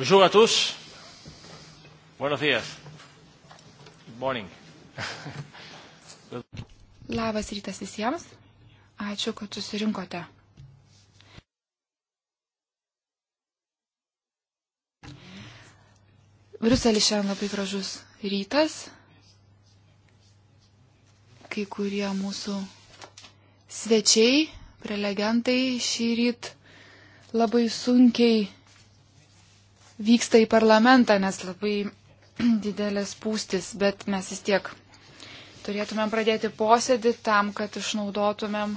Bonjour à tous. Buenos días. Good morning. Labas rytas visiems. Ačiū, kad susirinkote. Bruselis šiandien labai gražus rytas. Kai kurie mūsų svečiai, prelegentai šį rytą labai sunkiai vyksta į parlamentą, nes labai didelės pūstis, bet mes vis tiek turėtumėm pradėti posėdį tam, kad išnaudotumėm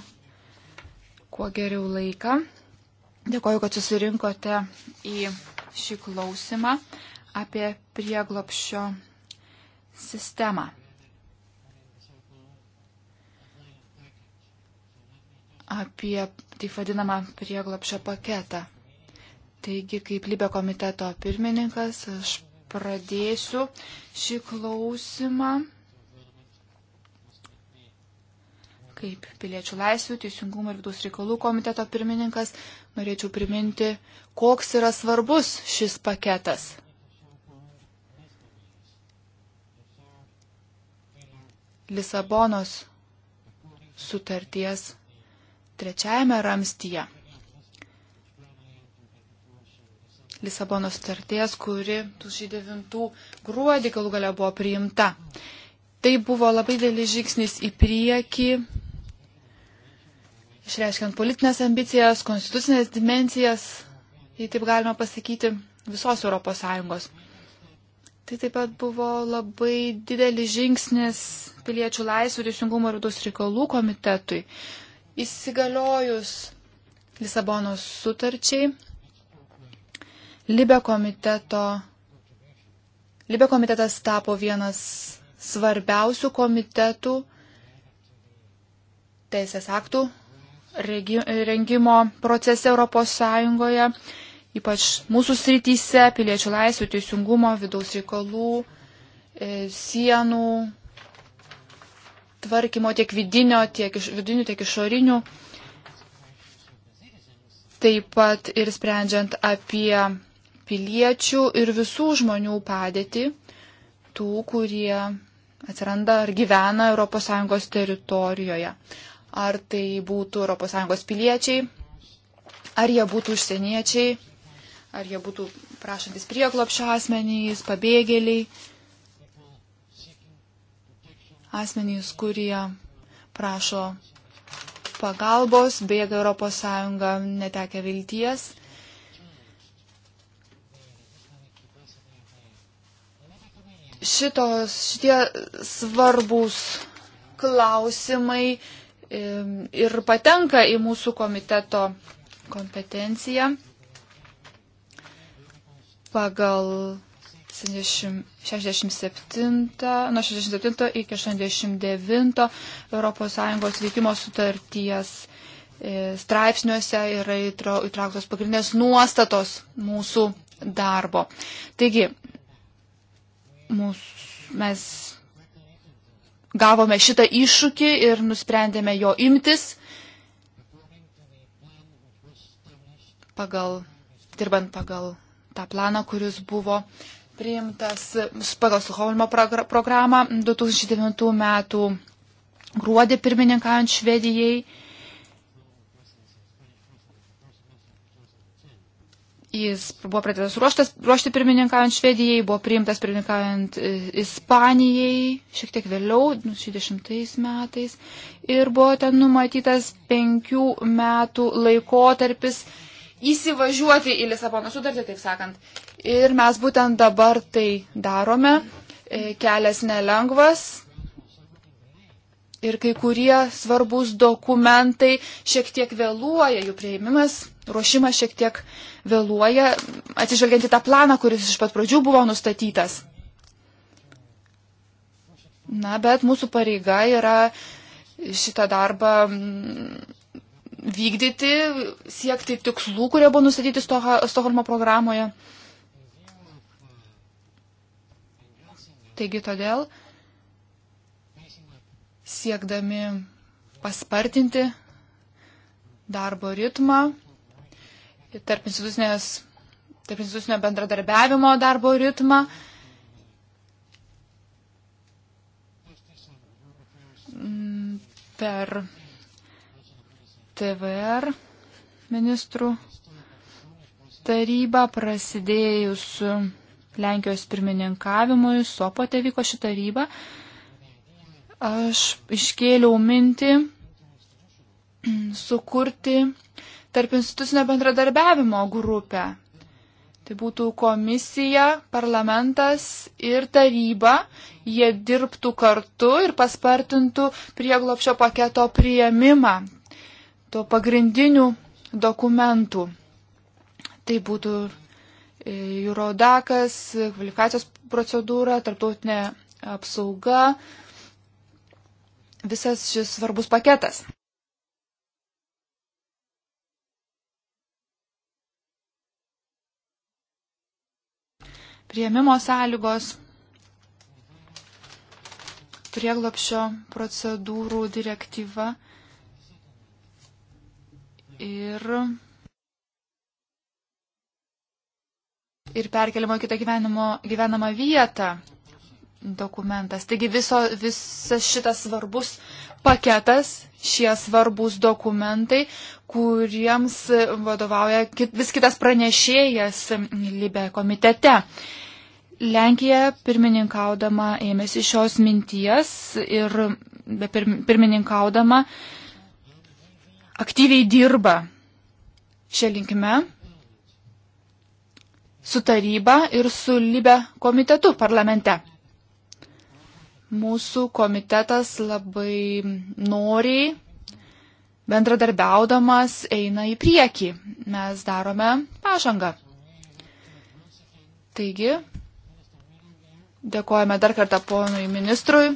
kuo geriau laiką. Dėkoju, kad susirinkote į šį klausimą apie prieglopščio sistemą. Apie taip vadinamą prieglopščio paketą. Taigi, kaip Libė komiteto pirmininkas, aš pradėsiu šį klausimą. Kaip piliečių laisvių, teisingumo ir vidaus reikalų komiteto pirmininkas, norėčiau priminti, koks yra svarbus šis paketas. Lisabonos sutarties trečiajame ramstyje Lisabono starties, kuri 2009 gruodį galų gale buvo priimta. Tai buvo labai dėlis žingsnis į priekį, išreiškiant politinės ambicijas, konstitucinės dimencijas, jei taip galima pasakyti, visos ES. Tai taip pat buvo labai didelis žingsnis piliečių laisvių, teisingumo ir vidaus reikalų komitetui. Įsigaliojus Lisabonos sutarčiai, Libe, komiteto, Libe komitetas tapo vienas svarbiausių komitetų teisės aktų regi, rengimo procese Europos Sąjungoje, ypač mūsų srityse, piliečių laisvių, teisingumo, vidaus reikalų, e, sienų tvarkymo tiek vidinio, tiek iš, vidinių, tiek išorinių. Taip pat ir sprendžiant apie piliečių ir visų žmonių padėtį, tų, kurie atsiranda ar gyvena ES teritorijoje. Ar tai būtų ES piliečiai, ar jie būtų užsieniečiai, ar jie būtų prašantis prieklopšio asmenys, pabėgėliai, asmenys, kurie prašo pagalbos, bėga ES netekę vilties šitos, šitie svarbus klausimai ir patenka į mūsų komiteto kompetenciją pagal 67, nuo 67 iki 69 ES veikimo sutarties e, straipsniuose yra įtrauktos pagrindinės nuostatos mūsų darbo. Taigi, Mūsų, mes gavome šitą iššūkį ir nusprendėme jo imtis pagal, dirbant pagal tą planą, kuris buvo priimtas pagal Stokholmo programą 2009 metų gruodį pirmininkant Švedijai. Jis buvo pradėtas ruoštas, ruošti pirmininkaujant Švedijai, buvo priimtas pirmininkaujant e, Ispanijai šiek tiek vėliau, 60 nu, metais, ir buvo ten numatytas penkių metų laikotarpis įsivažiuoti į Lisabono sutartį, taip sakant. Ir mes būtent dabar tai darome, e, kelias nelengvas, ir kai kurie svarbus dokumentai šiek tiek vėluoja jų prieimimas ruošimas šiek tiek vėluoja, atsižvelgiant į tą planą, kuris iš pat pradžių buvo nustatytas. Na, bet mūsų pareiga yra šitą darbą mm, vykdyti, siekti tikslų, kurie buvo nustatyti Stoholmo programoje. Taigi todėl, siekdami paspartinti darbo ritmą, tarp, tarp institucinio bendradarbiavimo darbo ritmą. Mm, per TVR ministrų taryba prasidėjus Lenkijos pirmininkavimui, Sopote vyko ši taryba. Aš iškėliau mintį sukurti tarp institucinio bendradarbiavimo grupę. Tai būtų komisija, parlamentas ir taryba. Jie dirbtų kartu ir paspartintų prieglopšio paketo prieimimą to pagrindinių dokumentų. Tai būtų e, Eurodakas, kvalifikacijos procedūra, tarptautinė apsauga, visas šis svarbus paketas. prieimimo sąlygos, prieglapšio procedūrų direktyva ir, ir perkeliamo kitą gyvenamą vietą dokumentas. Taigi viso, visas šitas svarbus paketas, šie svarbus dokumentai, kuriems vadovauja kit, vis kitas pranešėjas Libė komitete. Lenkija pirmininkaudama ėmėsi šios minties ir pirmininkaudama aktyviai dirba šią linkme su taryba ir su Libe komitetu parlamente. Mūsų komitetas labai noriai bendradarbiaudamas eina į priekį. Mes darome pažangą. Taigi, dėkojame dar kartą ponui ministrui,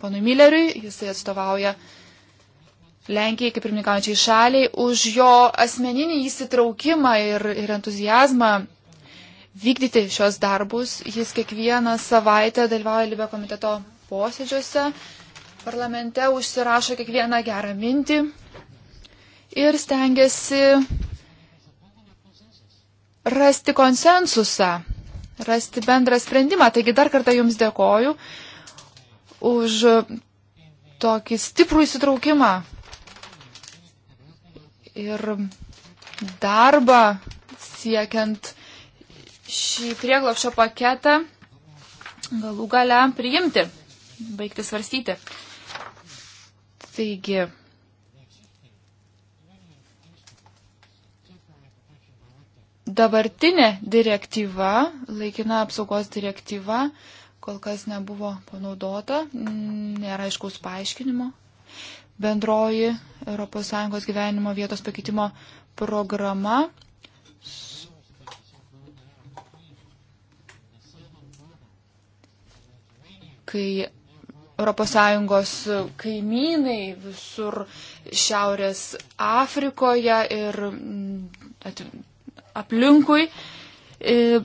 ponui Milleriui, jisai atstovauja Lenkijai kaip pirmininkaujančiai šaliai, už jo asmeninį įsitraukimą ir, ir entuzijazmą vykdyti šios darbus. Jis kiekvieną savaitę dalyvauja Libė komiteto posėdžiuose parlamente užsirašo kiekvieną gerą mintį ir stengiasi rasti konsensusą, rasti bendrą sprendimą. Taigi dar kartą Jums dėkoju už tokį stiprų įsitraukimą ir darbą siekiant šį prieglapšio paketą galų gale priimti, baigti svarstyti. Taigi, dabartinė direktyva, laikina apsaugos direktyva, kol kas nebuvo panaudota, nėra aiškaus paaiškinimo. Bendroji ES gyvenimo vietos pakeitimo programa kai ES kaimynai visur Šiaurės Afrikoje ir mm, aplinkui. E,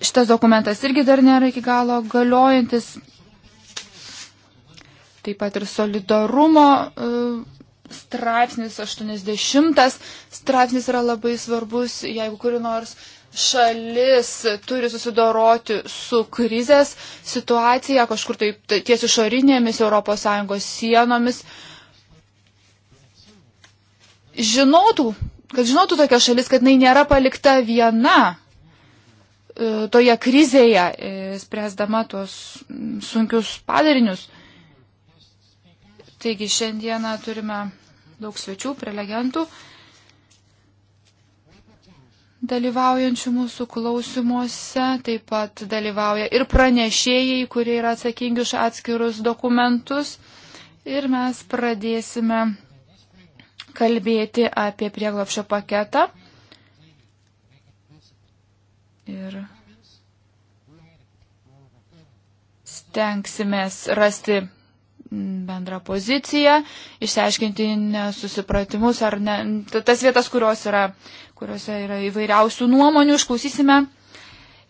šitas dokumentas irgi dar nėra iki galo galiojantis. Taip pat ir solidarumo e, straipsnis, 80 straipsnis yra labai svarbus, jeigu kuri nors šalis turi susidoroti su krizės situacija kažkur taip ties išorinėmis ES sienomis, žinotų, kad žinotų tokia šalis, kad jinai nėra palikta viena e, toje krizėje, e, spręsdama tuos sunkius padarinius. Taigi šiandieną turime daug svečių, prelegentų dalyvaujančių mūsų klausimuose, taip pat dalyvauja ir pranešėjai, kurie yra atsakingi už atskirus dokumentus. Ir mes pradėsime kalbėti apie prieglapšio paketą. Ir stengsimės rasti bendrą poziciją, išsiaiškinti nesusipratimus ar ne, tas vietas, kurios yra uh, kuriuose yra įvairiausių nuomonių, išklausysime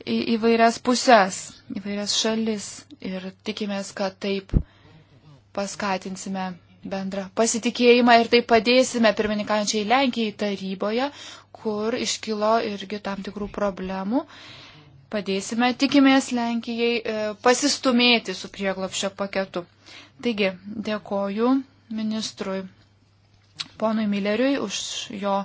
į, įvairias pusės, įvairias šalis ir tikimės, kad taip paskatinsime bendrą pasitikėjimą ir taip padėsime pirmininkaujančiai Lenkijai taryboje, kur iškilo irgi tam tikrų problemų. Padėsime, tikimės Lenkijai e, pasistumėti su prieglopščio paketu. Taigi, dėkoju ministrui ponui Milleriui už jo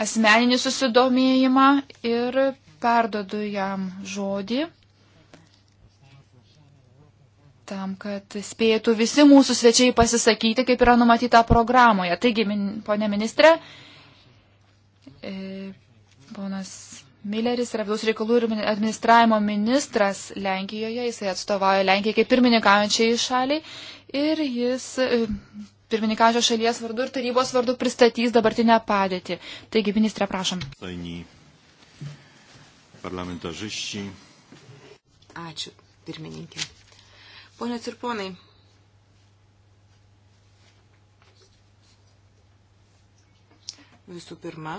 asmeninį susidomėjimą ir perdodu jam žodį tam, kad spėtų visi mūsų svečiai pasisakyti, kaip yra numatyta programoje. Taigi, min, ponė ministrė, e, ponas Milleris yra vidaus reikalų ir administravimo ministras Lenkijoje, jisai atstovauja Lenkiją kaip pirmininkaujančiai šaliai ir jis e, pirmininkažio šalies vardu ir tarybos vardu pristatys dabartinę padėtį. Taigi, ministrė, prašom. Ačiū, pirmininkė. Pone ir ponai. Visų pirma,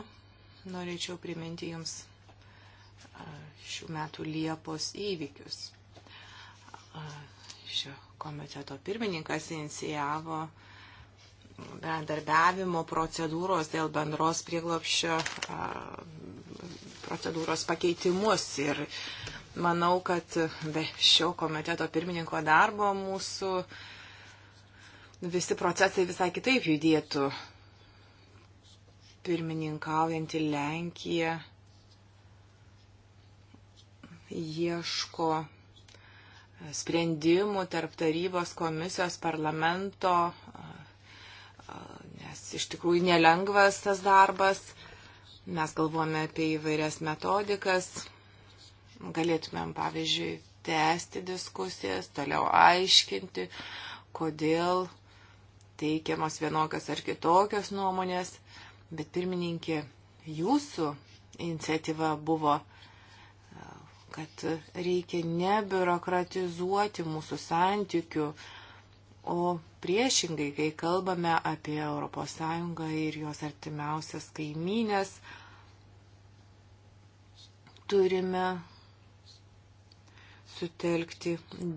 norėčiau priminti Jums šių metų Liepos įvykius. Šio komiteto pirmininkas inicijavo uh, bendarbiavimo procedūros dėl bendros prieglopščio procedūros pakeitimus. Ir manau, kad be šio komiteto pirmininko darbo mūsų visi procesai visai kitaip judėtų. Pirmininkaujantį Lenkiją ieško sprendimų tarp tarybos komisijos parlamento iš tikrųjų nelengvas tas darbas. Mes galvojame apie įvairias metodikas. Galėtumėm, pavyzdžiui, tęsti diskusijas, toliau aiškinti, kodėl teikiamos vienokios ar kitokios nuomonės. Bet pirmininkė, jūsų iniciatyva buvo, kad reikia nebiurokratizuoti mūsų santykių O priešingai, kai kalbame apie ES ir jos artimiausias kaimynės, turime sutelkti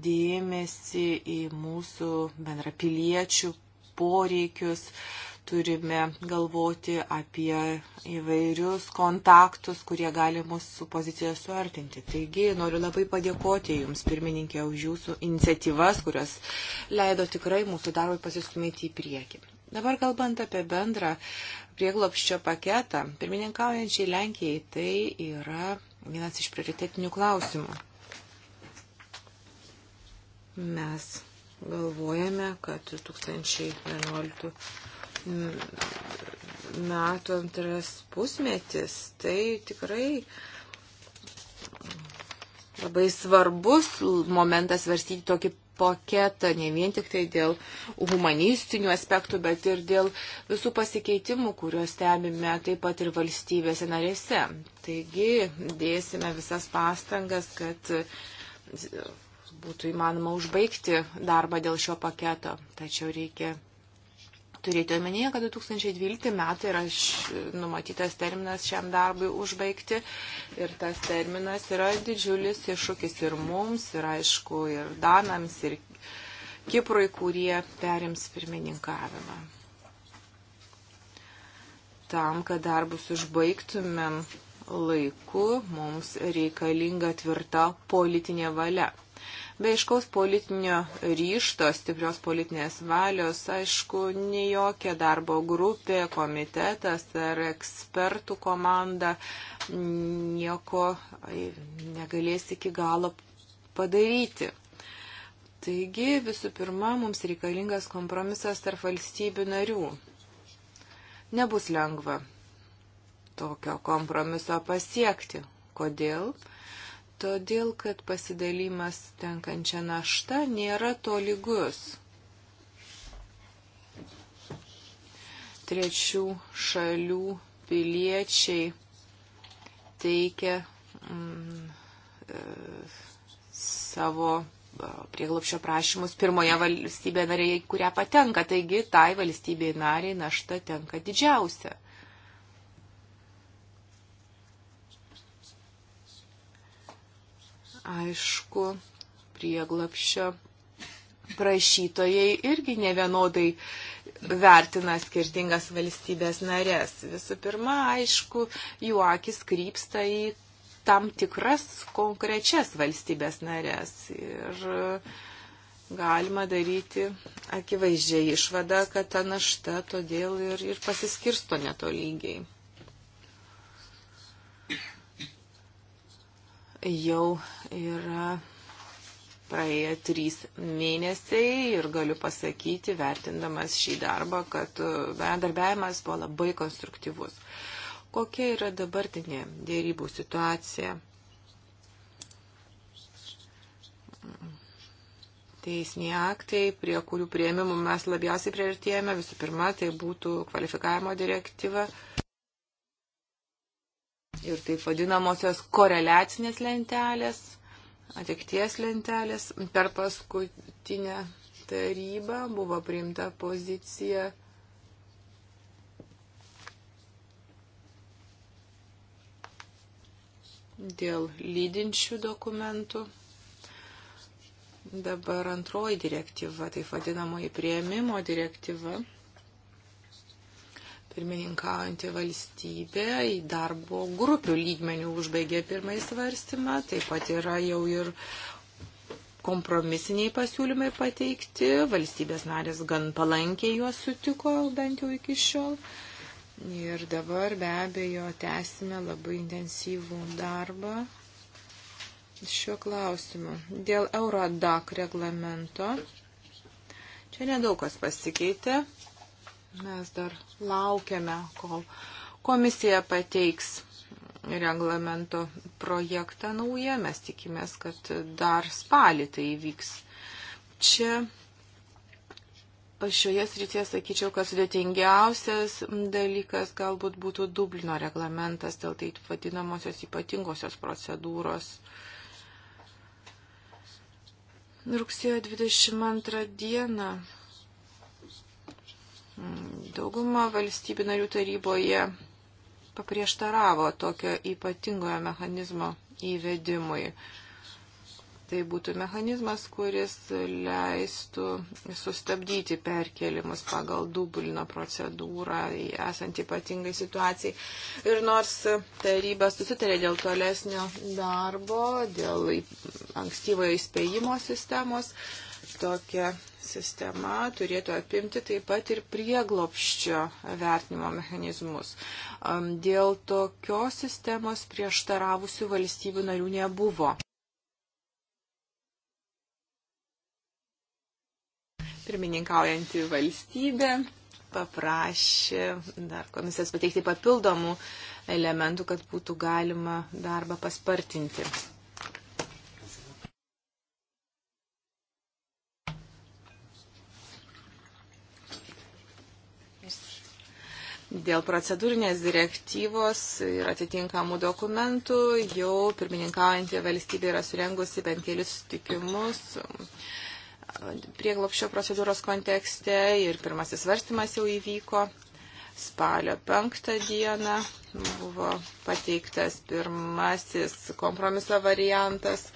dėmesį į mūsų bendrapiliečių poreikius, turime galvoti apie įvairius kontaktus, kurie gali mūsų poziciją suartinti. Taigi noriu labai padėkoti Jums, pirmininkė, už Jūsų iniciatyvas, kurios leido tikrai mūsų darbui pasistumėti į priekį. Dabar kalbant apie bendrą prieglopščio paketą, pirmininkaujančiai Lenkijai tai yra vienas iš prioritetinių klausimų. Mes galvojame, kad 2011 metų antras pusmetis, tai tikrai labai svarbus momentas varstyti tokį paketą, ne vien tik tai dėl humanistinių aspektų, bet ir dėl visų pasikeitimų, kuriuos stebime taip pat ir valstybėse narėse. Taigi dėsime visas pastangas, kad būtų įmanoma užbaigti darbą dėl šio paketo. Tačiau reikia turėti omenyje, kad 2012 metai yra numatytas terminas šiam darbui užbaigti ir tas terminas yra didžiulis iššūkis ir mums, ir aišku, ir Danams, ir Kiprui, kurie perims pirmininkavimą. Tam, kad darbus užbaigtumėm laiku, mums reikalinga tvirta politinė valia. Be iškaus politinio ryšto, stiprios politinės valios, aišku, ne jokia darbo grupė, komitetas ar ekspertų komanda nieko negalės iki galo padaryti. Taigi, visų pirma, mums reikalingas kompromisas tarp valstybių narių. Nebus lengva tokio kompromiso pasiekti. Kodėl? todėl kad pasidalymas tenkančia našta nėra tolygus. Trečių šalių piliečiai teikia mm, e, savo e, prieglopšio prašymus pirmoje valstybėje narėje, kurią patenka. Taigi tai valstybėje narėje našta tenka didžiausia. aišku, prieglapščio prašytojai irgi nevienodai vertina skirtingas valstybės narės. Visų pirma, aišku, jų akis krypsta į tam tikras konkrečias valstybės narės. Ir galima daryti akivaizdžiai išvadą, kad ta našta todėl ir, ir pasiskirsto netolygiai. jau yra praėję trys mėnesiai ir galiu pasakyti, vertindamas šį darbą, kad e, bendarbiavimas buvo labai konstruktyvus. Kokia yra dabartinė dėrybų situacija? Teisiniai aktai, prie kurių prieimimų mes labiausiai prieartėjame, visų pirma, tai būtų kvalifikavimo direktyva ir taip vadinamosios koreliacinės lentelės, atikties lentelės. Per paskutinę tarybą buvo priimta pozicija. Dėl lydinčių dokumentų. Dabar antroji direktyva, taip vadinamoji prieimimo direktyva pirmininkaujantį valstybę į darbo grupių lygmenių užbaigė pirmąjį svarstymą, taip pat yra jau ir kompromisiniai pasiūlymai pateikti, valstybės narės gan palankiai juos sutiko bent jau iki šiol. Ir dabar be abejo tęsime labai intensyvų darbą šiuo klausimu. Dėl Eurodac reglamento. Čia nedaug kas pasikeitė. Mes dar laukiame, kol komisija pateiks reglamento projektą naują. Mes tikimės, kad dar spalį tai įvyks. Čia šioje srityje sakyčiau, kad sudėtingiausias dalykas galbūt būtų Dublino reglamentas dėl taip vadinamosios ypatingosios procedūros. Rugsėjo 22 dieną Dauguma valstybių narių taryboje paprieštaravo tokio ypatingojo mechanizmo įvedimui. Tai būtų mechanizmas, kuris leistų sustabdyti perkelimus pagal Dublino procedūrą, esant ypatingai situacijai. Ir nors taryba susitarė dėl tolesnio darbo, dėl ankstyvojo įspėjimo sistemos, uh, tokia sistema turėtų apimti taip pat ir prieglopščio vertinimo mechanizmus. Dėl tokios sistemos prieštaravusių valstybių narių nebuvo. Pirmininkaujanti valstybė paprašė dar komisijos pateikti papildomų elementų, kad būtų galima darbą paspartinti. Dėl procedūrinės direktyvos ir atitinkamų dokumentų jau pirmininkaujantį valstybę yra surengusi bent kelis sutikimus um, prieglopščio procedūros kontekste ir pirmasis svarstymas jau įvyko. Spalio penktą dieną buvo pateiktas pirmasis kompromiso variantas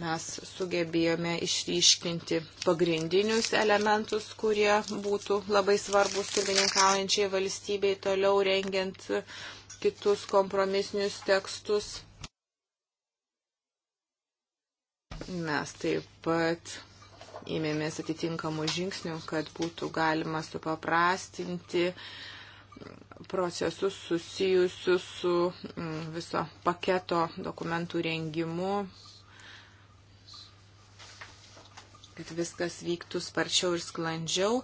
mes sugebėjome išryškinti pagrindinius elementus, kurie būtų labai svarbus pirmininkaujančiai valstybei toliau rengiant kitus kompromisinius tekstus. Mes taip pat ėmėmės atitinkamų žingsnių, kad būtų galima supaprastinti procesus susijusius su mm, viso paketo dokumentų rengimu, kad viskas vyktų sparčiau ir sklandžiau.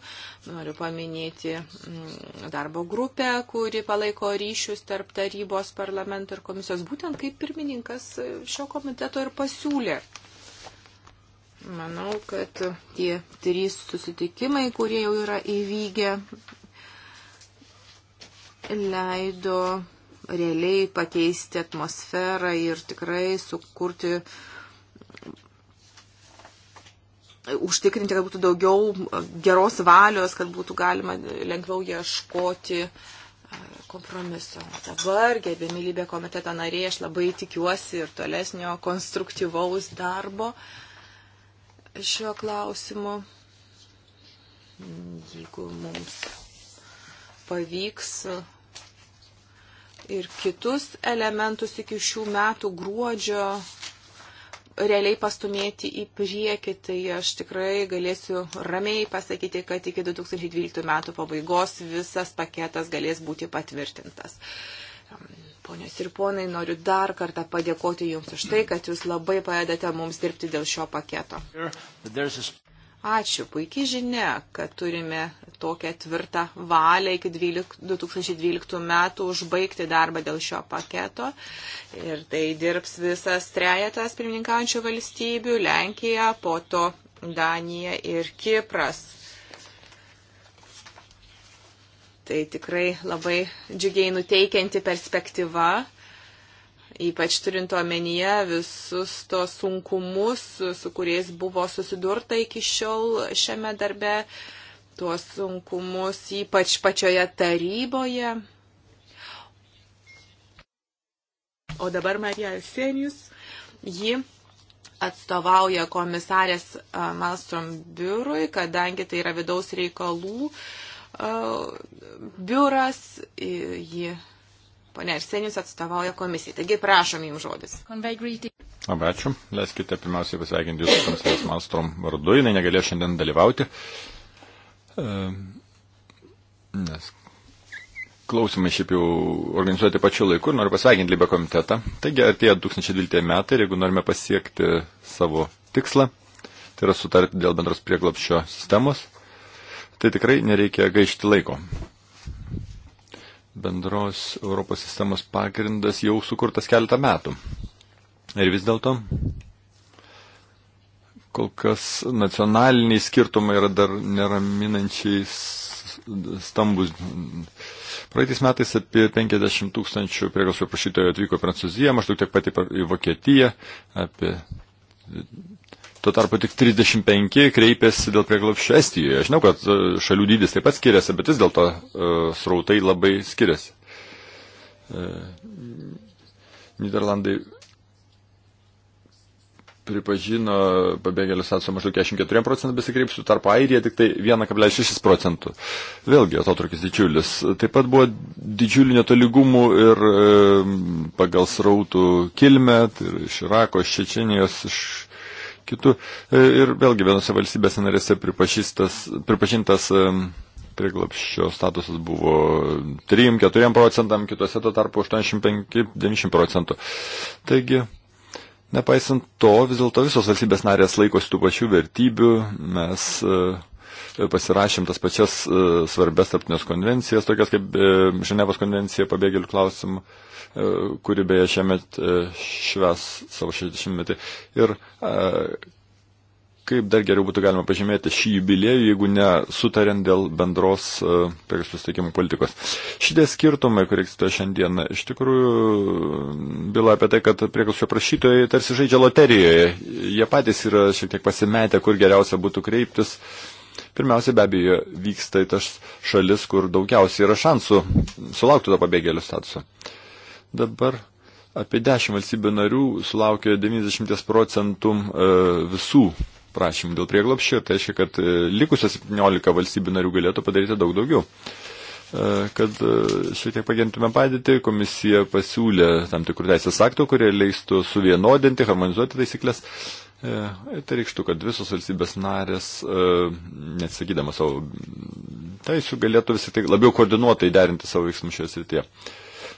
Noriu paminėti mm, darbo grupę, kuri palaiko ryšius tarp tarybos, parlamento ir komisijos, būtent kaip pirmininkas šio komiteto ir pasiūlė. Manau, kad tie trys susitikimai, kurie jau yra įvykę, leido realiai pakeisti atmosferą ir tikrai sukurti uh, užtikrinti, kad būtų daugiau geros valios, kad būtų galima lengviau ieškoti e, kompromiso. Dabar, gerbėmi lybė komiteto nariai, aš labai tikiuosi ir tolesnio konstruktyvaus darbo šiuo klausimu. Jeigu mums pavyks ir kitus elementus iki šių metų gruodžio realiai pastumėti į priekį, tai aš tikrai galėsiu ramiai pasakyti, kad iki 2012 metų pabaigos visas paketas galės būti patvirtintas. Ponios ir ponai, noriu dar kartą padėkoti Jums už tai, kad Jūs labai padedate mums dirbti dėl šio paketo. Ačiū, puikiai žinia, kad turime tokią tvirtą valią iki 12, 2012 metų užbaigti darbą dėl šio paketo. Ir tai dirbs visas trejetas pirmininkaujančių valstybių - Lenkija, po to Danija ir Kipras. Tai tikrai labai džiugiai nuteikianti perspektyva. Ypač turint omenyje visus tos sunkumus, su kuriais buvo susidurta iki šiol šiame darbe, tuos sunkumus ypač pačioje taryboje. O dabar Marija Arsenijus, ji atstovauja komisarės Malstrom biurui, kadangi tai yra vidaus reikalų biuras, ji Pone Arsenis atstovauja komisijai. Taigi prašom jums žodis. Labai ačiū. Leiskite pirmiausiai pasveikinti jūsų komisijos Malstrom vardu. Jis negalėjo šiandien dalyvauti. E, nes klausimai šiaip jau organizuoti pačiu laiku ir noriu pasveikinti Libę komitetą. Taigi artėja 2012 metai ir jeigu norime pasiekti savo tikslą, tai yra sutarti dėl bendros prieglapščio sistemos, tai tikrai nereikia gaišti laiko bendros Europos sistemos pagrindas jau sukurtas keletą metų. Ir vis dėlto kol kas nacionaliniai skirtumai yra dar neraminančiai stambus. Praeitais metais apie 50 tūkstančių prieglosio prašytojų atvyko į Prancūziją, maždaug tiek pat į Vokietiją, apie Tuo tarpu tik 35 kreipėsi dėl prieglopščio Estijoje. Aš žinau, kad e, šalių dydis taip pat skiriasi, bet vis dėlto e, srautai labai skiriasi. E, Niderlandai pripažino pabėgėlių statusą maždaug 44 procentų besikreipsių, tarp Airija tik tai 1,6 procentų. Vėlgi, atotrukis didžiulis. Taip pat buvo didžiulių netoligumų ir e, pagal srautų kilmę, tai iš Irako, iš Čečenijos, iš kitų. E, ir vėlgi vienose valstybėse narėse pripažintas e, priglapščio statusas buvo 3-4 procentam, kitose tuo tarpu 85-90 procentų. Taigi, nepaisant to, vis dėlto visos valstybės narės laikosi tų pačių vertybių, mes e, pasirašėm tas pačias svarbės tarptinės konvencijas, tokias kaip Ženevos konvencija pabėgėlių klausimų E, kuri beje šiemet e, šves savo 60-metį. Ir e, kaip dar geriau būtų galima pažymėti šį jubiliejų, jeigu nesutariant dėl bendros uh, prieš susitikimų politikos. Šitie skirtumai, kurie egzistuoja šiandien, iš tikrųjų byla apie tai, kad priekaščio prašytojai tarsi žaidžia loterijoje. Jie patys yra šiek tiek pasimetę, kur geriausia būtų kreiptis. Pirmiausia, be abejo, vyksta į tas šalis, kur daugiausiai yra šansų sulaukti to pabėgėlių statuso. Uh, Dabar apie 10 valstybių narių sulaukė 90 procentų e, visų prašymų dėl prieglopščio ir tai reiškia, kad e, likusios 17 valstybių narių galėtų padaryti daug daugiau. E, kad šiek tiek pagentume padėtį, komisija pasiūlė tam tikrų teisės aktų, kurie leistų suvienodinti, harmonizuoti taisyklės. Tai reikštų, kad visos valstybės narės, nesakydamas savo teisų, galėtų vis tik labiau koordinuotai derinti savo veiksmus šioje srityje.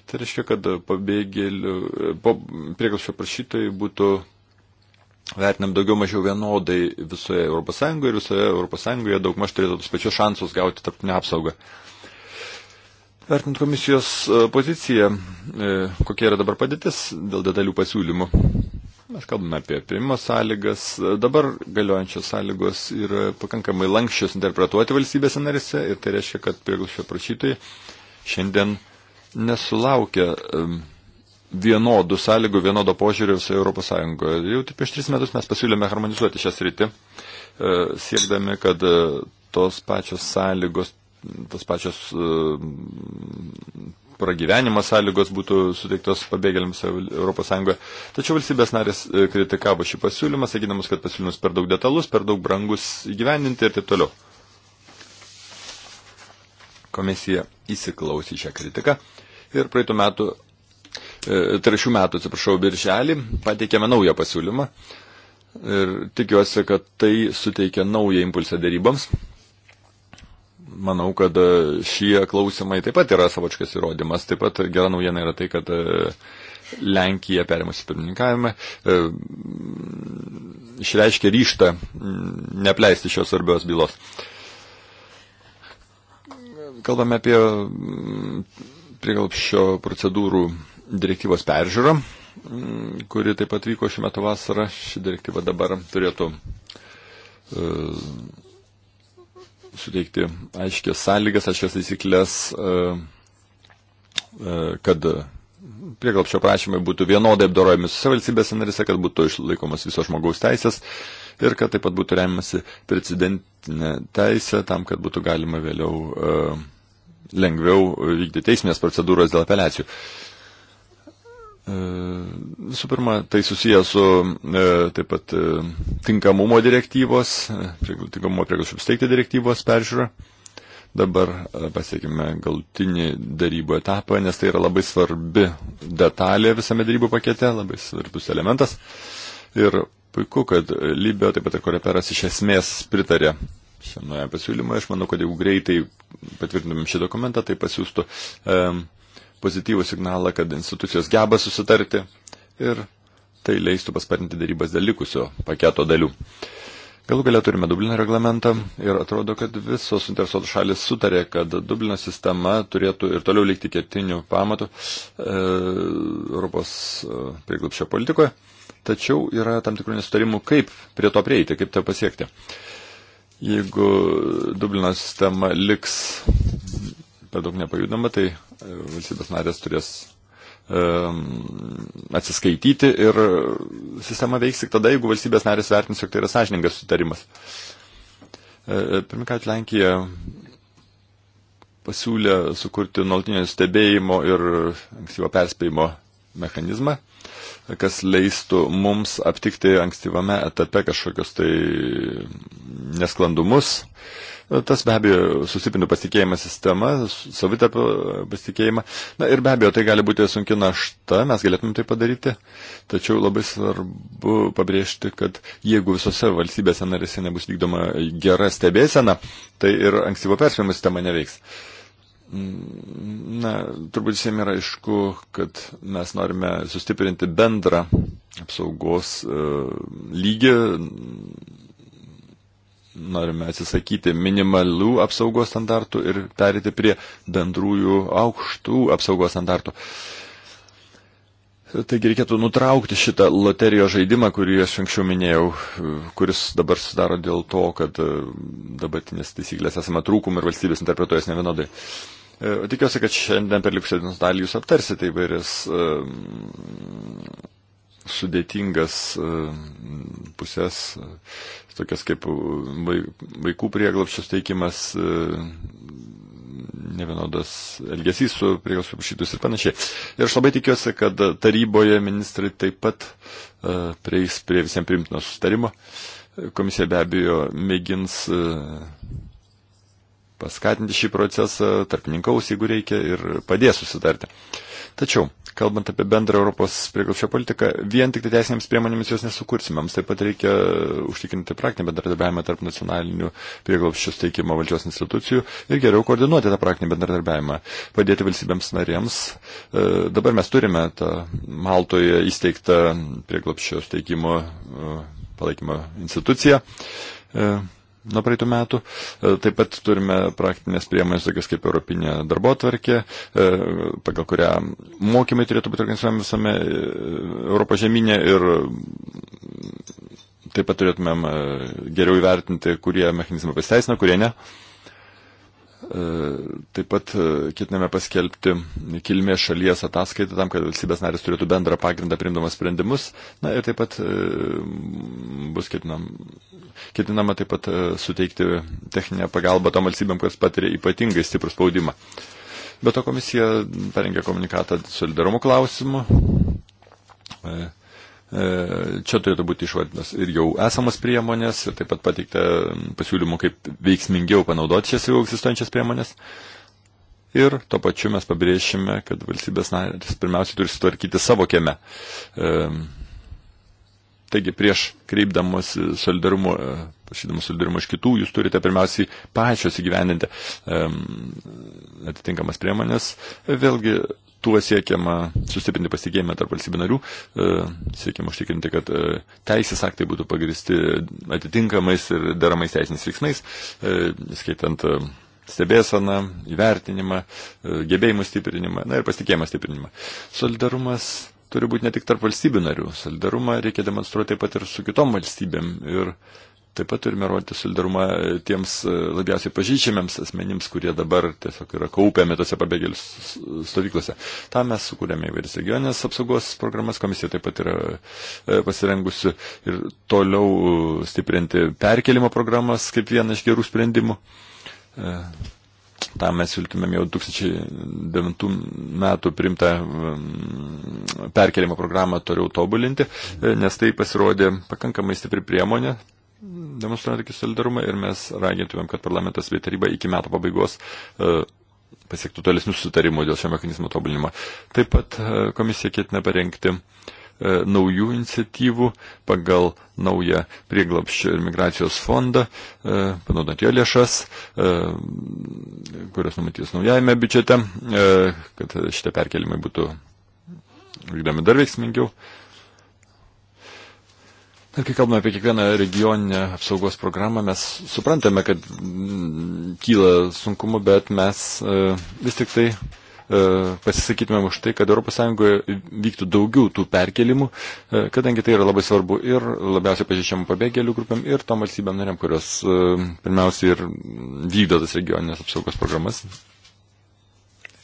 Tai reiškia, kad pabėgėlių, po prieglapšio prašytojai būtų vertinam daugiau mažiau vienodai visoje ES ir visoje ES daug maž turėtų tos pačios šansus gauti tarptinę apsaugą. Vertinant komisijos e, poziciją, e, kokia yra dabar padėtis dėl detalių pasiūlymų. Mes kalbame apie apimimo sąlygas. Dabar galiojančios sąlygos yra pakankamai lankščios interpretuoti valstybėse narėse ir tai reiškia, kad prieglušio prašytojai šiandien nesulaukia vienodų sąlygų, vienodo požiūrio visoje Europos Sąjungoje. Jau tik prieš tris metus mes pasiūlėme harmonizuoti šią sritį, e, siekdami, kad e, tos pačios sąlygos, tos pačios e, pragyvenimo sąlygos būtų suteiktos pabėgėliams Europos Sąjungoje. Tačiau valstybės narės kritikavo šį pasiūlymą, sakydamas, kad pasiūlymas per daug detalus, per daug brangus įgyvendinti ir taip toliau. Komisija įsiklausė šią kritiką ir praeitų metų, e, tai šių metų, atsiprašau, birželį pateikėme naują pasiūlymą ir tikiuosi, kad tai suteikia naują impulsą dėrybams. Manau, kad e, šie klausimai taip pat yra savočkas įrodymas. Taip pat gera naujiena yra tai, kad e, Lenkija perėmusi pirmininkavimą, išreiškė ryštą nepleisti šios svarbios bylos. Kalbame apie prieglapščio procedūrų direktyvos peržiūra, mm, kuri taip pat vyko šiuo metu vasarą. Ši direktyva dabar turėtų e, suteikti aiškias sąlygas, aiškias taisyklės, e, e, kad prieglapščio prašymai būtų vienodai apdorojami visose valstybėse narise, kad būtų išlaikomas visos žmogaus teisės ir kad taip pat būtų remiamasi precedentinė teisė tam, kad būtų galima vėliau uh, lengviau vykdyti teisinės procedūros dėl apeliacijų. E, visų pirma, tai susijęs su e, taip pat e, tinkamumo direktyvos, tinkamumo prieglašų steigti direktyvos peržiūra. Dabar pasiekime galutinį darybų etapą, nes tai yra labai svarbi detalė visame darybų pakete, labai svarbus elementas. Ir puiku, kad Libija, taip pat ir Koreperas iš esmės pritarė šiam naujam pasiūlymui. Aš manau, kad jeigu greitai patvirtintumėm šį dokumentą, tai pasiūstų e, pozityvų signalą, kad institucijos geba susitarti ir tai leistų paspartinti darybas dėl likusio paketo dalių. Galų galia turime Dublino reglamentą ir atrodo, kad visos suinteresuotos šalis sutarė, kad Dublino sistema turėtų ir toliau likti ketinių pamatų e, Europos e, prieglapščio politikoje, tačiau yra tam tikrų nesutarimų, kaip prie to prieiti, kaip tai pasiekti. E, Jeigu Dublino sistema liks per daug nepajudama, tai e, valstybės narės turės e, atsiskaityti ir sistema veiks tik tada, jeigu valstybės narės vertins, jog tai yra sąžiningas sutarimas. E, Pirmininkai, Lenkija pasiūlė sukurti nuolatinio stebėjimo ir ankstyvo perspėjimo mechanizmą kas leistų mums aptikti ankstyvame etape kažkokius tai nesklandumus. Tas be abejo susipintų pasitikėjimą sistemą, savitą pasitikėjimą. Na ir be abejo, tai gali būti sunki našta, mes galėtume tai padaryti. Tačiau labai svarbu pabrėžti, kad jeigu visose valstybėse narėse nebus vykdoma gera stebėsena, tai ir ankstyvo perspėjimo sistema neveiks. Uh, Na, turbūt visiems yra aišku, kad mes norime sustiprinti bendrą apsaugos e, lygį, norime atsisakyti minimalių apsaugos standartų ir perėti prie bendrųjų aukštų apsaugos standartų. Taigi reikėtų nutraukti šitą loterijos žaidimą, kurį aš anksčiau minėjau, kuris dabar sudaro dėl to, kad e, dabartinės taisyklės esame trūkum ir valstybės interpretuojas nevienodai. vienodai. E, tikiuosi, kad šiandien per likusią dienos dalį jūs aptarsite įvairias e, sudėtingas e, pusės, tokias kaip vaikų prieglapščios teikimas, nevienodas elgesys su prieglapščių prašytus ir panašiai. Ir aš labai tikiuosi, kad taryboje ministrai taip pat prieis prie visiems primtino sustarimo. Komisija be abejo mėgins paskatinti šį procesą, tarpininkaus, jeigu reikia, ir padės susitarti. Tačiau, kalbant apie bendrą Europos prieglapšio politiką, vien tik tai teisinėms priemonėmis jos nesukursime. Mums taip pat reikia užtikrinti praktinį bendradarbiavimą tarp nacionalinių prieglapščių steikimo valdžios institucijų ir geriau koordinuoti tą praktinį bendradarbiavimą, padėti valstybėms narėms. E, dabar mes turime tą Maltoje įsteigtą prieglapščio steikimo e, palaikymo instituciją. E, nuo praeitų metų. E, taip pat turime praktinės priemonės, tokias kaip Europinė darbo tvarkė, e, pagal kurią mokymai turėtų būti organizuojami visame e, Europos žemynė ir taip pat turėtumėm geriau įvertinti, kurie mechanizmai pasiteisina, kurie ne. Taip pat ketiname paskelbti kilmės šalies ataskaitą tam, kad valstybės narės turėtų bendrą pagrindą priimdamas sprendimus. Na ir taip pat bus ketinam ketinama taip pat e, suteikti techninę pagalbą tom valstybėm, kas patiria ypatingai stiprų spaudimą. Be to komisija parengė komunikatą solidarumo klausimu. E, e, čia turėtų būti išvardinas ir jau esamas priemonės, ir taip pat pateikta pasiūlymų, kaip veiksmingiau panaudoti šias jau egzistuojančias priemonės. Ir tuo pačiu mes pabrėšime, kad valstybės narės pirmiausiai turi sutvarkyti savo kieme. E, Taigi prieš kreipdamas e, solidarumo, e, prašydamas solidarumo iš kitų, jūs turite pirmiausiai pačios įgyvendinti um, atitinkamas priemonės. Vėlgi tuo siekiama sustiprinti pasitikėjimą tarp valstybių narių, e, siekiama užtikrinti, kad teisės aktai būtų pagristi atitinkamais ir deramais teisiniais veiksmais, skaitant stebėsaną, įvertinimą, gebėjimų stiprinimą, na ir pasitikėjimą stiprinimą. Solidarumas turi būti ne tik tarp valstybių narių. Solidarumą reikia demonstruoti taip pat ir su kitom valstybėm. Ir taip pat turime rodyti solidarumą tiems e, labiausiai pažydžiamiams asmenims, kurie dabar tiesiog yra kaupiami tose pabėgėlių stovyklose. Tam mes sukūrėme įvairias regionės apsaugos programas, komisija taip pat yra e, pasirengusi ir toliau e, stiprinti perkelimo programas kaip vieną iš gerų sprendimų. Tam mes siūlytumėm jau 2009 metų primtą mm, perkelimo programą toliau tobulinti, e, nes tai pasirodė pakankamai stipri priemonė demonstruojantį solidarumą ir mes ragintumėm, kad parlamentas bei taryba iki metų pabaigos e, pasiektų tolesnių sutarimų dėl šio mechanizmo tobulinimo. Taip pat e, komisija ketina parengti uh, E, naujų iniciatyvų pagal naują prieglapščio ir migracijos fondą, e, panaudant jo lėšas, e, kurios numatys naujajame biudžete, kad šitie perkelimai būtų vykdomi dar veiksmingiau. Ir kai kalbame apie kiekvieną regioninę apsaugos programą, mes suprantame, kad mm, kyla sunkumu, bet mes vis tik tai E, pasisakytumėm už tai, kad ES vyktų daugiau tų perkelimų, e, kadangi tai yra labai svarbu ir labiausiai pažįsčiam pabėgėlių grupėm ir tom valstybėm nariam, kurios e, pirmiausiai ir vykdo tas regioninės apsaugos programas.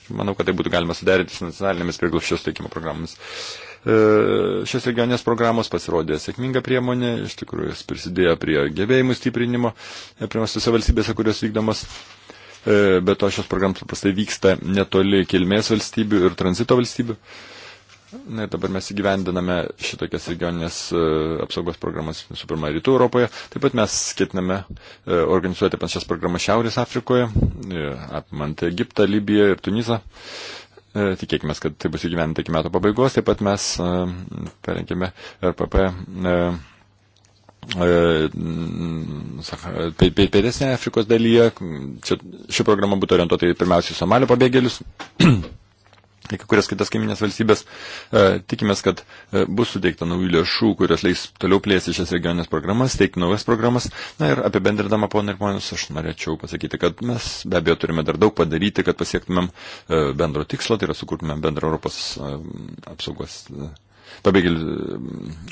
Manau, kad tai būtų galima suderinti su nacionalinėmis prieglobščios teikimo programomis. Šios regioninės programos pasirodė sėkminga priemonė, iš tikrųjų jis prisidėjo prie gebėjimų stiprinimo, pirmiausia, tose valstybėse, kurios vykdomas E, bet to šios programos paprastai vyksta netoli kilmės valstybių ir tranzito valstybių. Na ir dabar mes įgyvendiname šitokias regioninės e, apsaugos programas, visų pirma, Rytų Europoje. Taip pat mes ketiname e, organizuoti panašias programas Šiaurės Afrikoje, apimant Egiptą, Libiją ir Tunizą. Tikėkime, kad tai bus įgyvendinta iki metų pabaigos. Taip pat mes perenkime RPP E, pėdesnė Afrikos dalyje. Čia, ši programa būtų orientuota į pirmiausiai Somalio pabėgėlius. Į kai kurias kitas kaiminės valstybės e, tikimės, kad e, bus suteikta naujų lėšų, kurios leis toliau plėsti šias regioninės programas, teikti naujas programas. Na ir apibendrindama, ponai ir ponius, aš norėčiau pasakyti, kad mes be abejo turime dar daug padaryti, kad pasiektumėm e, bendro tikslo, tai yra sukurtumėm bendrą Europos e, apsaugos. E, pabėgėlių e,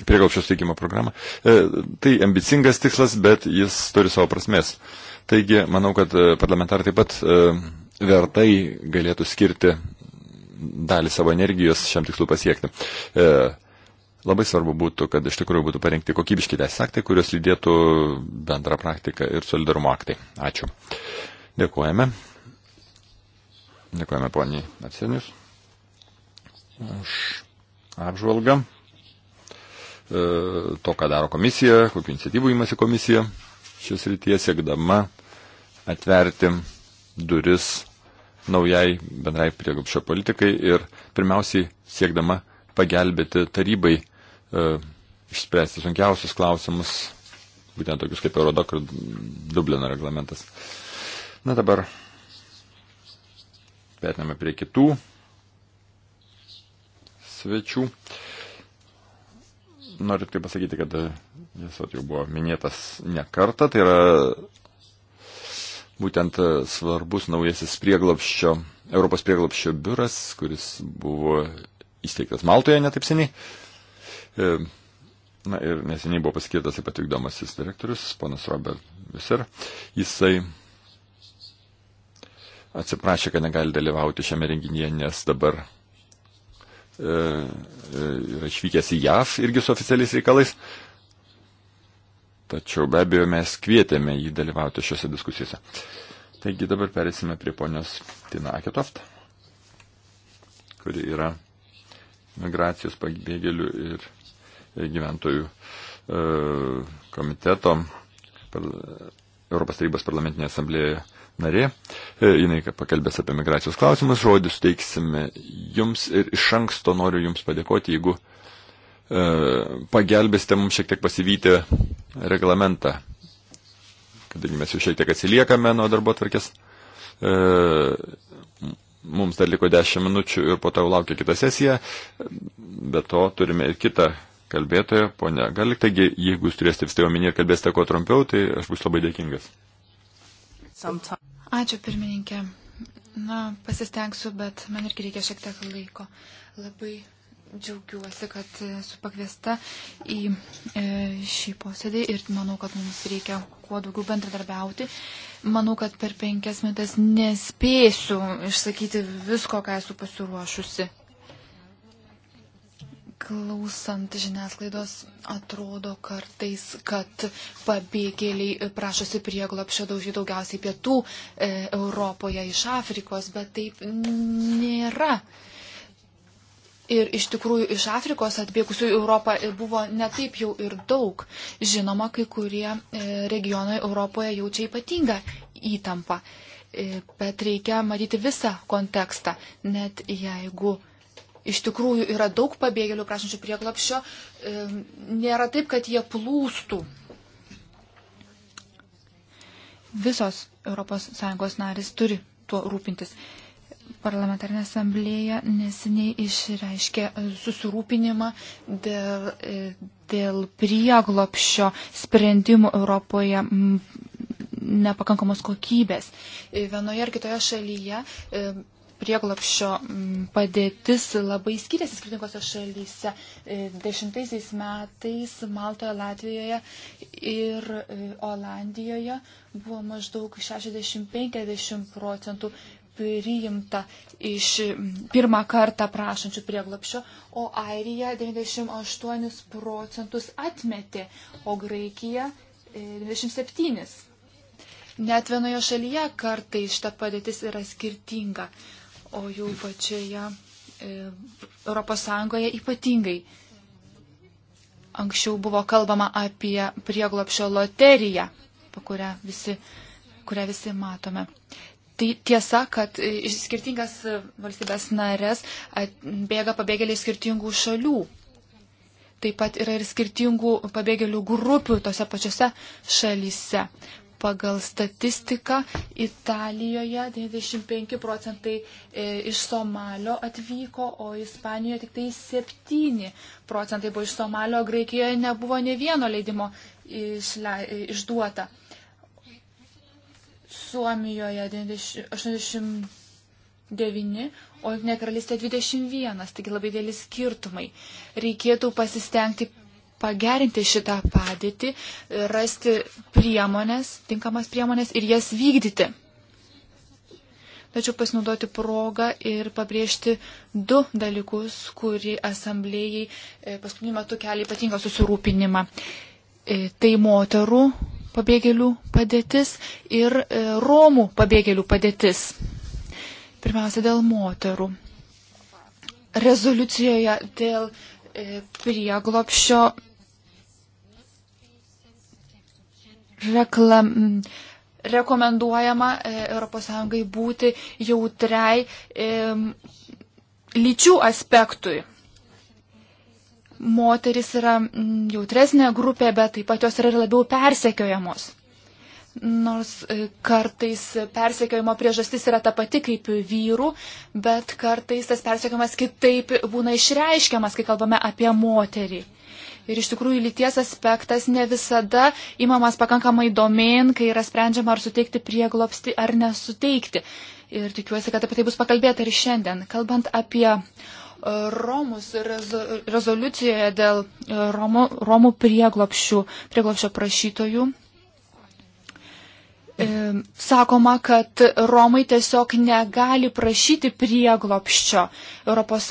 priegalčio steigimo programą. E, tai ambicingas tikslas, bet jis turi savo prasmės. Taigi, manau, kad e, parlamentarai taip pat vertai galėtų skirti dalį savo energijos šiam tikslu pasiekti. Labai svarbu būtų, kad iš tikrųjų būtų parengti kokybiški teisės aktai, kurios lydėtų bendrą praktiką ir solidarumo aktai. Ačiū. Dėkojame. Dėkojame poniai Arsenius už apžvalgą e, to, ką daro komisija, kokiu iniciatyvu įmasi komisija šis ryties, siekdama atverti duris naujai bendrai prieglapšio politikai ir pirmiausiai siekdama pagelbėti tarybai e, išspręsti sunkiausius klausimus, būtent tokius kaip Eurodok ir Dublino reglamentas. Na dabar perėmėme prie kitų svečių. Noriu tik pasakyti, kad jis jau buvo minėtas ne kartą, tai yra būtent svarbus naujasis prieglapščio, Europos prieglapščio biuras, kuris buvo įsteigtas Maltoje netaip seniai. E, na ir neseniai buvo paskirtas taip pat vykdomasis direktorius, ponas Robert Visser. Jisai atsiprašė, kad negali dalyvauti šiame renginyje, nes dabar E, e, yra išvykęs į JAV irgi su oficialiais reikalais. Tačiau be abejo mes kvietėme jį dalyvauti šiuose diskusijose. Taigi dabar perėsime prie ponios Tina Aketoft, kuri yra migracijos pabėgėlių ir gyventojų e, komiteto Europos tarybos parlamentinėje asamblėje narė. E, jinai pakalbės apie migracijos klausimus, žodį suteiksime jums ir iš anksto noriu jums padėkoti, jeigu e, pagelbėsite mums šiek tiek pasivyti reglamentą, kadangi mes jau šiek tiek atsiliekame nuo darbo tvarkės. E, mums dar liko 10 minučių ir po to laukia kita sesija, bet to turime ir kitą kalbėtoja, ponia Galik, taigi jeigu jūs turėsite vis tai omenyje ir kalbėsite kuo trumpiau, tai aš bus labai dėkingas. Ačiū pirmininkė. Na, pasistengsiu, bet man irgi reikia šiek tiek laiko. Labai džiaugiuosi, kad esu pakviesta į e, šį posėdį ir manau, kad mums reikia kuo daugiau bendradarbiauti. Manau, kad per penkias minutės nespėsiu išsakyti visko, ką esu pasiruošusi Klausant žiniasklaidos, atrodo kartais, kad pabėgėliai prašosi prieglapšio daugiausiai pietų e, Europoje iš Afrikos, bet taip nėra. Ir iš tikrųjų iš Afrikos atbėgusių į Europą buvo netaip jau ir daug. Žinoma, kai kurie e, regionai Europoje jaučia ypatingą įtampą, e, bet reikia matyti visą kontekstą, net jeigu iš tikrųjų yra daug pabėgėlių prašančių prieglapščio, e, nėra taip, kad jie plūstų. Visos ES narys turi tuo rūpintis. Parlamentarinė asamblėja nesiniai išreiškė susirūpinimą dėl, e, dėl prieglopščio sprendimų Europoje nepakankamos kokybės. E, vienoje ar kitoje šalyje prieglapščio mm, padėtis labai skiriasi skirtingose šalyse. E, dešimtaisiais metais Maltoje, Latvijoje ir e, Olandijoje buvo maždaug 60-50 procentų priimta iš mm, pirmą kartą prašančių prieglapščio, o Airija 98 procentus atmetė, o Graikija 27. E, Net vienoje šalyje kartai šita padėtis yra skirtinga o jau pačioje ES ypatingai. Anksčiau buvo kalbama apie prieglopšio loteriją, kurią visi, kurią visi matome. Tai tiesa, kad iš skirtingas valstybės narės bėga pabėgėliai skirtingų šalių. Taip pat yra ir skirtingų pabėgėlių grupių tose pačiose šalyse. Pagal statistiką Italijoje 95 procentai e, iš Somalio atvyko, o Ispanijoje tik tai 7 procentai buvo iš Somalio, o Graikijoje nebuvo ne vieno leidimo išle, išduota. Suomijoje 89, o Junktinė karalystė 21, taigi labai dėlis skirtumai. Reikėtų pasistengti pagerinti šitą padėtį, rasti priemonės, tinkamas priemonės ir jas vykdyti. Tačiau pasinaudoti progą ir pabrėžti du dalykus, kurį asamblėjai e, paskutiniu metu kelia ypatingą susirūpinimą. E, tai moterų pabėgėlių padėtis ir e, Romų pabėgėlių padėtis. Pirmiausia, dėl moterų. Rezoliucijoje dėl prieglopšio reklam, rekomenduojama ES būti jautriai e, lyčių aspektui. Moteris yra jautresnė grupė, bet taip pat jos yra labiau persekiojamos. Nors e, kartais persekiojimo priežastis yra ta pati kaip vyrų, bet kartais tas persekiojimas kitaip būna išreiškiamas, kai kalbame apie moterį. Ir iš tikrųjų lyties aspektas ne visada įmamas pakankamai domin, kai yra sprendžiama ar suteikti prieglopsti ar nesuteikti. Ir tikiuosi, kad apie tai bus pakalbėta ir šiandien. Kalbant apie e, Romus rezo, rezoliucijoje dėl e, Romų, romų prieglopščio prašytojų E, sakoma, kad Romai tiesiog negali prašyti prieglopščio ES,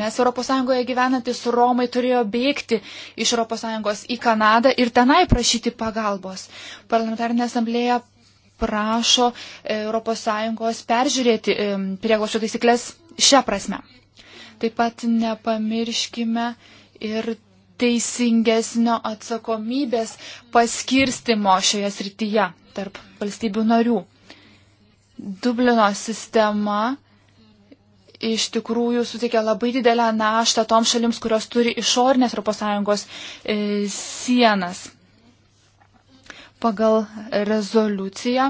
nes ES gyvenantis Romai turėjo bėgti iš ES į Kanadą ir tenai prašyti pagalbos. Parlamentarinė asamblėja prašo ES peržiūrėti e, prieglopščio taisyklės šią prasme. Taip pat nepamirškime ir teisingesnio atsakomybės paskirstimo šioje srityje tarp valstybių narių. Dublino sistema iš tikrųjų suteikia labai didelę naštą toms šalims, kurios turi išornės ES e, sienas. Pagal rezoliuciją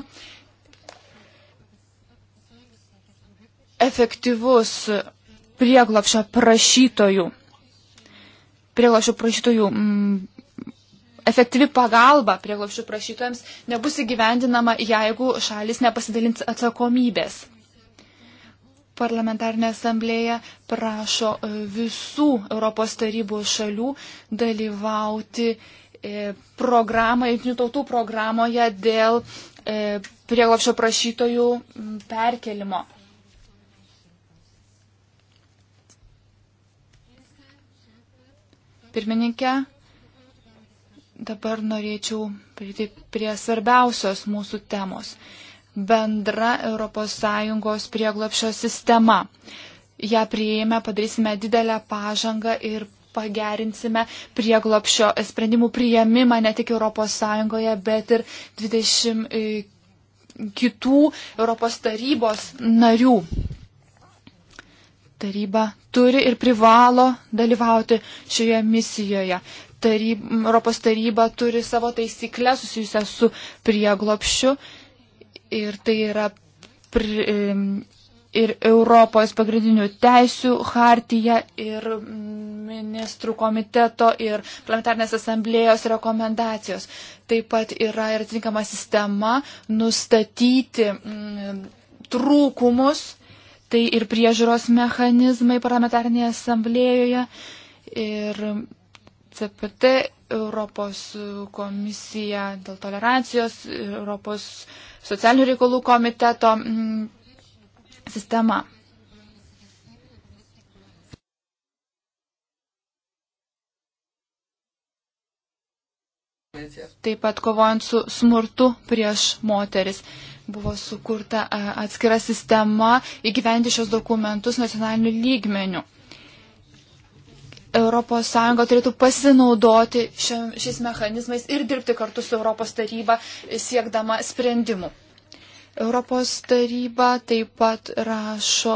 efektyvus prieglapšio prašytojų, prieglapšio prašytojų m, efektyvi pagalba prieglopšių prašytojams nebus įgyvendinama, jeigu šalis nepasidalins atsakomybės. Parlamentarinė asamblėja prašo e, visų Europos tarybos šalių dalyvauti e, programą, jungtinių tautų programoje dėl e, prieglopšio prašytojų perkelimo. Pirmininkė, Dabar norėčiau prieiti prie svarbiausios mūsų temos - bendra ES prieglopšio sistema. Ja prieėmę padarysime didelę pažangą ir pagerinsime prieglopšio sprendimų prieimimą ne tik ES, bet ir 20 e, kitų Europos tarybos narių. Taryba turi ir privalo dalyvauti šioje misijoje taryb, Europos taryba turi savo taisyklę susijusią su prieglopšiu ir tai yra pri, ir Europos pagrindinių teisių hartija ir ministrų komiteto ir planetarnės asamblėjos rekomendacijos. Taip pat yra ir atitinkama sistema nustatyti m, mm, trūkumus, tai ir priežiūros mechanizmai parlamentarnėje asamblėjoje. Ir CPT, Europos komisija dėl tolerancijos, Europos socialinių reikalų komiteto mm, sistema. Taip pat kovojant su smurtu prieš moteris buvo sukurta e, atskira sistema įgyventi šios dokumentus nacionaliniu lygmeniu. ES turėtų pasinaudoti šiam, šiais mechanizmais ir dirbti kartu su Europos taryba siekdama sprendimų. Europos taryba taip pat rašo,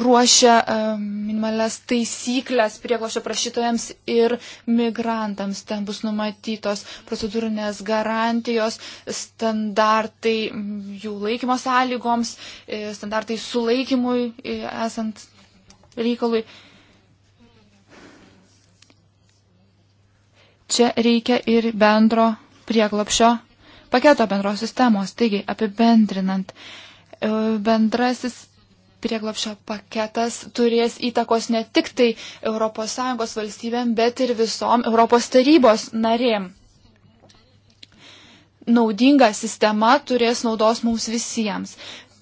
ruošia minimales taisyklės prieglošio prašytojams ir migrantams. Ten bus numatytos procedūrinės garantijos, standartai jų laikymo sąlygoms, e, standartai sulaikymui e, esant reikalui čia reikia ir bendro prieglopšio paketo bendros sistemos. Taigi, apibendrinant, e, bendrasis prieglopšio paketas turės įtakos ne tik tai ES valstybėm, bet ir visom Europos tarybos narėm. Naudinga sistema turės naudos mums visiems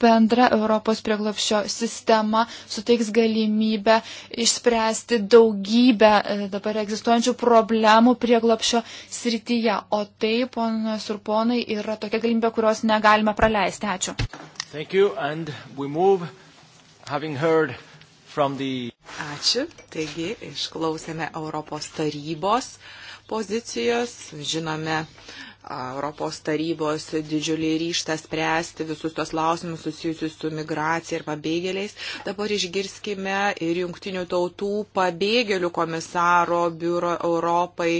bendra Europos prieglopščio sistema suteiks galimybę išspręsti daugybę e, dabar egzistuojančių problemų prieglopščio srityje. O tai, ponas ir ponai, yra tokia galimybė, kurios negalime praleisti. Ačiū. Move, the... Ačiū. Taigi išklausėme Europos tarybos pozicijos, žinome, uh, Europos tarybos didžiulį ryštą spręsti visus tos lausimus susijusius su migracija ir pabėgėliais. Dabar išgirskime ir jungtinių tautų pabėgėlių komisaro biuro Europai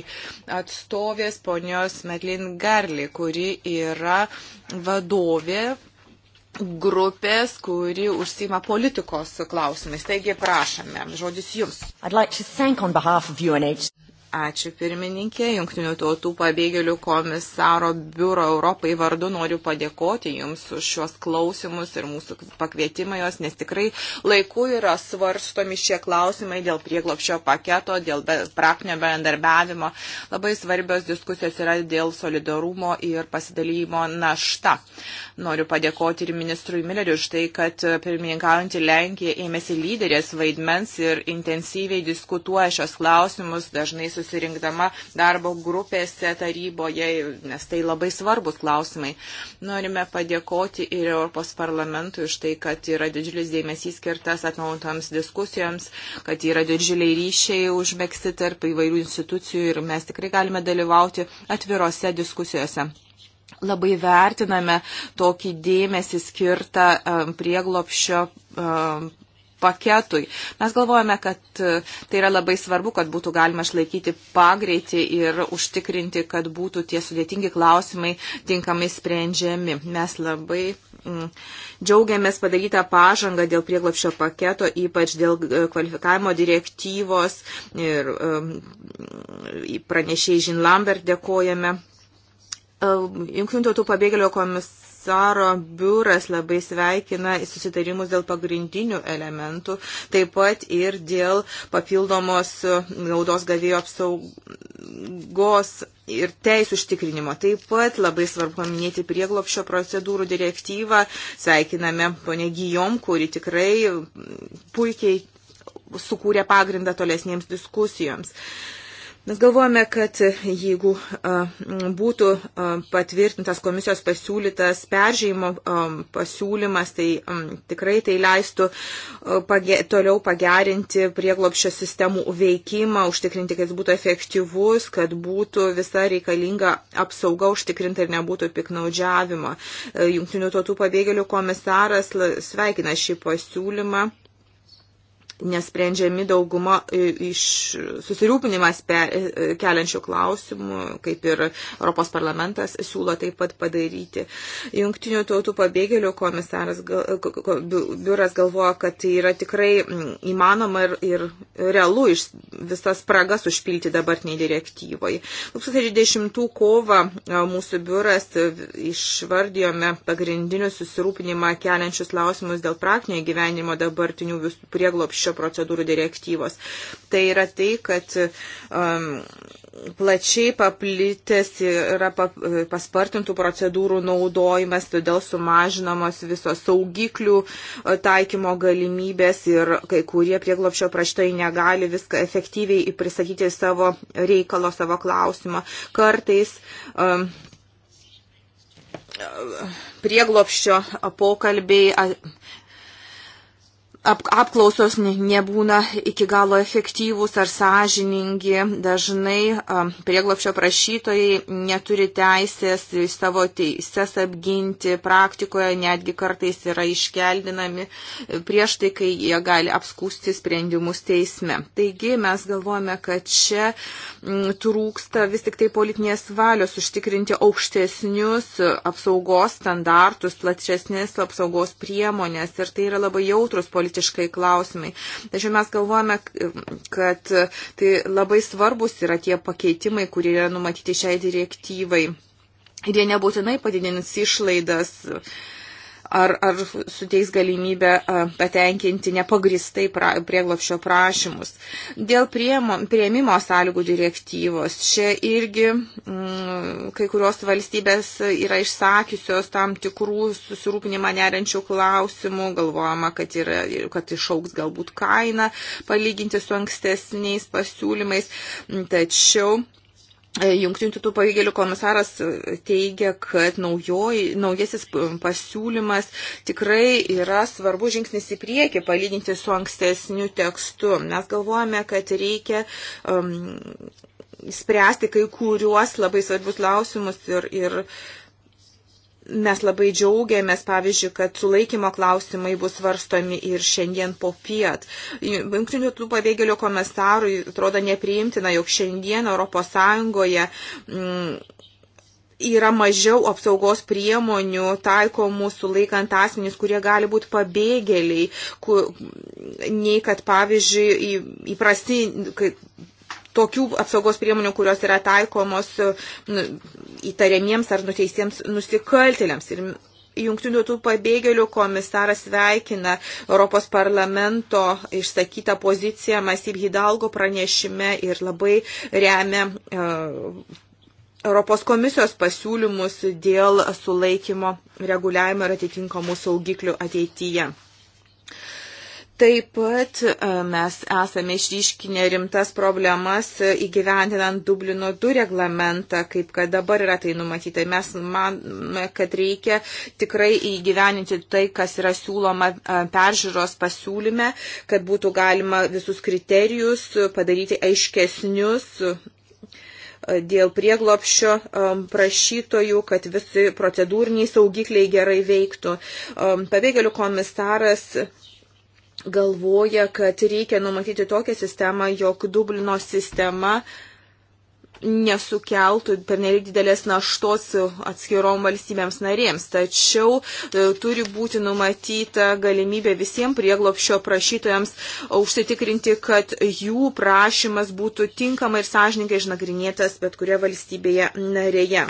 atstovės ponios Medlin Garli, kuri yra vadovė grupės, kuri užsima politikos klausimais. Taigi prašome, žodis jums. I'd like Ačiū pirmininkė. Junktinių tautų pabėgėlių komisaro biuro Europai vardu noriu padėkoti Jums už šios klausimus ir mūsų pakvietimą jos, nes tikrai laiku yra svarstomi šie klausimai dėl prieglopščio paketo, dėl praktinio bendarbiavimo. Labai svarbios diskusijos yra dėl solidarumo ir pasidalymo našta. Noriu padėkoti ir ministrui Milleriu už tai, kad pirmininkaujantį Lenkiją ėmėsi lyderės vaidmens ir intensyviai diskutuoja šios klausimus, dažnai susitikti susirinkdama darbo grupėse taryboje, nes tai labai svarbus klausimai. Norime padėkoti ir Europos parlamentui už tai, kad yra didžiulis dėmesys skirtas atnaujantams diskusijoms, kad yra didžiuliai ryšiai užmėgsti tarp įvairių institucijų ir mes tikrai galime dalyvauti atvirose diskusijose. Labai vertiname tokį dėmesį skirtą um, prieglopšio um, paketui. Mes galvojame, kad e, tai yra labai svarbu, kad būtų galima išlaikyti pagreitį ir užtikrinti, kad būtų tie sudėtingi klausimai tinkamai sprendžiami. Mes labai mm, džiaugiamės padarytą pažangą dėl prieglapšio paketo, ypač dėl e, kvalifikavimo direktyvos ir e, mm, pranešėjai Žin Lambert dėkojame. Junktinių tautų pabėgėlio komisijos komisaro biuras labai sveikina susitarimus dėl pagrindinių elementų, taip pat ir dėl papildomos naudos gavėjo apsaugos ir teisų užtikrinimo. Taip pat labai svarbu paminėti prieglopšio procedūrų direktyvą. Sveikiname ponę Gijom, kuri tikrai puikiai sukūrė pagrindą tolesniems diskusijoms. Mes galvojame, kad jeigu būtų patvirtintas komisijos pasiūlytas peržėjimo pasiūlymas, tai tikrai tai leistų page, toliau pagerinti prieglopščio sistemų veikimą, užtikrinti, kad jis būtų efektyvus, kad būtų visa reikalinga apsauga užtikrinta ir nebūtų piknaudžiavimo. E, Junktinių tautų pabėgėlių komisaras sveikina šį pasiūlymą nesprendžiami dauguma e, iš susirūpinimas e, keliančių klausimų, kaip ir Europos parlamentas siūlo taip pat padaryti. Jungtinių tautų pabėgėlių komisaras e, biuras galvoja, kad tai yra tikrai įmanoma ir, ir realu iš visas spragas užpilti dabartiniai direktyvoj. 2010 kovą mūsų biuras išvardijome pagrindinius susirūpinimą keliančius klausimus dėl praktinio gyvenimo dabartinių prieglopšių prieglopščio procedūrų direktyvos. Tai yra tai, kad um, plačiai paplitęs yra paspartintų procedūrų naudojimas, todėl sumažinamos visos saugiklių uh, taikymo galimybės ir kai kurie prieglopščio praštai negali viską efektyviai pristatyti savo reikalo, savo klausimo. Kartais um, prieglopščio pokalbiai ap, apklausos nebūna iki galo efektyvūs ar sąžiningi. Dažnai um, prieglopšio prašytojai neturi teisės savo teises apginti. Praktikoje netgi kartais yra iškeldinami e, prieš tai, kai jie gali apskūsti sprendimus teisme. Taigi mes galvojame, kad čia mm, trūksta vis tik tai politinės valios užtikrinti aukštesnius apsaugos standartus, plačesnės apsaugos priemonės. Ir tai yra labai jautrus politinis politiškai klausimai. Tačiau mes galvojame, kad tai labai svarbus yra tie pakeitimai, kurie yra numatyti šiai direktyvai. Ir jie nebūtinai padidins išlaidas. Uh, ar, ar suteiks galimybę patenkinti nepagristai pra, prieglopšio prašymus. Dėl priemo, prieimimo sąlygų direktyvos čia irgi mm, kai kurios valstybės yra išsakiusios tam tikrų susirūpinimą neriančių klausimų, galvojama, kad, yra, kad išauks galbūt kaina palyginti su ankstesniais pasiūlymais. Tačiau E, Jungtinių tautų pavėgėlių komisaras e, teigia, kad naujoj, naujasis pasiūlymas tikrai yra svarbus žingsnis į priekį palyginti su ankstesniu tekstu. Mes galvojame, kad reikia. Um, spręsti kai kuriuos labai svarbius klausimus ir, ir uh, Mes labai džiaugiamės, pavyzdžiui, kad sulaikymo klausimai bus varstomi ir šiandien po piet. Junktinių tų pabėgėlių komisarui atrodo nepriimtina, jog šiandien Europos Sąjungoje m, mm, yra mažiau apsaugos priemonių taikomų sulaikant asmenys, kurie gali būti pabėgėliai, ku, nei kad, pavyzdžiui, įprasti, kai tokių apsaugos priemonių, kurios yra taikomos e, įtariamiems ar nuteistiems nusikaltėliams. Ir Jungtinių tų pabėgėlių komisaras sveikina Europos parlamento išsakytą poziciją Masip Hidalgo pranešime ir labai remia e, Europos komisijos pasiūlymus dėl sulaikymo reguliavimo ir atitinkamų saugiklių ateityje. Taip pat e, mes esame išryškinę rimtas problemas e, įgyvendinant Dublino 2 reglamentą, kaip kad dabar yra tai numatyta. Mes manome, kad reikia tikrai įgyveninti tai, kas yra siūloma e, peržiūros pasiūlyme, kad būtų galima visus kriterijus padaryti aiškesnius dėl prieglopščio prašytojų, kad visi procedūriniai saugikliai gerai veiktų. Pabėgėlių komisaras galvoja, kad reikia numatyti tokią sistemą, jog Dublino sistema uh, nesukeltų pernelyg didelės naštos atskirom valstybėms narėms. Tačiau e, turi būti numatyta galimybė visiems prieglopšio prašytojams užsitikrinti, kad jų prašymas būtų tinkamai ir sąžininkai išnagrinėtas bet kurioje valstybėje narėje.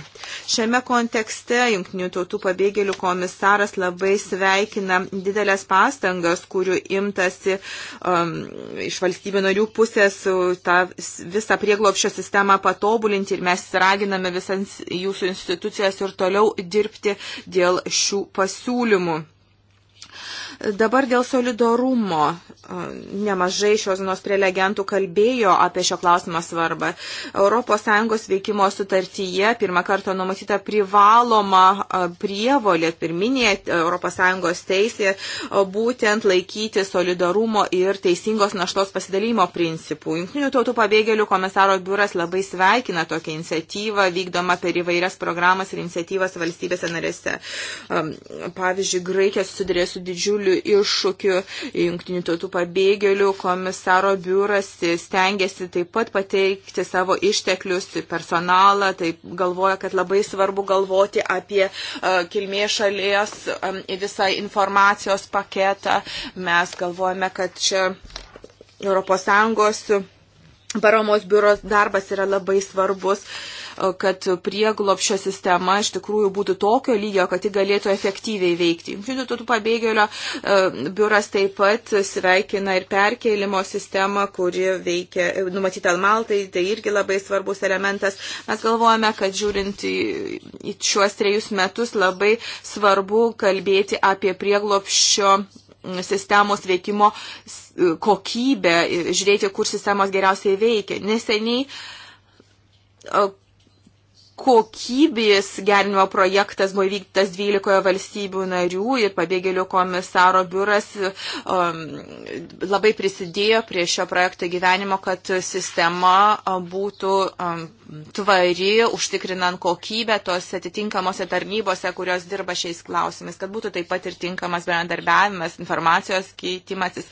Šiame kontekste Junktinių tautų pabėgėlių komisaras labai sveikina didelės pastangas, kurių imtasi um, iš valstybių narių pusės uh, tą visą prieglopšio sistemą patobulinti patobulinti ir mes raginame visas jūsų institucijas ir toliau dirbti dėl šių pasiūlymų. Dabar dėl solidarumo e, nemažai šios dienos prelegentų kalbėjo apie šio klausimo svarbą. ES veikimo sutartyje pirmą kartą numatyta privaloma e, prievolė pirminėje ES teisėje e, būtent laikyti solidarumo ir teisingos naštos pasidalymo principų. Junktinių tautų pabėgėlių komisaro biuras labai sveikina tokią iniciatyvą vykdomą per įvairias programas ir iniciatyvas valstybėse narėse. Pavyzdžiui, Graikija susidurė su didžiuliu iššūkių. Junktinių tautų pabėgėlių komisaro biuras stengiasi taip pat pateikti savo išteklius, personalą, taip galvoja, kad labai svarbu galvoti apie e, kilmės šalies visą informacijos paketą. Mes galvojame, kad čia ES paramos biuros darbas yra labai svarbus. Uh, E, kad prieglopšio sistema iš tikrųjų būtų tokio lygio, kad ji galėtų efektyviai veikti. Žinoma, tautų pabėgėlio e, biuras taip pat sveikina ir perkelimo sistemą, kuri veikia, e, numatyta Maltai, tai irgi labai svarbus elementas. Mes galvojame, kad žiūrint į, į šiuos trejus metus labai svarbu kalbėti apie prieglopšio sistemos veikimo kokybę, žiūrėti, kur sistemos geriausiai veikia. Neseniai kokybės gerinimo projektas buvo įvykdytas 12 valstybių narių ir pabėgėlių komisaro biuras um, labai prisidėjo prie šio projekto gyvenimo, kad sistema um, būtų um, tvari, užtikrinant kokybę tos atitinkamose tarnybose, kurios dirba šiais klausimais, kad būtų taip pat ir tinkamas bendarbiavimas, informacijos keitimasis.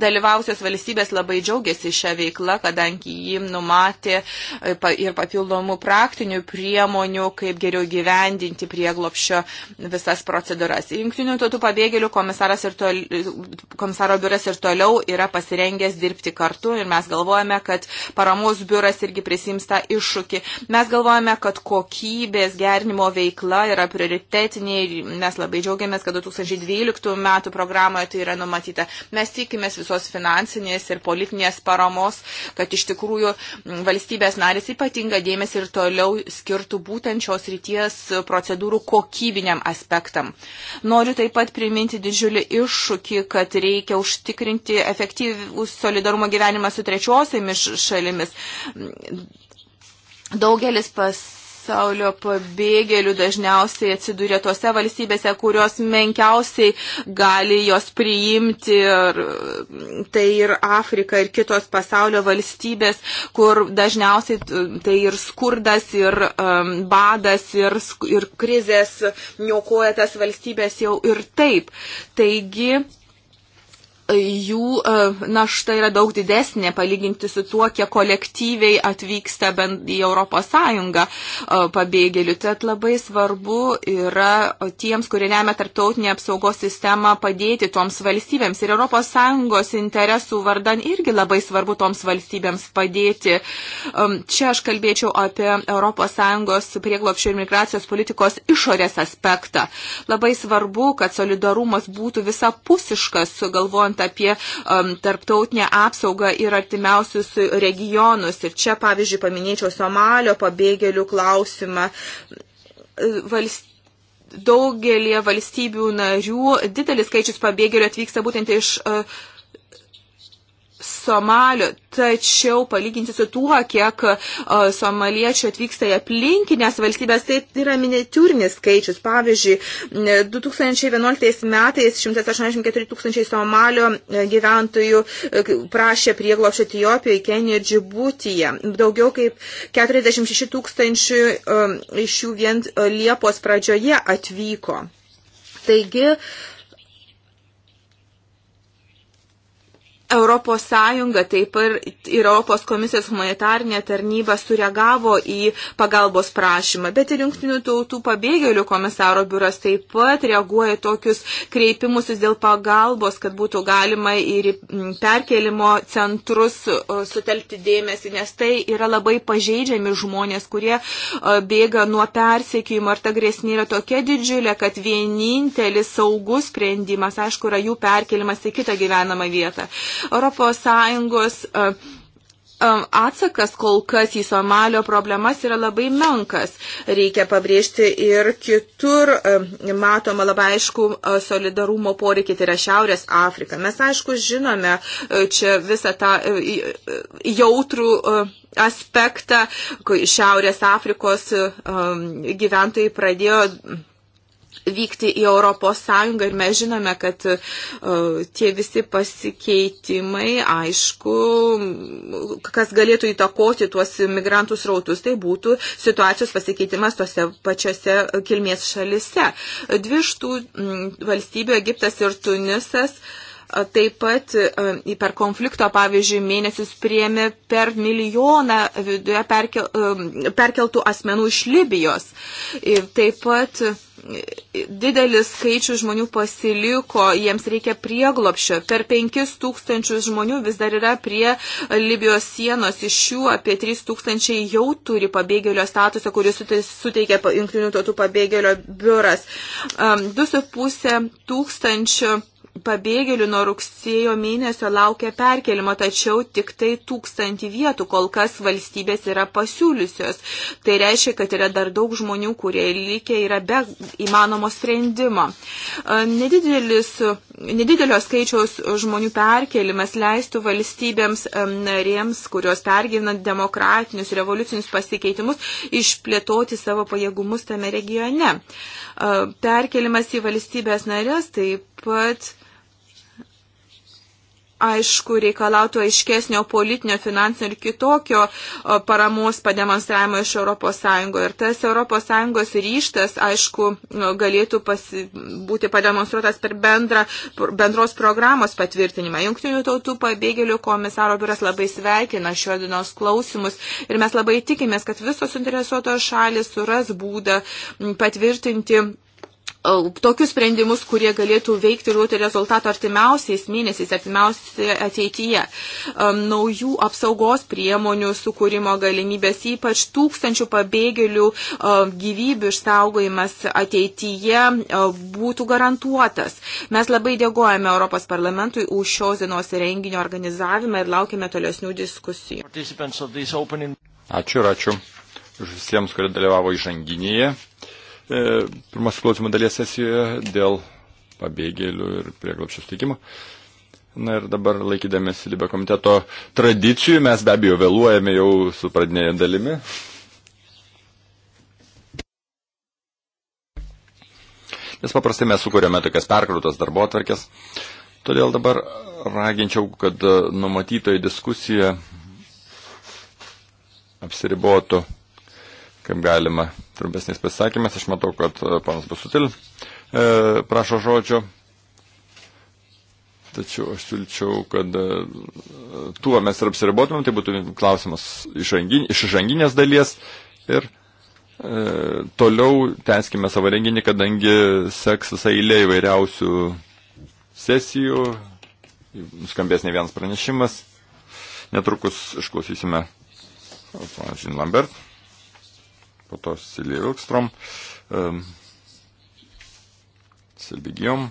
Dalyvausios valstybės labai džiaugiasi šią veiklą, kadangi jį numatė e, ir papildomų praktinių priemonių priemonių, kaip geriau gyvendinti prieglopšio visas procedūras. Junktinių tautų pabėgėlių tol, komisaro biuras ir toliau yra pasirengęs dirbti kartu ir mes galvojame, kad paramos biuras irgi prisims tą iššūkį. Mes galvojame, kad kokybės gerinimo veikla yra prioritetinė ir mes labai džiaugiamės, kad 2012 metų programoje tai yra numatyta. Mes tikimės visos finansinės ir politinės paramos, kad iš tikrųjų valstybės narės ypatinga dėmesį ir toliau skirtų skirtų būtent šios ryties procedūrų kokybiniam aspektam. Noriu taip pat priminti didžiulį iššūkį, kad reikia užtikrinti efektyvų solidarumo gyvenimą su trečiosiamis šalimis. Daugelis pas pasaulio pabėgėlių dažniausiai atsiduria tose valstybėse, kurios menkiausiai gali jos priimti. Ir, mm, tai ir Afrika, ir kitos pasaulio valstybės, kur dažniausiai mm, tai ir skurdas, ir um, badas, ir, ir krizės niokoja tas valstybės jau ir taip. Taigi, jų e, našta yra daug didesnė palyginti su tuo, kiek kolektyviai atvyksta bent į Europos Sąjungą e, pabėgėlių. Tad labai svarbu yra e, tiems, kurie remia tarptautinę apsaugos sistemą, padėti toms valstybėms. Ir Europos Sąjungos interesų vardan irgi labai svarbu toms valstybėms padėti. Čia aš kalbėčiau apie Europos Sąjungos prieglopščio ir migracijos politikos išorės aspektą. Labai svarbu, kad solidarumas būtų visapusiškas, galvojant kalbant apie um, tarptautinę apsaugą ir artimiausius regionus. Ir čia, pavyzdžiui, paminėčiau Somalio pabėgėlių klausimą. Valst daugelie valstybių narių didelis skaičius pabėgėlių atvyksta būtent iš uh, Somalio, tačiau palyginti su tuo, kiek e, somaliečių atvyksta į aplinkinės valstybės, tai yra miniatūrinis skaičius. Pavyzdžiui, 2011 metais 184 tūkstančiai Somalio e, gyventojų e, prašė prieglopšio Etijopijoje, Kenijoje ir Džibutyje. Daugiau kaip 46 tūkstančių iš jų vien Liepos pradžioje atvyko. Taigi, uh, Europos Sąjunga taip ir, ir Europos komisijos humanitarinė tarnyba sureagavo į pagalbos prašymą, bet ir Junktinių tautų pabėgėlių komisaro biuras taip pat reaguoja tokius kreipimusis dėl pagalbos, kad būtų galima ir perkelimo centrus sutelkti dėmesį, nes tai yra labai pažeidžiami žmonės, kurie bėga nuo persekiojimo ir ta grėsmė yra tokia didžiulė, kad vienintelis saugus sprendimas, aišku, yra jų perkelimas į kitą gyvenamą vietą. ES e, e, atsakas kol kas į Somalio problemas yra labai menkas. Reikia pabrėžti ir kitur e, matoma labai aišku solidarumo poreikį, tai yra Šiaurės Afrika. Mes aišku žinome čia visą tą jautrų aspektą, kai Šiaurės Afrikos gyventojai pradėjo vykti į Europos Sąjungą ir mes žinome, kad e, tie visi pasikeitimai, aišku, kas galėtų įtakoti tuos migrantų srautus, tai būtų situacijos pasikeitimas tose pačiose kilmės šalise. Dvi iš tų valstybių, Egiptas ir Tunisas, e, taip pat e, per konflikto, pavyzdžiui, mėnesius priemi per milijoną viduje perkeltų asmenų iš Libijos. Taip pat didelis skaičius žmonių pasiliko, jiems reikia prieglopšio. Per 5000 žmonių vis dar yra prie Libijos sienos, iš jų apie 3000 jau turi pabėgėlio statusą, kurį suteikia Junktinių tautų pabėgėlio biuras. 2,5 tūkstančių pabėgėlių nuo rugsėjo mėnesio laukia perkelimo, tačiau tik tai tūkstantį vietų kol kas valstybės yra pasiūliusios. Tai reiškia, kad yra dar daug žmonių, kurie likę yra be įmanomo sprendimo. E, nedidelis, nedidelio skaičiaus žmonių perkelimas leistų valstybėms e, narėms, kurios pergina demokratinius revoliucinius pasikeitimus, išplėtoti savo pajėgumus tame regione. E, perkelimas į valstybės narės taip pat aišku, reikalautų aiškesnio politinio, finansinio ir kitokio paramos pademonstravimo iš ES. Ir tas ES ryštas, aišku, galėtų pasi, būti pademonstruotas per bendrą, bendros programos patvirtinimą. Junktinių tautų pabėgėlių komisaro biuras labai sveikina šio dienos klausimus ir mes labai tikimės, kad visos interesuotos šalis suras būdą patvirtinti tokius sprendimus, kurie galėtų veikti ir duoti rezultatų artimiausiais mėnesiais, artimiausiai ateityje. Naujų apsaugos priemonių sukūrimo galimybės, ypač tūkstančių pabėgėlių gyvybių išsaugojimas ateityje būtų garantuotas. Mes labai dėgojame Europos parlamentui už šios dienos renginio organizavimą ir laukime tolesnių diskusijų. Ačiū ir ačiū už visiems, kurie dalyvavo įžanginėje E, pirmas klausimų dalies sesijoje dėl pabėgėlių ir prieglapščių steigimo. Na ir dabar laikydamės Libė komiteto tradicijų, mes be abejo vėluojame jau su pradinėje dalimi. Nes paprastai mes sukūrėme tokias perkrautas darbo atvarkės. Todėl dabar raginčiau, kad numatytoji diskusija apsiribotų, kaip galima trumpesniais pasisakymės. Aš matau, kad e, panas Busutil e, prašo žodžio. Tačiau aš siūlyčiau, kad e, tuo mes ir apsiribotumėm, tai būtų klausimas iš išanginės dalies ir e, toliau tęskime savo renginį, kadangi seks visą eilę įvairiausių sesijų, skambės ne vienas pranešimas. Netrukus išklausysime, pavyzdžiui, Lambert po to Silija Vilkstrom, um, Silbigijom,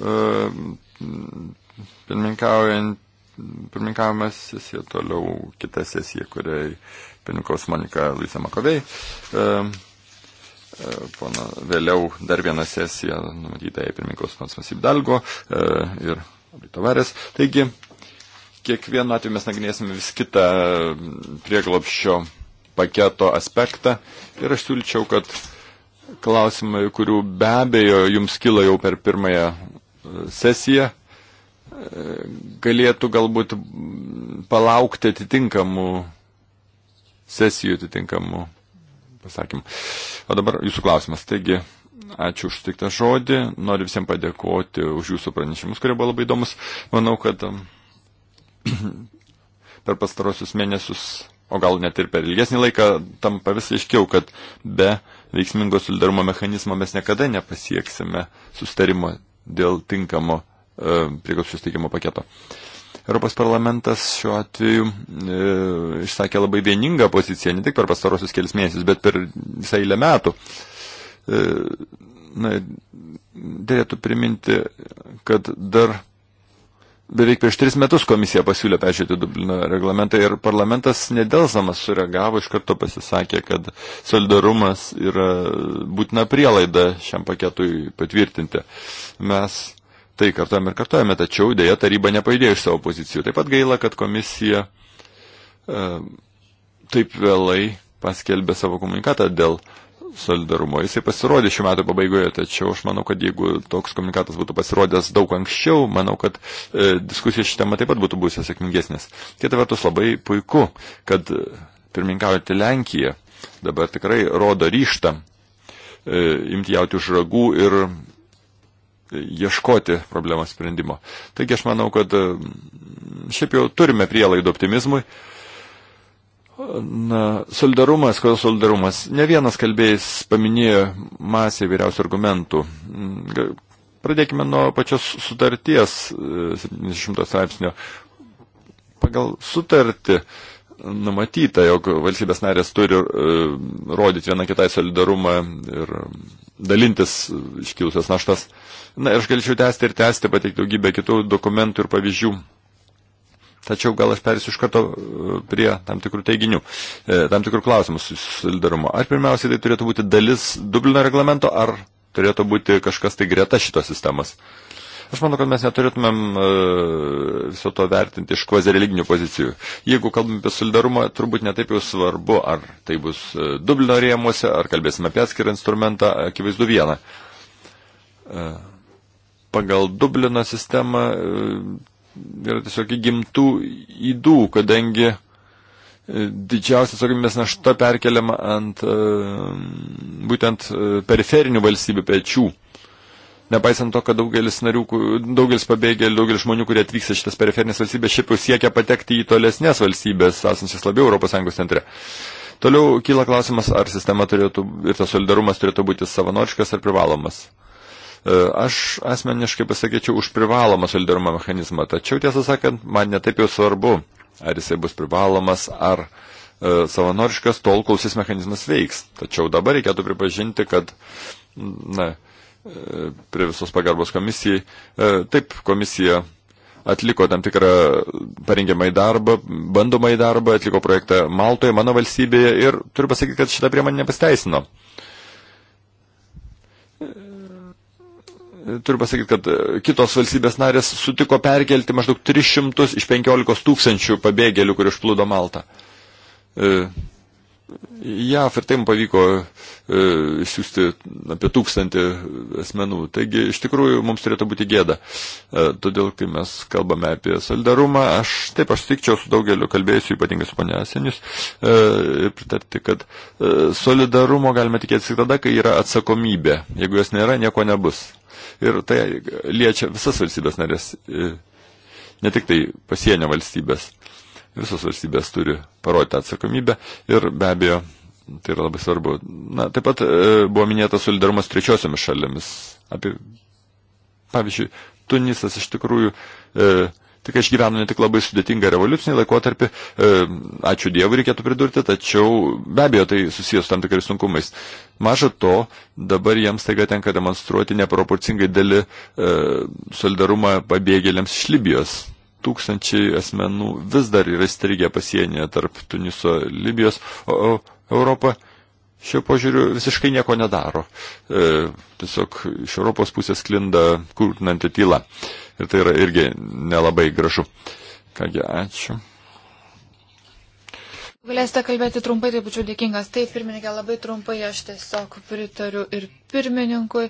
um, pirmininkavimas sesija, toliau kita sesija, kuriai pirmininkaus Monika Luisa Makovei. Um, Pana, vėliau dar viena sesija, numatyta į pirmininkaus Pansmas Ibdalgo ir Tavarės. Taigi, kiekvienu atveju mes nagrinėsime vis kitą prieglopščio paketo aspektą ir aš siūlyčiau, kad klausimai, kurių be abejo jums kilo jau per pirmąją e, sesiją, e, galėtų galbūt palaukti atitinkamų sesijų, atitinkamų pasakymų. O dabar jūsų klausimas. Taigi, ačiū už tiktą žodį, noriu visiems padėkoti už jūsų pranešimus, kurie buvo labai įdomus. Manau, kad e, per pastarosius mėnesius o gal net ir per ilgesnį laiką tampa vis aiškiau, kad be veiksmingo solidarumo mechanizmo mes niekada nepasieksime sustarimo dėl tinkamo e, priegos susteikimo paketo. Europos parlamentas šiuo atveju e, išsakė labai vieningą poziciją, ne tik per pastarosius kelias mėnesius, bet per visą eilę metų. E, na, dėlėtų priminti, kad dar Beveik prieš tris metus komisija pasiūlė peržiūrėti Dublino reglamentą ir parlamentas nedelsamas sureagavo, iš karto pasisakė, kad solidarumas yra būtina prielaida šiam paketui patvirtinti. Mes tai kartuojame ir kartuojame, tačiau dėja taryba nepaidėjo iš savo pozicijų. Taip pat gaila, kad komisija e, taip vėlai paskelbė savo komunikatą dėl e, solidarumo. Jisai pasirodė šių metų pabaigoje, tačiau aš manau, kad jeigu toks komunikatas būtų pasirodęs daug anksčiau, manau, kad e, diskusija šitą temą taip pat būtų buvusi sėkmingesnės. Kita vertus, labai puiku, kad e, pirmininkaujate Lenkiją dabar tikrai rodo ryštą e, imti jauti už ragų ir e, ieškoti problemos sprendimo. Taigi aš manau, kad e, šiaip jau turime prielaidų optimizmui. Na, solidarumas, kodėl solidarumas? Ne vienas kalbėjęs paminėjo masę vyriausių argumentų. Mm, pradėkime nuo pačios sutarties 70 e, straipsnio. Pagal sutartį numatyta, jog valstybės narės turi e, rodyti vieną kitai solidarumą ir dalintis iškilusias naštas. Na ir aš galėčiau tęsti ir tęsti, pateikti daugybę kitų dokumentų ir pavyzdžių. Tačiau gal aš perėsiu iš karto e, prie tam tikrų teiginių, e, tam tikrų klausimų su solidarumu. Ar pirmiausiai tai turėtų būti dalis Dublino reglamento, ar turėtų būti kažkas tai greta šitos sistemos? Aš manau, kad mes neturėtumėm e, viso to vertinti iš kvazireliginių pozicijų. Jeigu kalbame apie solidarumą, turbūt netaip jau svarbu, ar tai bus Dublino rėmuose, ar kalbėsime apie atskirą instrumentą, akivaizdu vieną pagal Dublino sistemą yra tiesiog įgimtų įdų, kadangi e, didžiausias atsakomybės našta perkeliama ant e, būtent e, periferinių valstybių pečių. Nepaisant to, kad daugelis, narių, daugelis pabėgėlių, daugelis žmonių, kurie atvyksta šitas periferinės valstybės, šiaip jau siekia patekti į tolesnės valstybės, esančias labiau ES centre. Toliau kyla klausimas, ar sistema turėtų ir tas solidarumas turėtų būti savanoriškas ar privalomas. E, aš asmeniškai pasakyčiau už privalomą solidarumo mechanizmą, tačiau tiesą sakant, man netaip jau svarbu, ar jisai bus privalomas, ar e, savanoriškas tol, kol šis mechanizmas veiks. Tačiau dabar reikėtų pripažinti, kad na, e, prie visos pagarbos komisijai, taip komisija atliko tam tikrą parengiamą į darbą, bandomą į darbą, atliko projektą Maltoje, mano valstybėje ir turiu pasakyti, kad šita priemonė nepasteisino. turiu pasakyti, kad e, kitos valstybės narės sutiko perkelti maždaug 300 iš 15 tūkstančių pabėgėlių, kurie išplūdo Maltą. E, JAF ir taim pavyko e, siūsti apie tūkstantį asmenų. Taigi, iš tikrųjų, mums turėtų būti gėda. Todėl, kai mes kalbame apie solidarumą, aš taip aš sutikčiau su daugeliu kalbėjusiu, ypatingai su panesenius, ir pritarti, kad solidarumo galime tikėtis tik tada, kai yra atsakomybė. Jeigu jos nėra, nieko nebus. Ir tai liečia visas valstybės narės, e, ne tik tai pasienio valstybės. Visos valstybės turi parodyti atsakomybę ir be abejo, tai yra labai svarbu. Na, taip pat e, buvo minėtas solidarumas trečiosiomis šalėmis. Apie, pavyzdžiui, Tunisas iš tikrųjų e, tik išgyveno ne tik labai sudėtingą revoliucinį laikotarpį, e, ačiū Dievui reikėtų pridurti, tačiau be abejo tai susijęs su tam tikrais sunkumais. Maža to, dabar jiems taiga tenka demonstruoti neproporcingai dėlį e, solidarumą pabėgėliams iš Libijos. Tūkstančiai asmenų vis dar yra strigę pasienyje tarp Tuniso ir Libijos, o, o Europa šio požiūriu visiškai nieko nedaro. E, tiesiog iš Europos pusės klinda kurtinanti tyla. E, Ir tai yra irgi nelabai gražu. Kągi, ačiū. Galėsite kalbėti trumpai, tai būčiau dėkingas. Taip, pirmininkė, labai trumpai aš tiesiog pritariu ir pirmininkui,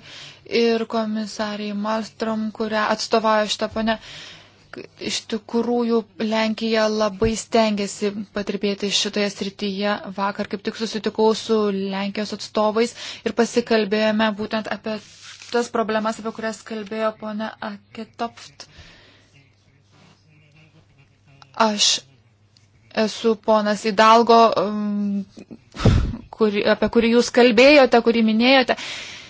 ir komisariai Malstrom, kurią atstovauja šitą ponę. Iš tikrųjų, Lenkija labai stengiasi patirbėti šitoje srityje. Vakar kaip tik susitikau su Lenkijos atstovais ir pasikalbėjome būtent apie tas problemas, apie kurias kalbėjo ponia Aketoft. Aš esu ponas Idalgo, um, kuri, apie kurį jūs kalbėjote, kurį minėjote. Uh,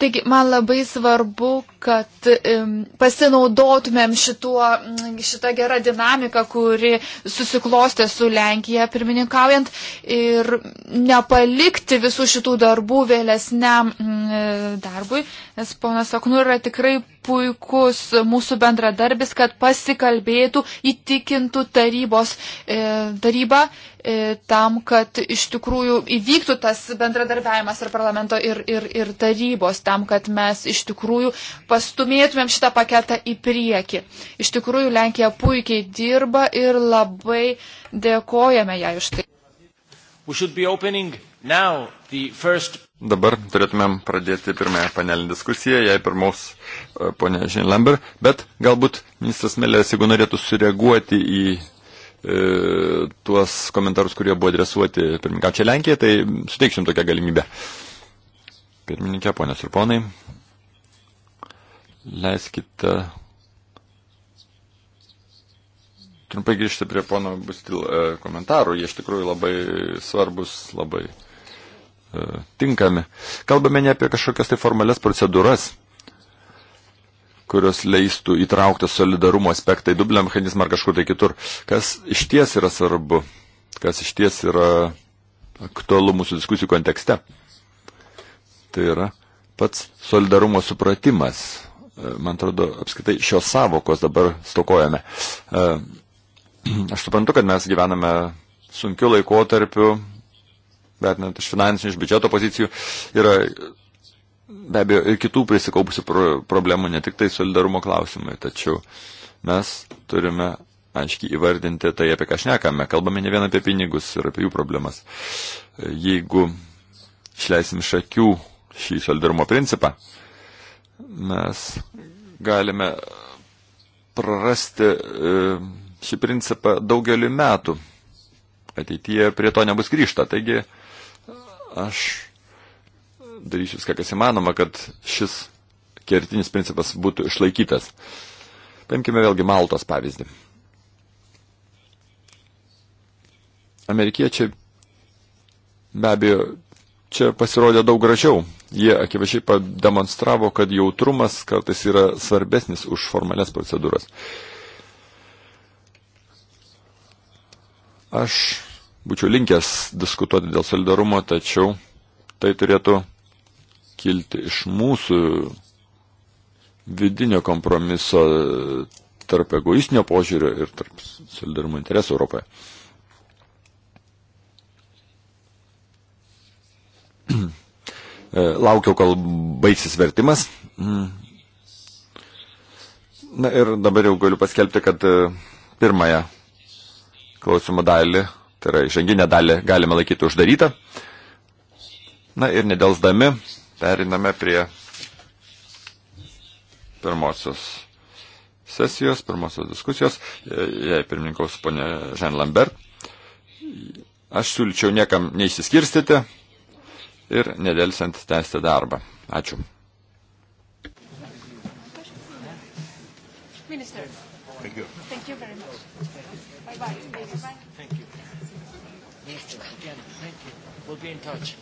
Taigi man labai svarbu, kad um, pasinaudotumėm šituo, mm, šitą gerą dinamiką, kuri susiklostė su Lenkija pirmininkaujant ir nepalikti visų šitų darbų vėlesniam mm, darbui nes ponas Aknur yra tikrai puikus mūsų bendradarbis, kad pasikalbėtų, įtikintų tarybos e, tarybą e, tam, kad iš tikrųjų įvyktų tas bendradarbiavimas ir parlamento ir, ir, ir tarybos, tam, kad mes iš tikrųjų pastumėtumėm šitą paketą į priekį. Iš tikrųjų, Lenkija puikiai dirba ir labai dėkojame ją už tai. Now, the first Dabar turėtumėm pradėti pirmąją panelinę diskusiją, jei pirmaus e, ponė Žin Lambert, bet galbūt ministras Melės, jeigu norėtų sureaguoti į e, tuos komentarus, kurie buvo adresuoti pirmininkačiai Lenkijai, tai suteiksim tokią galimybę. Pirmininkė, ponės ir ponai, leiskite trumpai grįžti prie pono Bustil e, komentarų, jie iš tikrųjų labai svarbus, labai E, tinkami. Kalbame ne apie kažkokias tai formalias procedūras, kurios leistų įtraukti solidarumo aspektą į dublio mechanizmą ar kažkur tai kitur. Kas iš ties yra svarbu, kas iš ties yra aktualu mūsų diskusijų kontekste. Tai yra pats solidarumo supratimas. E, man atrodo, apskaitai šios savokos dabar stokojame. E, aš suprantu, kad mes gyvename sunkiu laikotarpiu, vertinant iš finansinių, iš biudžeto pozicijų, yra be abejo ir kitų prisikaupusių pro problemų, ne tik tai solidarumo klausimai, tačiau mes turime aiškiai įvardinti tai, apie ką šnekame. Kalbame ne vien apie pinigus ir apie jų problemas. Jeigu išleisim iš akių šį solidarumo principą, mes galime prarasti e, šį principą daugelį metų. Ateityje prie to nebus grįžta. Taigi, Aš darysiu viską, kas įmanoma, kad šis kertinis principas būtų išlaikytas. Paimkime vėlgi Maltos pavyzdį. Amerikiečiai be abejo čia pasirodė daug gražiau. Jie akivaizdžiai pademonstravo, kad jautrumas kartais yra svarbesnis už formalias procedūras. Aš būčiau linkęs diskutuoti dėl solidarumo, tačiau tai turėtų kilti iš mūsų vidinio kompromiso tarp egoistinio požiūrio ir tarp solidarumo interesų Europoje. Laukiau, kol baigsis vertimas. Na ir dabar jau galiu paskelbti, kad pirmąją klausimo dalį tai yra išanginę dalį galime laikyti uždarytą. Na ir nedelsdami periname prie pirmosios sesijos, pirmosios diskusijos, jei pirmininkaus ponė Žen Lambert. Aš siūlyčiau niekam neįsiskirstyti ir nedelsiant tęsti darbą. Ačiū. We'll be in touch.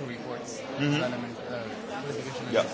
commission reports mm-hmm. parliament, uh, yeah.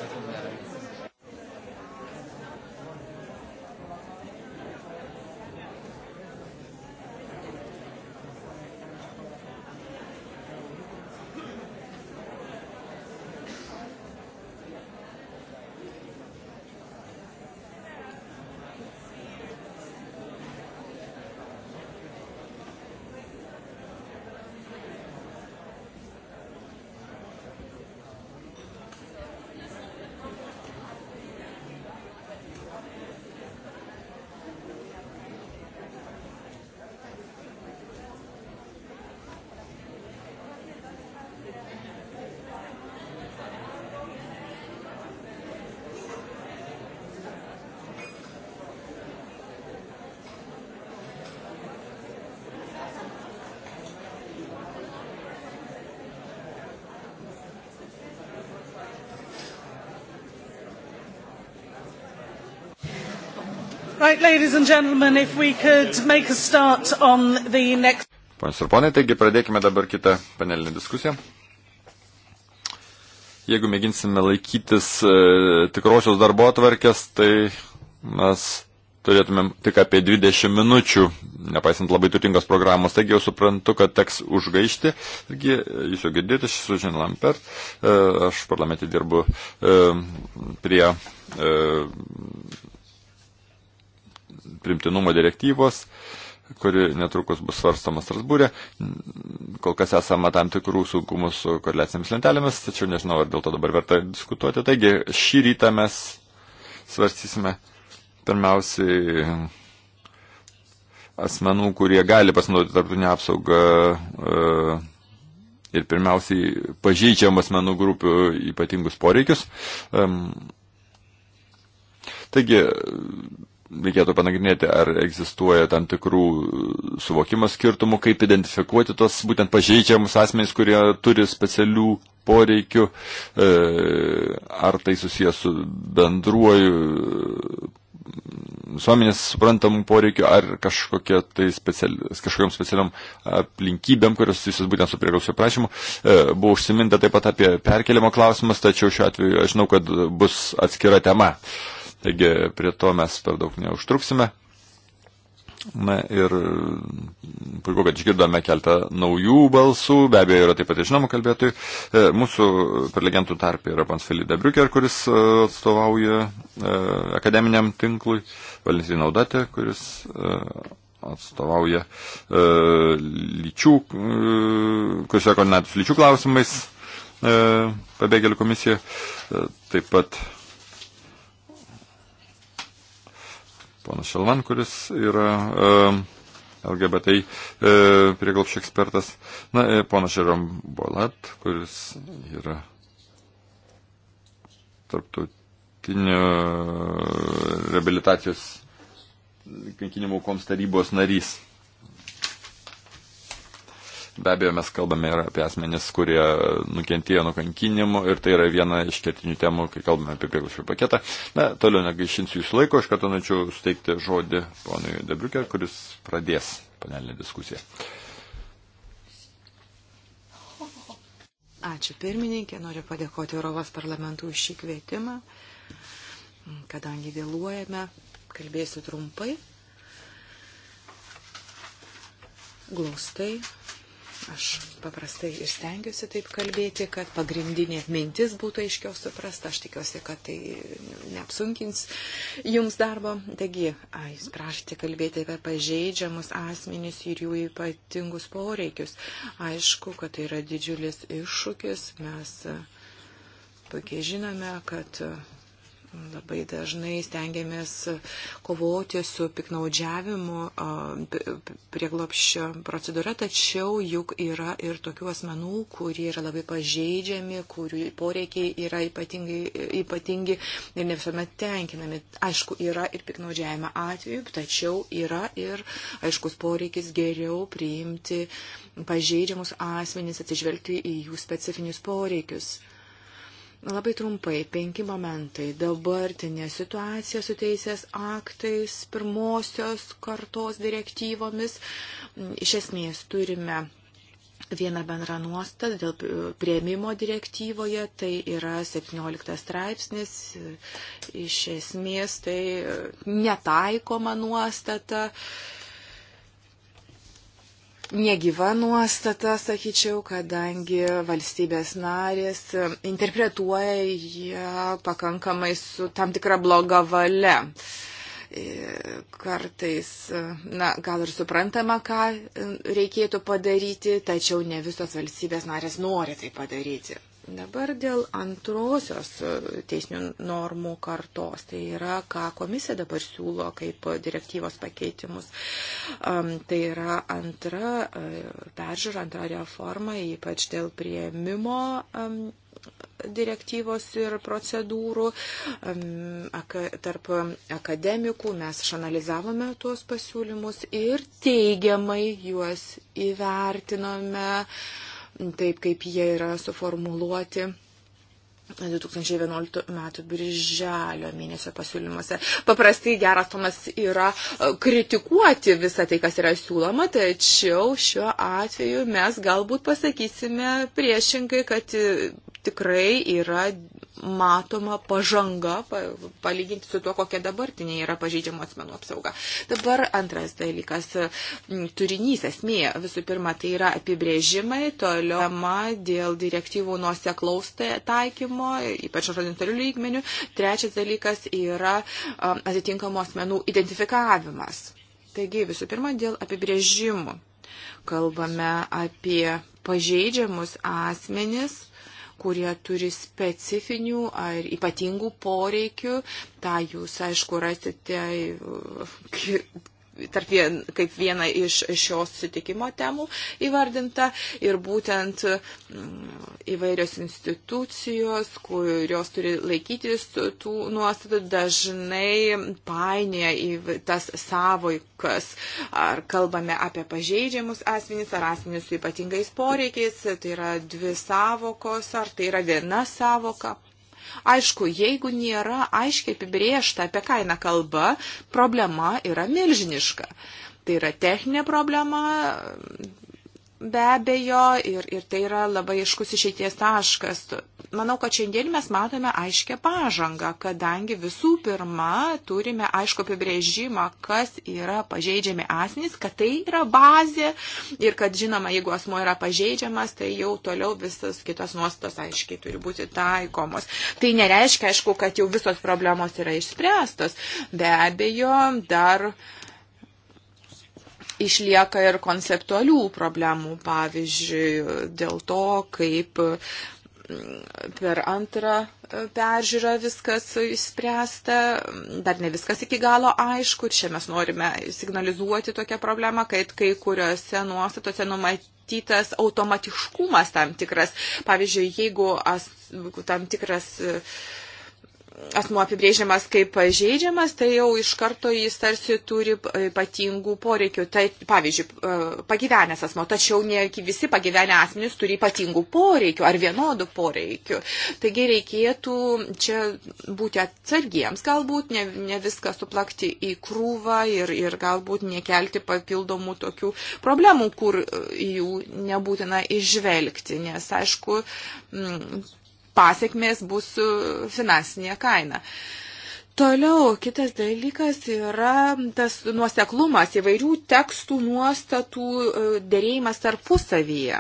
Right, ladies and gentlemen, if we could make a start on the next. Ponios ir ponai, taigi pradėkime dabar kitą panelinę diskusiją. Jeigu mėginsime laikytis e, tikrosios darbo atvarkės, tai mes turėtumėm tik apie 20 minučių, nepaisant labai turtingos programos. Taigi jau suprantu, kad teks užgaišti. Taigi, e, jūs jau girdėjote, aš esu Žin Lampert, e, aš parlamente dirbu e, prie primtinumo direktyvos, kuri netrukus bus svarstama Strasbūrė. Kol kas esama tam tikrų sunkumų su koreliacinėmis lentelėmis, tačiau nežinau, ar dėl to dabar verta diskutuoti. Taigi šį rytą mes svarstysime pirmiausiai asmenų, kurie gali pasinaudoti tarptautinę apsaugą e, ir pirmiausiai pažeidžiamų asmenų grupių ypatingus poreikius. E, taigi, reikėtų panagrinėti, ar egzistuoja tam tikrų e, suvokimo skirtumų, kaip identifikuoti tos būtent pažeidžiamus asmenys, kurie turi specialių poreikių, e, ar tai susijęs su bendruoju e, visuomenės suprantamų poreikių, ar kažkokie tai speciali, kažkokiam specialiam aplinkybėm, kurios susijusios būtent su priegausio prašymu. Buvo užsiminta taip pat apie perkeliamo klausimas, tačiau šiuo atveju aš žinau, kad bus atskira tema. Uh, Taigi prie to mes per daug neužtruksime. Na ir mm, puiku, kad išgirdome keltą naujų balsų, be abejo yra taip pat žinomų kalbėtojų. E, mūsų prelegentų tarp yra pans Felida Briuker, kuris e, atstovauja e, akademiniam tinklui, Valentin Audatė, kuris atstovauja lyčių, kuris yra koordinatus lyčių klausimais pabėgėlių komisija, taip pat ponas Šalvan, kuris yra uh, e, LGBT uh, e, prieglopšio ekspertas, na, e, ponas Žerom Bolat, kuris yra tarptautinio reabilitacijos kankinimų koms tarybos narys. Be abejo, mes kalbame ir apie asmenis, kurie nukentėjo nuo kankinimų ir tai yra viena iš kertinių temų, kai kalbame apie prieglašių paketą. Na, toliau negaišinsiu jūsų laiko, aš kartu norėčiau suteikti žodį ponui Debriukė, kuris pradės panelinę diskusiją. Ačiū pirmininkė, noriu padėkoti Europos parlamentui už šį kvietimą. Kadangi vėluojame, kalbėsiu trumpai, glaustai Aš paprastai ir stengiuosi taip kalbėti, kad pagrindinė mintis būtų aiškiau suprasta. Aš tikiuosi, kad tai neapsunkins jums darbo. Taigi, ai, jūs prašyti kalbėti apie pažeidžiamus asmenys ir jų ypatingus poreikius. Aišku, kad tai yra didžiulis iššūkis. Mes puikiai žinome, kad Labai dažnai stengiamės kovoti su piknaudžiavimu prieglopščio procedūra, tačiau juk yra ir tokių asmenų, kurie yra labai pažeidžiami, kurių poreikiai yra ypatingi, ypatingi ir ne visuomet tenkinami. Aišku, yra ir piknaudžiavimo atveju, tačiau yra ir aiškus poreikis geriau priimti pažeidžiamus asmenys, atsižvelgti į jų specifinius poreikius. Labai trumpai, penki momentai. Dabartinė situacija su teisės aktais, pirmosios kartos direktyvomis. Iš esmės turime vieną bendrą nuostatą dėl prieimimo direktyvoje, tai yra 17 straipsnis, iš esmės tai netaikoma nuostata. Uh, negyva nuostata, sakyčiau, kadangi valstybės narės interpretuoja ją pakankamai su tam tikra bloga valia. E, kartais, na, gal ir suprantama, ką reikėtų padaryti, tačiau ne visos valstybės narės nori tai padaryti. Dabar dėl antrosios e, teisinių normų kartos, tai yra, ką komisija dabar siūlo kaip direktyvos pakeitimus. Um, tai yra antra e, peržiūra, antra reforma, ypač dėl prieimimo. Um, direktyvos ir procedūrų tarp akademikų. Mes išanalizavome tuos pasiūlymus ir teigiamai juos įvertinome. Uh, taip kaip jie yra suformuluoti 2011 metų birželio mėnesio pasiūlymuose. Paprastai geras tomas yra e, kritikuoti visą tai, kas yra siūloma, tačiau šiuo atveju mes galbūt pasakysime priešingai, kad e, tikrai yra matoma pažanga, palyginti su tuo, kokia dabartinė yra pažeidžiamo asmenų apsauga. Dabar antras dalykas - turinys, esmė. Visų pirma, tai yra apibrėžimai, toliau tema dėl direktyvų nuoseklaus taikymo, ypač horizontalių lygmenių. Trečias dalykas yra atitinkamo asmenų identifikavimas. Taigi, visų pirma, dėl apibrėžimų. Kalbame apie pažeidžiamus asmenis kurie turi specifinių ar ypatingų poreikių. Ta jūs, aišku, rasite tarp vien, kaip viena iš šios sutikimo temų įvardinta ir būtent mm, įvairios institucijos, kurios turi laikytis tų nuostatų, dažnai painėja į tas savoikas. Ar kalbame apie pažeidžiamus asmenys, ar asmenys su ypatingais poreikiais, tai yra dvi savokos, ar tai yra viena savoka. Aišku, jeigu nėra aiškiai apibriešta, apie ką eina kalba, problema yra milžiniška. Tai yra techninė problema, be abejo ir, ir tai yra labai iškus išeities taškas. Manau, kad šiandien mes matome aiškę pažangą, kadangi visų pirma turime aišku apibrėžimą, kas yra pažeidžiami asmenys, kad tai yra bazė ir kad žinoma, jeigu asmo yra pažeidžiamas, tai jau toliau visas kitos nuostos aiškiai turi būti taikomos. Tai nereiškia, aišku, kad jau visos problemos yra išspręstos. Be abejo, dar uh, išlieka ir konceptualių problemų, pavyzdžiui, dėl to, kaip mm, per antrą peržiūrą viskas išspręsta, dar ne viskas iki galo aišku ir čia mes norime signalizuoti tokią problemą, kad kai kuriuose nuostatose numatyti numatytas automatiškumas tam tikras. Pavyzdžiui, jeigu as, tam tikras uh, asmuo apibrėžiamas kaip pažeidžiamas, tai jau iš karto jis tarsi turi ypatingų poreikių. Tai, pavyzdžiui, e, pagyvenęs asmo, tačiau ne visi pagyvenę asmenys turi ypatingų poreikių ar vienodų poreikių. Taigi reikėtų čia būti atsargiems, galbūt ne, ne viską suplakti į krūvą ir, ir galbūt nekelti papildomų tokių problemų, kur jų nebūtina išvelgti, nes aišku, pasiekmės bus finansinė kaina. Toliau kitas dalykas yra tas nuoseklumas įvairių tekstų nuostatų e, dėrėjimas tarpusavyje.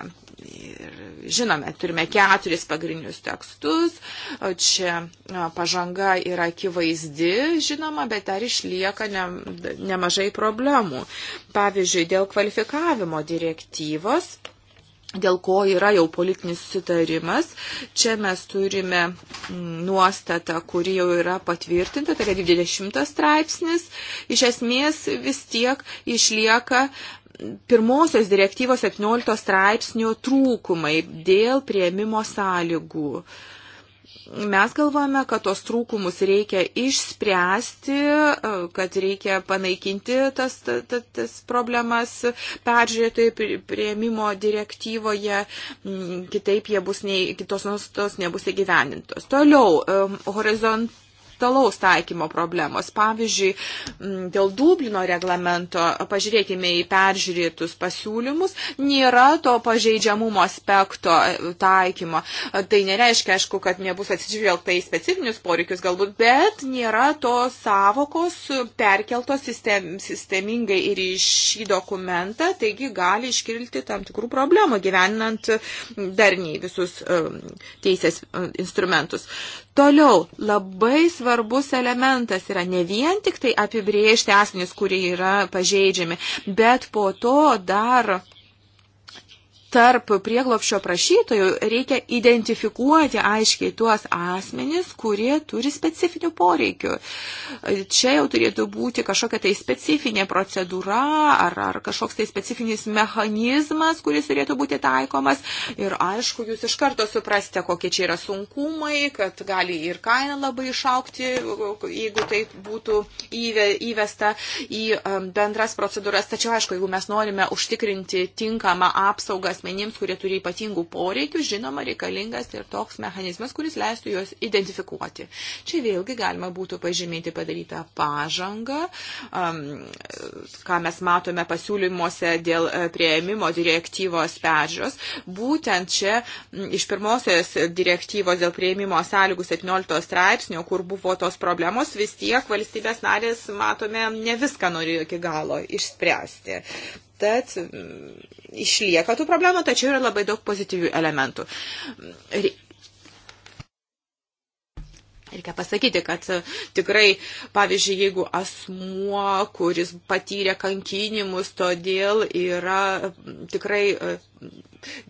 Ir žinome, turime keturis pagrindinius tekstus, čia e, pažanga yra akivaizdi, žinoma, bet dar išlieka ne, nemažai problemų. Pavyzdžiui, dėl kvalifikavimo direktyvos dėl ko yra jau politinis sutarimas. Čia mes turime mm, nuostatą, kuri jau yra patvirtinta, tai yra 20 straipsnis. Iš esmės vis tiek išlieka pirmosios direktyvos 17 straipsnio trūkumai dėl prieimimo sąlygų. Uh, Mes galvojame, kad tos trūkumus reikia išspręsti, e, kad reikia panaikinti tas, tas, tas problemas peržiūrėtojai prieimimo direktyvoje, mm, kitaip jie bus nei, kitos nustos nebus įgyvenintos. Toliau, horizontas horizontalaus taikymo problemos. Pavyzdžiui, dėl Dublino reglamento, pažiūrėkime į peržiūrėtus pasiūlymus, nėra to pažeidžiamumo aspekto e, taikymo. E, tai nereiškia, aišku, kad nebus atsižvelgta į specifinius poreikius galbūt, bet nėra tos savokos perkeltos sistem, sistemingai ir į šį dokumentą, taigi gali iškilti tam tikrų problemų gyvenant darniai visus e, teisės instrumentus. Toliau labai svarbus elementas yra ne vien tik tai apibriežti asmenys, kurie yra pažeidžiami, bet po to dar tarp prieglopšio prašytojų reikia identifikuoti aiškiai tuos asmenis, kurie turi specifinių poreikių. Čia jau turėtų būti kažkokia tai specifinė procedūra ar, ar kažkoks tai specifinis mechanizmas, kuris turėtų būti taikomas. Ir aišku, jūs iš karto suprasite, kokie čia yra sunkumai, kad gali ir kaina labai išaukti, jeigu tai būtų įvesta į um, bendras procedūras. Tačiau aišku, jeigu mes norime užtikrinti tinkamą apsaugą asmenims, kurie turi ypatingų poreikių, žinoma, reikalingas ir toks mechanizmas, kuris leistų juos identifikuoti. Čia vėlgi galima būtų pažymėti padarytą pažangą, um, ką mes matome pasiūlymuose dėl e, prieimimo direktyvos peržios. Būtent čia iš pirmosios direktyvos dėl prieimimo sąlygų 17 straipsnio, kur buvo tos problemos, vis tiek valstybės narės, matome, ne viską nori iki galo išspręsti. Tad mm, išlieka tų problemų, tačiau yra labai daug pozityvių elementų. Reikia pasakyti, kad e, tikrai, pavyzdžiui, jeigu asmuo, kuris patyrė kankinimus, todėl yra tikrai e,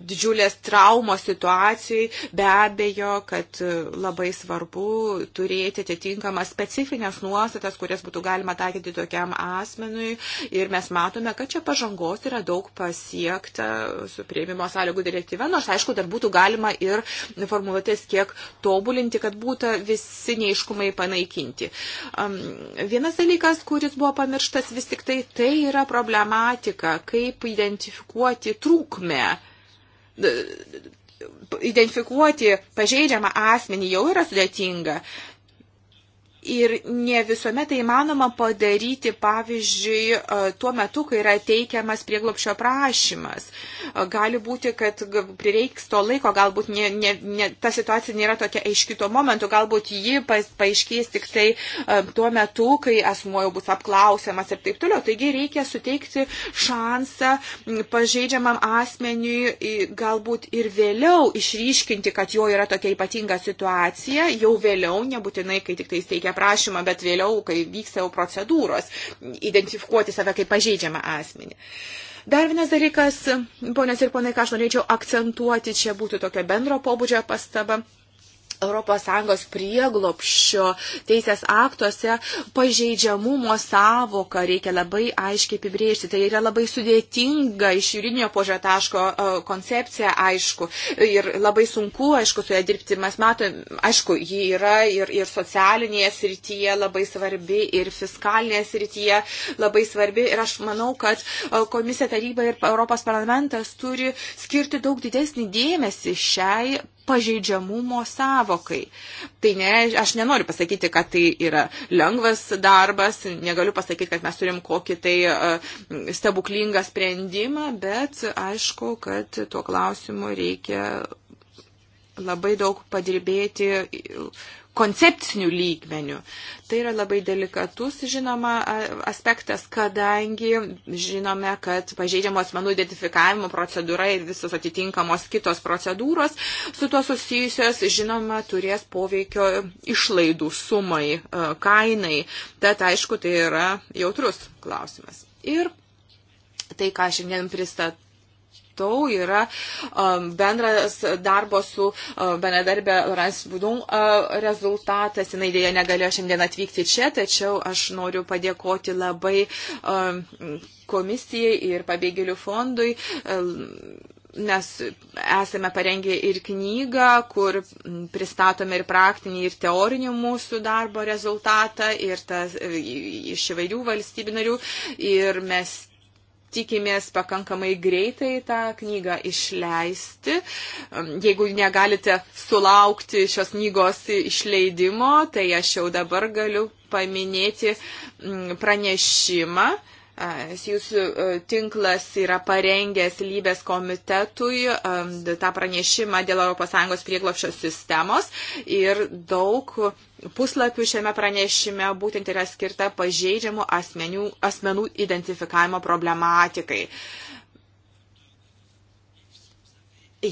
didžiulės traumos situacijai, be abejo, kad labai svarbu turėti atitinkamas specifines nuostatas, kurias būtų galima taikyti tokiam asmenui. Ir mes matome, kad čia pažangos yra daug pasiekta su prieimimo sąlygų direktyve, nors aišku, dar būtų galima ir formuluotės kiek tobulinti, kad būtų visi neiškumai panaikinti. Um, vienas dalykas, kuris buvo pamirštas vis tik tai, tai yra problematika, kaip identifikuoti trūkmę turime identifikuoti pažeidžiamą asmenį jau yra sudėtinga. Ir ne visuomet tai įmanoma padaryti, pavyzdžiui, e, tuo metu, kai yra teikiamas prieglopšio prašymas. E, gali būti, kad prireiks to laiko, galbūt ne, ne, ne, ta situacija nėra tokia aiški tuo momentu, galbūt ji paaiškės tik tai e, tuo metu, kai asmuo jau bus apklausiamas ir taip toliau. Taigi reikia suteikti šansą pažeidžiamam asmeniui galbūt ir vėliau išryškinti, kad jo yra tokia ypatinga situacija, jau vėliau, nebūtinai, kai tik tai teikia prašymą, bet vėliau, kai vyksta jau procedūros, identifikuoti save kaip pažeidžiamą asmenį. Dar vienas dalykas, ponės ir ponai, ką aš norėčiau akcentuoti, čia būtų tokia bendro pobūdžio pastaba. ES prieglopščio teisės aktuose pažeidžiamumo savoką reikia labai aiškiai apibrėžti. Tai yra labai sudėtinga iš jūrinio požiūrio taško e, koncepcija, aišku, ir labai sunku, aišku, su ją dirbti. Mes matome, aišku, ji yra ir, ir socialinėje srityje labai svarbi, ir fiskalinėje srityje labai svarbi. Ir aš manau, kad e, komisija taryba ir Europos parlamentas turi skirti daug didesnį dėmesį šiai pažeidžiamumo savokai. Tai ne, aš nenoriu pasakyti, kad tai yra lengvas darbas, negaliu pasakyti, kad mes turim kokį tai e, stebuklingą sprendimą, bet aišku, kad tuo klausimu reikia labai daug padirbėti koncepcinių lygmenių. Tai yra labai delikatus, žinoma, aspektas, kadangi žinome, kad pažeidžiamo asmenų identifikavimo procedūra ir visos atitinkamos kitos procedūros su tuo susijusios, žinoma, turės poveikio išlaidų sumai, kainai. Tad, aišku, tai yra jautrus klausimas. Ir tai, ką šiandien pristatau, matau, yra um, bendras darbo su um, benedarbė Ransbudum uh, rezultatas. Jis dėja negalėjo šiandien atvykti čia, tačiau aš noriu padėkoti labai um, komisijai ir pabėgėlių fondui mes esame parengę ir knygą, kur pristatome ir praktinį, ir teorinį mūsų darbo rezultatą, ir tas iš įvairių valstybių narių, ir mes tikimės pakankamai greitai tą knygą išleisti. Um, jeigu negalite sulaukti šios knygos išleidimo, tai aš jau dabar galiu paminėti mm, pranešimą Jūsų e, tinklas yra parengęs lybės komitetui tą pranešimą dėl ES prieglopščio sistemos ir daug puslapių šiame pranešime būtent yra skirta pažeidžiamų asmenių, asmenų identifikavimo problematikai.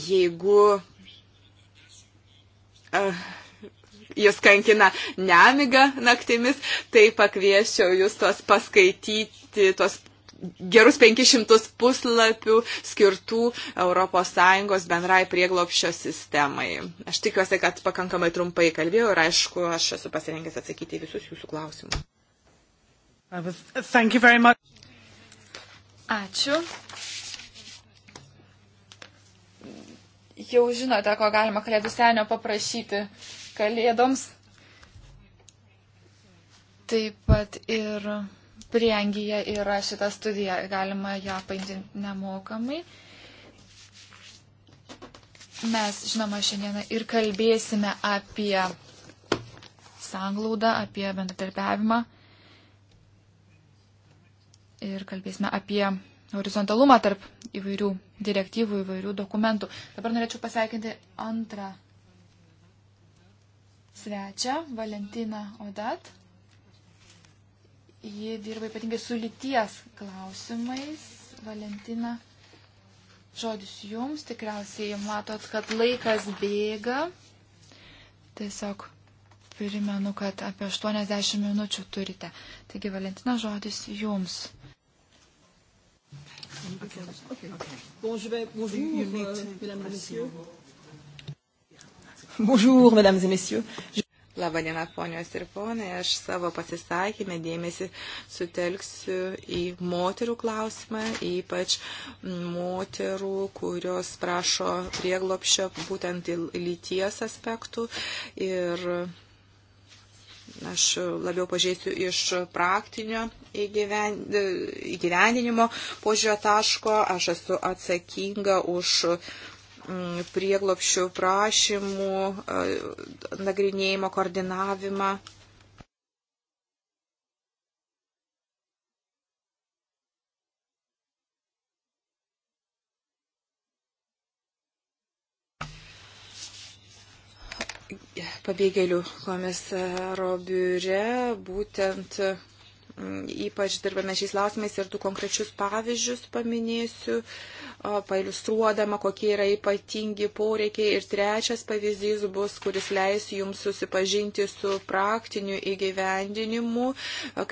Jeigu uh, jūs kankina nemiga naktimis, tai pakviešiau jūs tuos paskaityti, tuos gerus 500 puslapių skirtų ES bendrai prieglopščio sistemai. Aš tikiuosi, kad pakankamai trumpai kalbėjau ir aišku, aš esu pasirengęs atsakyti visus jūsų klausimus. Ačiū. Jau žinote, ko galima kalėdų senio paprašyti kalėdoms. Taip pat ir priengyje yra šita studija, galima ją paimti nemokamai. Mes, žinoma, šiandieną ir kalbėsime apie sanglaudą, apie bendradarbiavimą ir kalbėsime apie horizontalumą tarp įvairių direktyvų, įvairių dokumentų. Dabar norėčiau pasveikinti antrą svečią, Valentiną Odat. Ji dirba ypatingai su lyties klausimais. Valentina, žodis jums, tikriausiai matot, kad laikas bėga. Tiesiog primenu, kad apie 80 minučių turite. Taigi, Valentina, žodis jums. Okay. Okay. Okay. Bon, je vais... Bonjour, Bonjour euh, mesdames et messieurs. messieurs. Bonjour, mesdames et messieurs. Labadiena, ponios ir ponai, aš savo pasisakymę dėmesį sutelksiu į moterų klausimą, ypač moterų, kurios prašo prieglopšio būtent lyties aspektų. Ir aš labiau pažiūrėsiu iš praktinio e, įgyvendinimo požiūrio taško. Aš esu atsakinga už Mm, prieglopšių prašymų e, nagrinėjimo koordinavimą. Pabėgėlių komisaro biure būtent ypač dirbame šiais lausimais ir du konkrečius pavyzdžius paminėsiu, pailustruodama, kokie yra ypatingi poreikiai. Ir trečias pavyzdys bus, kuris leis jums susipažinti su praktiniu įgyvendinimu,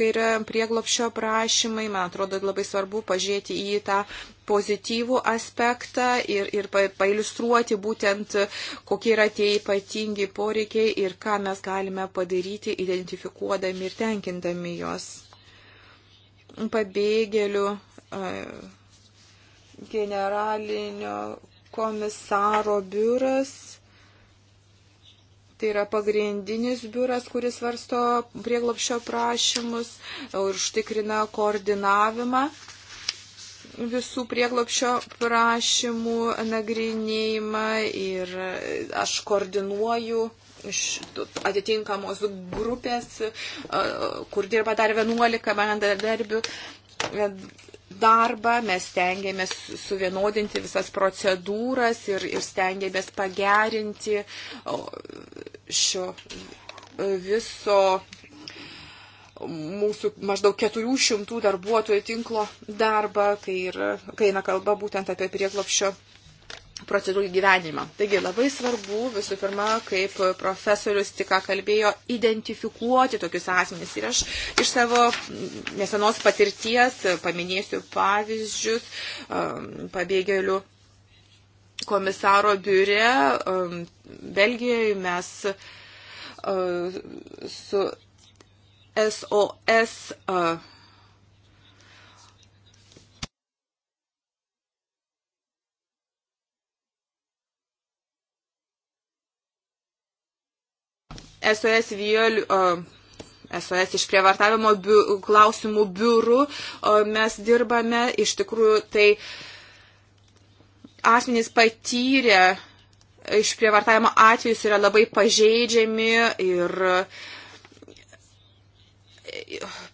kai yra prieglopšio prašymai. Man atrodo, labai svarbu pažiūrėti į tą pozityvų aspektą ir, ir pailustruoti būtent, kokie yra tie ypatingi poreikiai ir ką mes galime padaryti, identifikuodami ir tenkindami juos pabėgėlių generalinio komisaro biuras. Tai yra pagrindinis biuras, kuris varsto prieglopšio prašymus ir e, užtikrina koordinavimą visų prieglopšio prašymų nagrinėjimą ir e, aš koordinuoju iš atitinkamos grupės, kur dirba dar 11 bendradarbių e, darbą, mes stengiamės suvienodinti visas procedūras ir, ir stengiamės pagerinti šio viso mūsų maždaug 400 darbuotojų tinklo darbą, kai, ir, kai eina kalba būtent apie prieglopščio procedūrų gyvenimą. Taigi labai svarbu visų pirma, kaip profesorius tik kalbėjo, identifikuoti tokius asmenys. Ir aš iš savo nesenos patirties paminėsiu pavyzdžius um, pabėgėlių komisaro biure. Um, Belgijoje mes uh, su SOS SOS violių. SOS išprievartavimo biu, klausimų biurų mes dirbame. Iš tikrųjų, tai asmenys patyrę išprievartavimo atvejus yra labai pažeidžiami ir uh,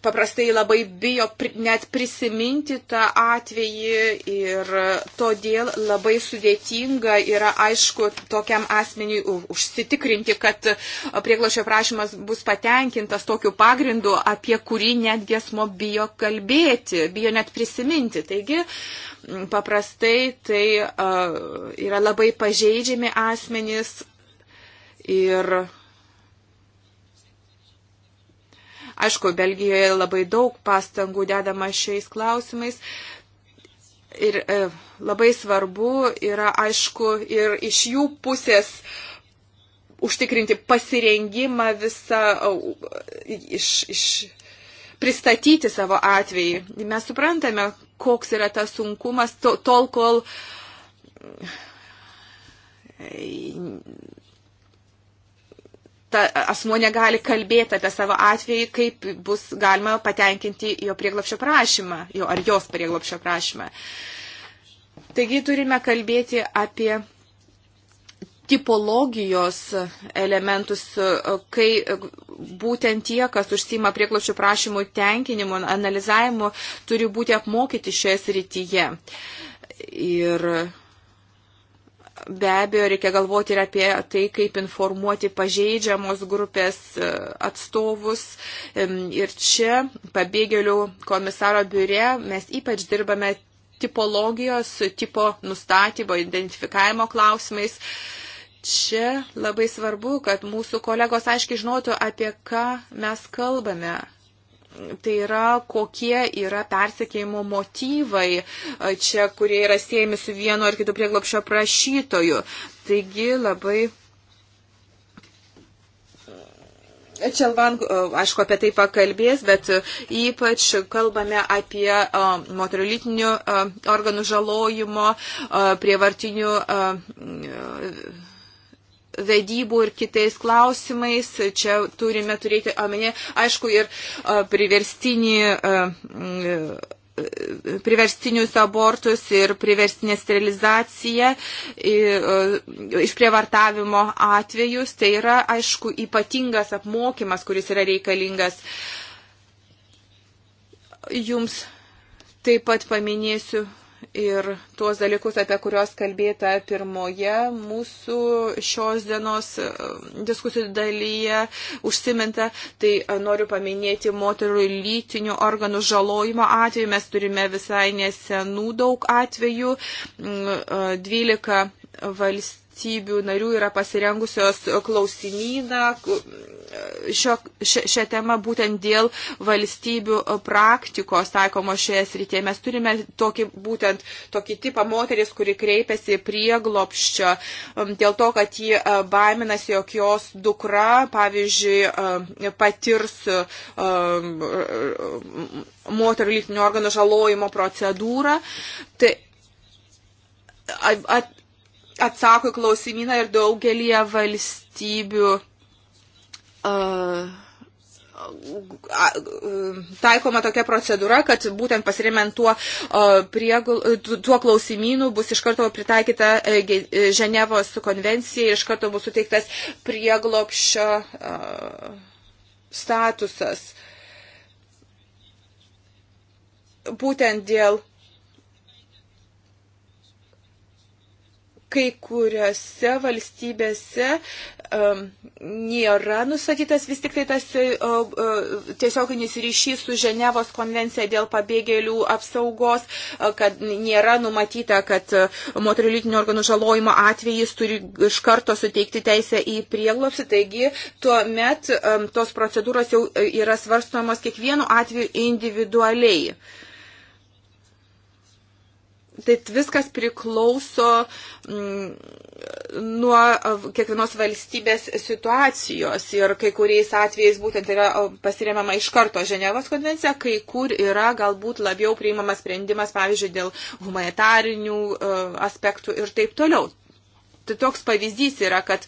paprastai labai bijo net prisiminti tą atvejį ir todėl labai sudėtinga yra aišku tokiam asmeniui užsitikrinti, kad prieglašio prašymas bus patenkintas tokiu pagrindu, apie kurį netgi asmo bijo kalbėti, bijo net prisiminti. Taigi, paprastai tai uh, yra labai pažeidžiami asmenys ir Aišku, Belgijoje labai daug pastangų dedama šiais klausimais. Ir e, labai svarbu yra, aišku, ir iš jų pusės užtikrinti pasirengimą visą e, iš. iš pristatyti savo atvejį. Mes suprantame, koks yra tas sunkumas to, tol, kol ta, asmuo negali kalbėti apie savo atvejį, kaip bus galima patenkinti jo prieglopšio prašymą, jo ar jos prieglopšio prašymą. Taigi turime kalbėti apie tipologijos elementus, kai būtent tie, kas užsima prieglopšio prašymų tenkinimu, analizavimu, turi būti apmokyti šioje srityje. Ir Be abejo, reikia galvoti ir apie tai, kaip informuoti pažeidžiamos grupės e, atstovus. Ir čia pabėgėlių komisaro biure mes ypač dirbame tipologijos, tipo nustatymo, identifikavimo klausimais. Čia labai svarbu, kad mūsų kolegos aiškiai žinotų, apie ką mes kalbame, Tai yra, kokie yra persekėjimo motyvai čia, kurie yra siejami su vienu ar kitu prieglopšio prašytoju. Taigi labai Čelvan, aišku, apie tai pakalbės, bet ypač kalbame apie moterio lytinių organų žalojimo, prievartinių vedybų ir kitais klausimais. Čia turime turėti omenyje, aišku, ir e, priverstinį e, e, priverstinius abortus ir priverstinę sterilizaciją, išprievartavimo atvejus. Tai yra, aišku, ypatingas apmokymas, kuris yra reikalingas. Jums taip pat paminėsiu ir tuos dalykus, apie kuriuos kalbėta pirmoje mūsų šios dienos e, diskusijų dalyje užsiminta, tai e, noriu paminėti moterų lytinių organų žalojimo atveju. Mes turime visai nesenų daug atvejų. 12 mm, e, valstybių valstybių narių yra pasirengusios klausimyną šio, š, šią temą būtent dėl valstybių praktikos taikomo šioje srityje. Mes turime tokį, būtent tokį tipą moteris, kuri kreipiasi prie glopščio um, dėl to, kad ji uh, baiminasi, jog jos dukra, pavyzdžiui, um, patirs um, moterų lytinių organų žalojimo procedūrą. Tai at, atsako į klausimyną ir daugelie valstybių uh, taikoma tokia procedūra, kad būtent pasiremiant tuo, priegul, tuo klausimynu bus iš karto pritaikyta e, e, Ženevos konvencija ir iš karto bus suteiktas prieglopščio statusas. Būtent dėl kai kuriuose valstybėse um, nėra nusatytas vis tik tai tas um, tiesioginis ryšys su Ženevos konvencija dėl pabėgėlių apsaugos, e, kad nėra numatyta, kad moterų lytinių organų žalojimo atvejais turi iš karto suteikti teisę į prieglopsį. Taigi, tuomet um, tos procedūros jau yra svarstomos kiekvienu atveju individualiai. Uh, Tai viskas priklauso mm, nuo kiekvienos valstybės situacijos ir kai kuriais atvejais būtent yra pasiremiama iš karto Ženevos konvencija, kai kur yra galbūt labiau priimamas sprendimas, pavyzdžiui, dėl humanitarinių aspektų ir taip toliau. Tai toks pavyzdys yra, kad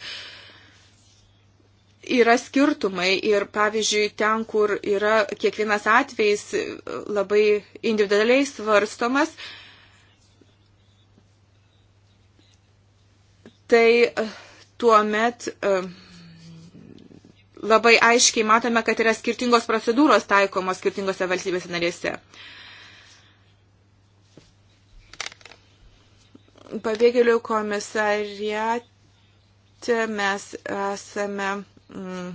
yra skirtumai ir, pavyzdžiui, ten, kur yra kiekvienas atvejis labai individualiai svarstomas, tai e, tuo met e, labai aiškiai matome, kad yra skirtingos procedūros taikomos skirtingose valstybėse narėse. Pabėgėlių komisariate mes esame mm,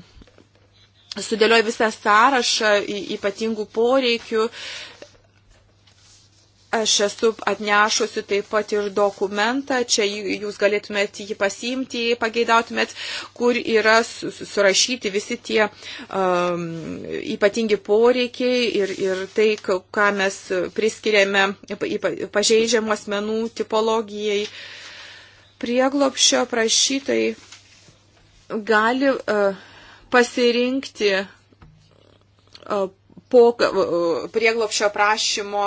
sudėlioję visą sąrašą ypatingų poreikių Aš esu atnešusi taip pat ir dokumentą, čia jūs galėtumėt jį pasiimti, jį pageidautumėt, kur yra surašyti visi tie um, ypatingi poreikiai ir, ir tai, ką mes priskiriame pažeidžiamų asmenų tipologijai. Prieglopšio prašytai gali uh, pasirinkti uh, po e, prieglopšio prašymo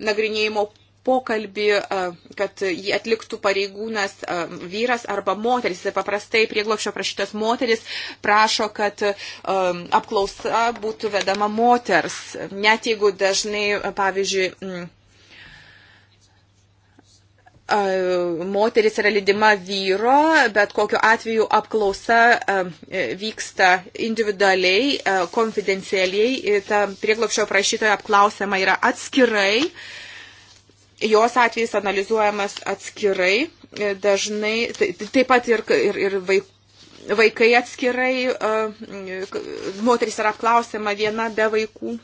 nagrinėjimo pokalbį, e, kad jį atliktų pareigūnas e, vyras arba moteris. Paprastai prieglopšio prašytas moteris prašo, kad apklausa būtų vedama moters. Net jeigu dažnai, pavyzdžiui, moteris yra lydima vyro, bet kokiu atveju apklausa vyksta individualiai, konfidencialiai, ta prieglopšio prašytoja apklausama yra atskirai, jos atvejs analizuojamas atskirai, e, dažnai tai, tai taip pat ir, ir, ir vaikų. Vaikai atskirai, moteris yra apklausima viena be vaikų.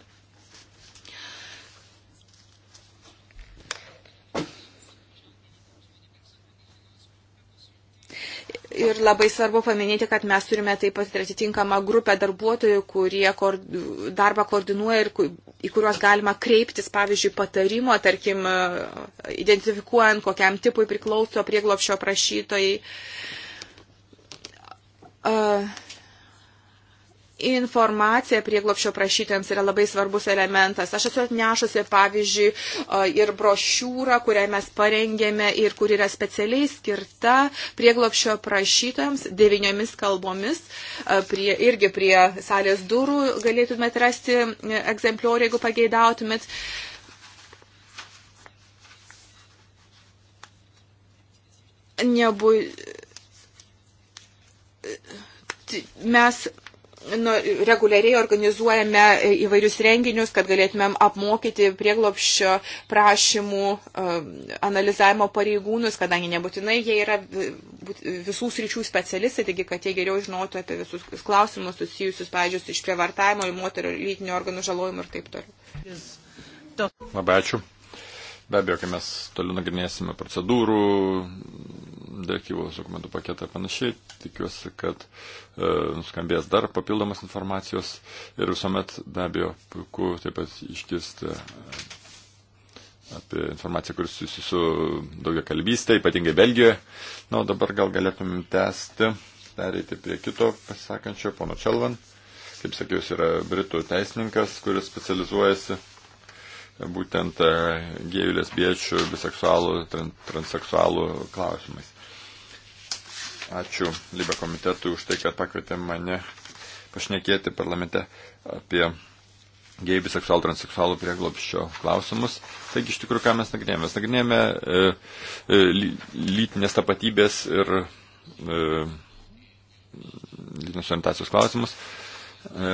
Ir labai svarbu paminėti, kad mes turime taip pat ir atitinkamą grupę darbuotojų, kurie darbą koordinuoja ir į kuriuos galima kreiptis, pavyzdžiui, patarimo, tarkim, identifikuojant, kokiam tipui priklauso prieglopšio prašytojai. Uh, informacija prieglopščio prašytojams yra labai svarbus elementas. Aš esu atnešusi, pavyzdžiui, ir brošiūrą, kurią mes parengėme ir kur yra specialiai skirta prieglopščio prašytojams devyniomis kalbomis. Prie, irgi prie salės durų galėtumėt rasti e, egzempliorių, jeigu pageidautumėt. Nebu... Mes nu, reguliariai organizuojame įvairius renginius, kad galėtumėm apmokyti prieglopščio prašymų um, analizavimo pareigūnus, kadangi nebūtinai jie yra visų sričių specialistai, taigi kad jie geriau žinotų apie visus klausimus susijusius, pavyzdžiui, su išprievartavimo į moterų lytinių organų žalojimų ir taip toliau. Labai ačiū. Be abejo, kai mes toliau nagrinėsime procedūrų, direktyvos dokumentų paketą ir panašiai, tikiuosi, kad e, nuskambės dar papildomas informacijos ir visuomet be abejo puiku taip pat išgirsti e, apie informaciją, kuris susijusi su daugia kalbystė, ypatingai Belgijoje. Na, o dabar gal galėtumėm tęsti, pereiti prie kito pasakančio, pono Čelvan. Kaip sakiau, jis yra britų teisininkas, kuris specializuojasi būtent e, gėjų, lesbiečių, biseksualų, transseksualų klausimais. Ačiū Libė komitetui už tai, kad pakvietė mane pašnekėti parlamente apie gėjų, biseksualų, transseksualų prieglopščio klausimus. Taigi iš tikrųjų, ką mes nagrinėjame? Mes nagrinėjame e, e, lytinės tapatybės ir e, lytinės orientacijos klausimus. E,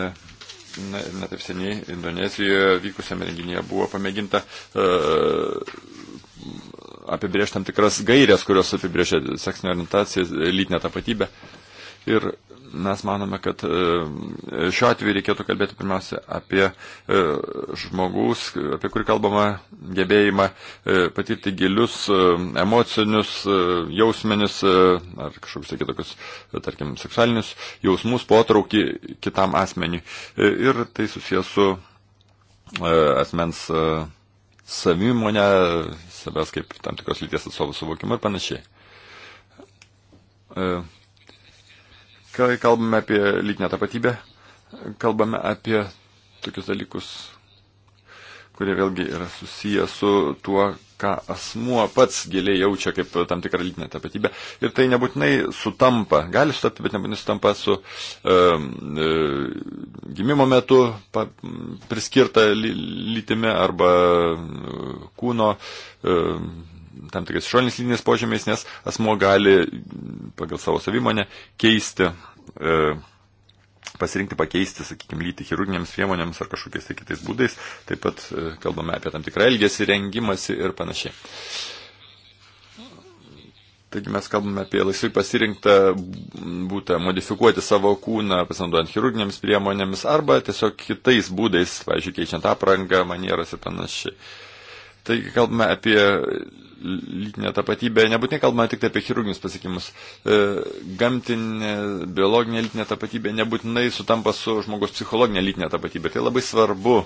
netaip seniai Indonezijoje vykusiame renginyje buvo pamėginta e, apibriežti tam tikras gairias, kurios apibrėžia seksinę orientaciją, lytinę tapatybę. Ir mes manome, kad e, šiuo atveju reikėtų kalbėti pirmiausia apie e, žmogus, apie kurį kalbama gebėjimą e, patirti gilius emocinius, jausmenis ar kažkokius tai kitokius, tarkim, seksualinius jausmus, potraukį kitam asmeniui. Ir tai susijęs su asmens savimonę, savęs kaip tam tikros lyties atstovų suvokimą ir panašiai. Kai kalbame apie lytinę tapatybę, kalbame apie tokius dalykus, kurie vėlgi yra susiję su tuo, ką asmuo pats giliai jaučia kaip tam tikrą lytinę tapatybę. Ir tai nebūtinai sutampa, gali sutapti, bet nebūtinai sutampa su e, e, gimimo metu pa, priskirta ly, lytimi arba e, kūno e, tam tikrais išorinės linijos požymiais, nes asmo gali pagal savo savimonę keisti, e, pasirinkti pakeisti, sakykime, lyti chirurginėms priemonėms ar kažkokiais tai kitais būdais. Taip pat e, kalbame apie tam tikrą elgesį, rengimąsi ir panašiai. Taigi mes kalbame apie laisvai pasirinktą būtą modifikuoti savo kūną, pasinaudojant chirurginėms priemonėmis arba tiesiog kitais būdais, pavyzdžiui, keičiant aprangą, manieras ir panašiai. Taigi kalbame apie lytinę tapatybę, nebūtinai kalbame tik apie chirurginius pasiekimus. E, gamtinė, biologinė lytinė tapatybė nebūtinai sutampa su žmogaus psichologinė lytinė tapatybė. Tai labai svarbu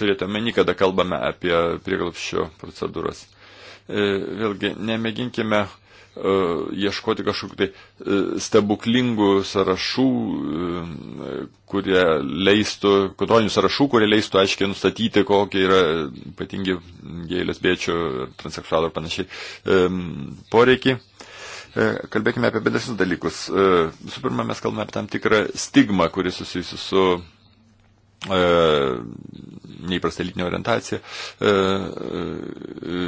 turėti omeny, kada kalbame apie prieglapščio procedūras. E, vėlgi, nemėginkime E, ieškoti kažkokiu tai e, stebuklingų sąrašų, e, kurie leistų, kontrolinių sąrašų, kurie leistų aiškiai nustatyti, kokie yra ypatingi gėlės bėčių, transseksualų ar panašiai poreikiai. Kalbėkime apie bedesnius dalykus. Visų pirma, mes kalbame apie tam tikrą stigmą, kuris susijusi su E, neįprasta lytinė orientacija. E, e,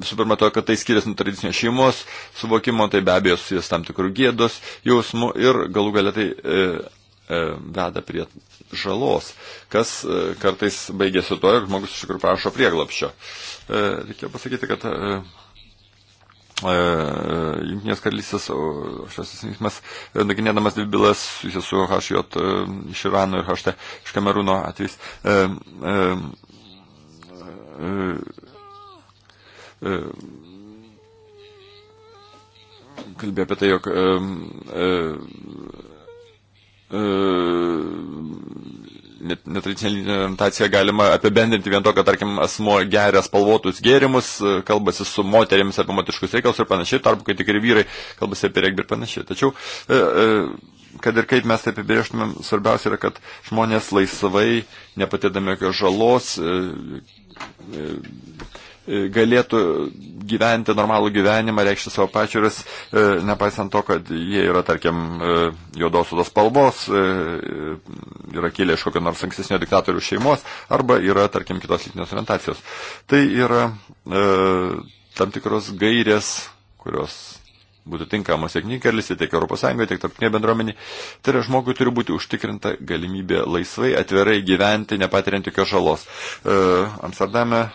visų pirma, to, kad tai skiriasi nuo tradicinio šeimos suvokimo, tai be abejo susijęs tam tikrų gėdos jausmų ir galų galia tai veda prie žalos, kas kartais baigėsi to ir žmogus iš tikrųjų prašo prieglapščio. Reikia pasakyti, kad E, e, Junktinės karalystės šios teismas e, nagrinėdamas dvi bylas susijusias su HJ iš Irano ir HT iš Kamerūno atvejais. E, e, e, kalbėjo apie tai, jog netradicinę orientaciją galima apibendrinti vien to, kad, tarkim, asmo geria spalvotus gėrimus, kalbasi su moterimis apie motiškus reikalus ir panašiai, tarpu, kai tikri vyrai kalbasi apie regbį ir panašiai. Tačiau, e, e, kad ir kaip mes tai apibrėžtumėm, svarbiausia yra, kad žmonės laisvai, nepatėdami jokios žalos, e, E, galėtų gyventi normalų gyvenimą, reikšti savo pačiūris, e, nepaisant to, kad jie yra, tarkim, e, juodos odos spalvos, yra kilę iš kokio nors ankstesnio diktatorių šeimos, arba yra, tarkim, kitos lytinės orientacijos. Tai yra tam tikros gairės, kurios būtų tinkamos tiek Nikerlis, tiek ES, tiek tarptinė bendruomenė. Tai yra žmogui turi būti užtikrinta galimybė laisvai, atvirai gyventi, nepatiriant jokios žalos. E, Amsterdame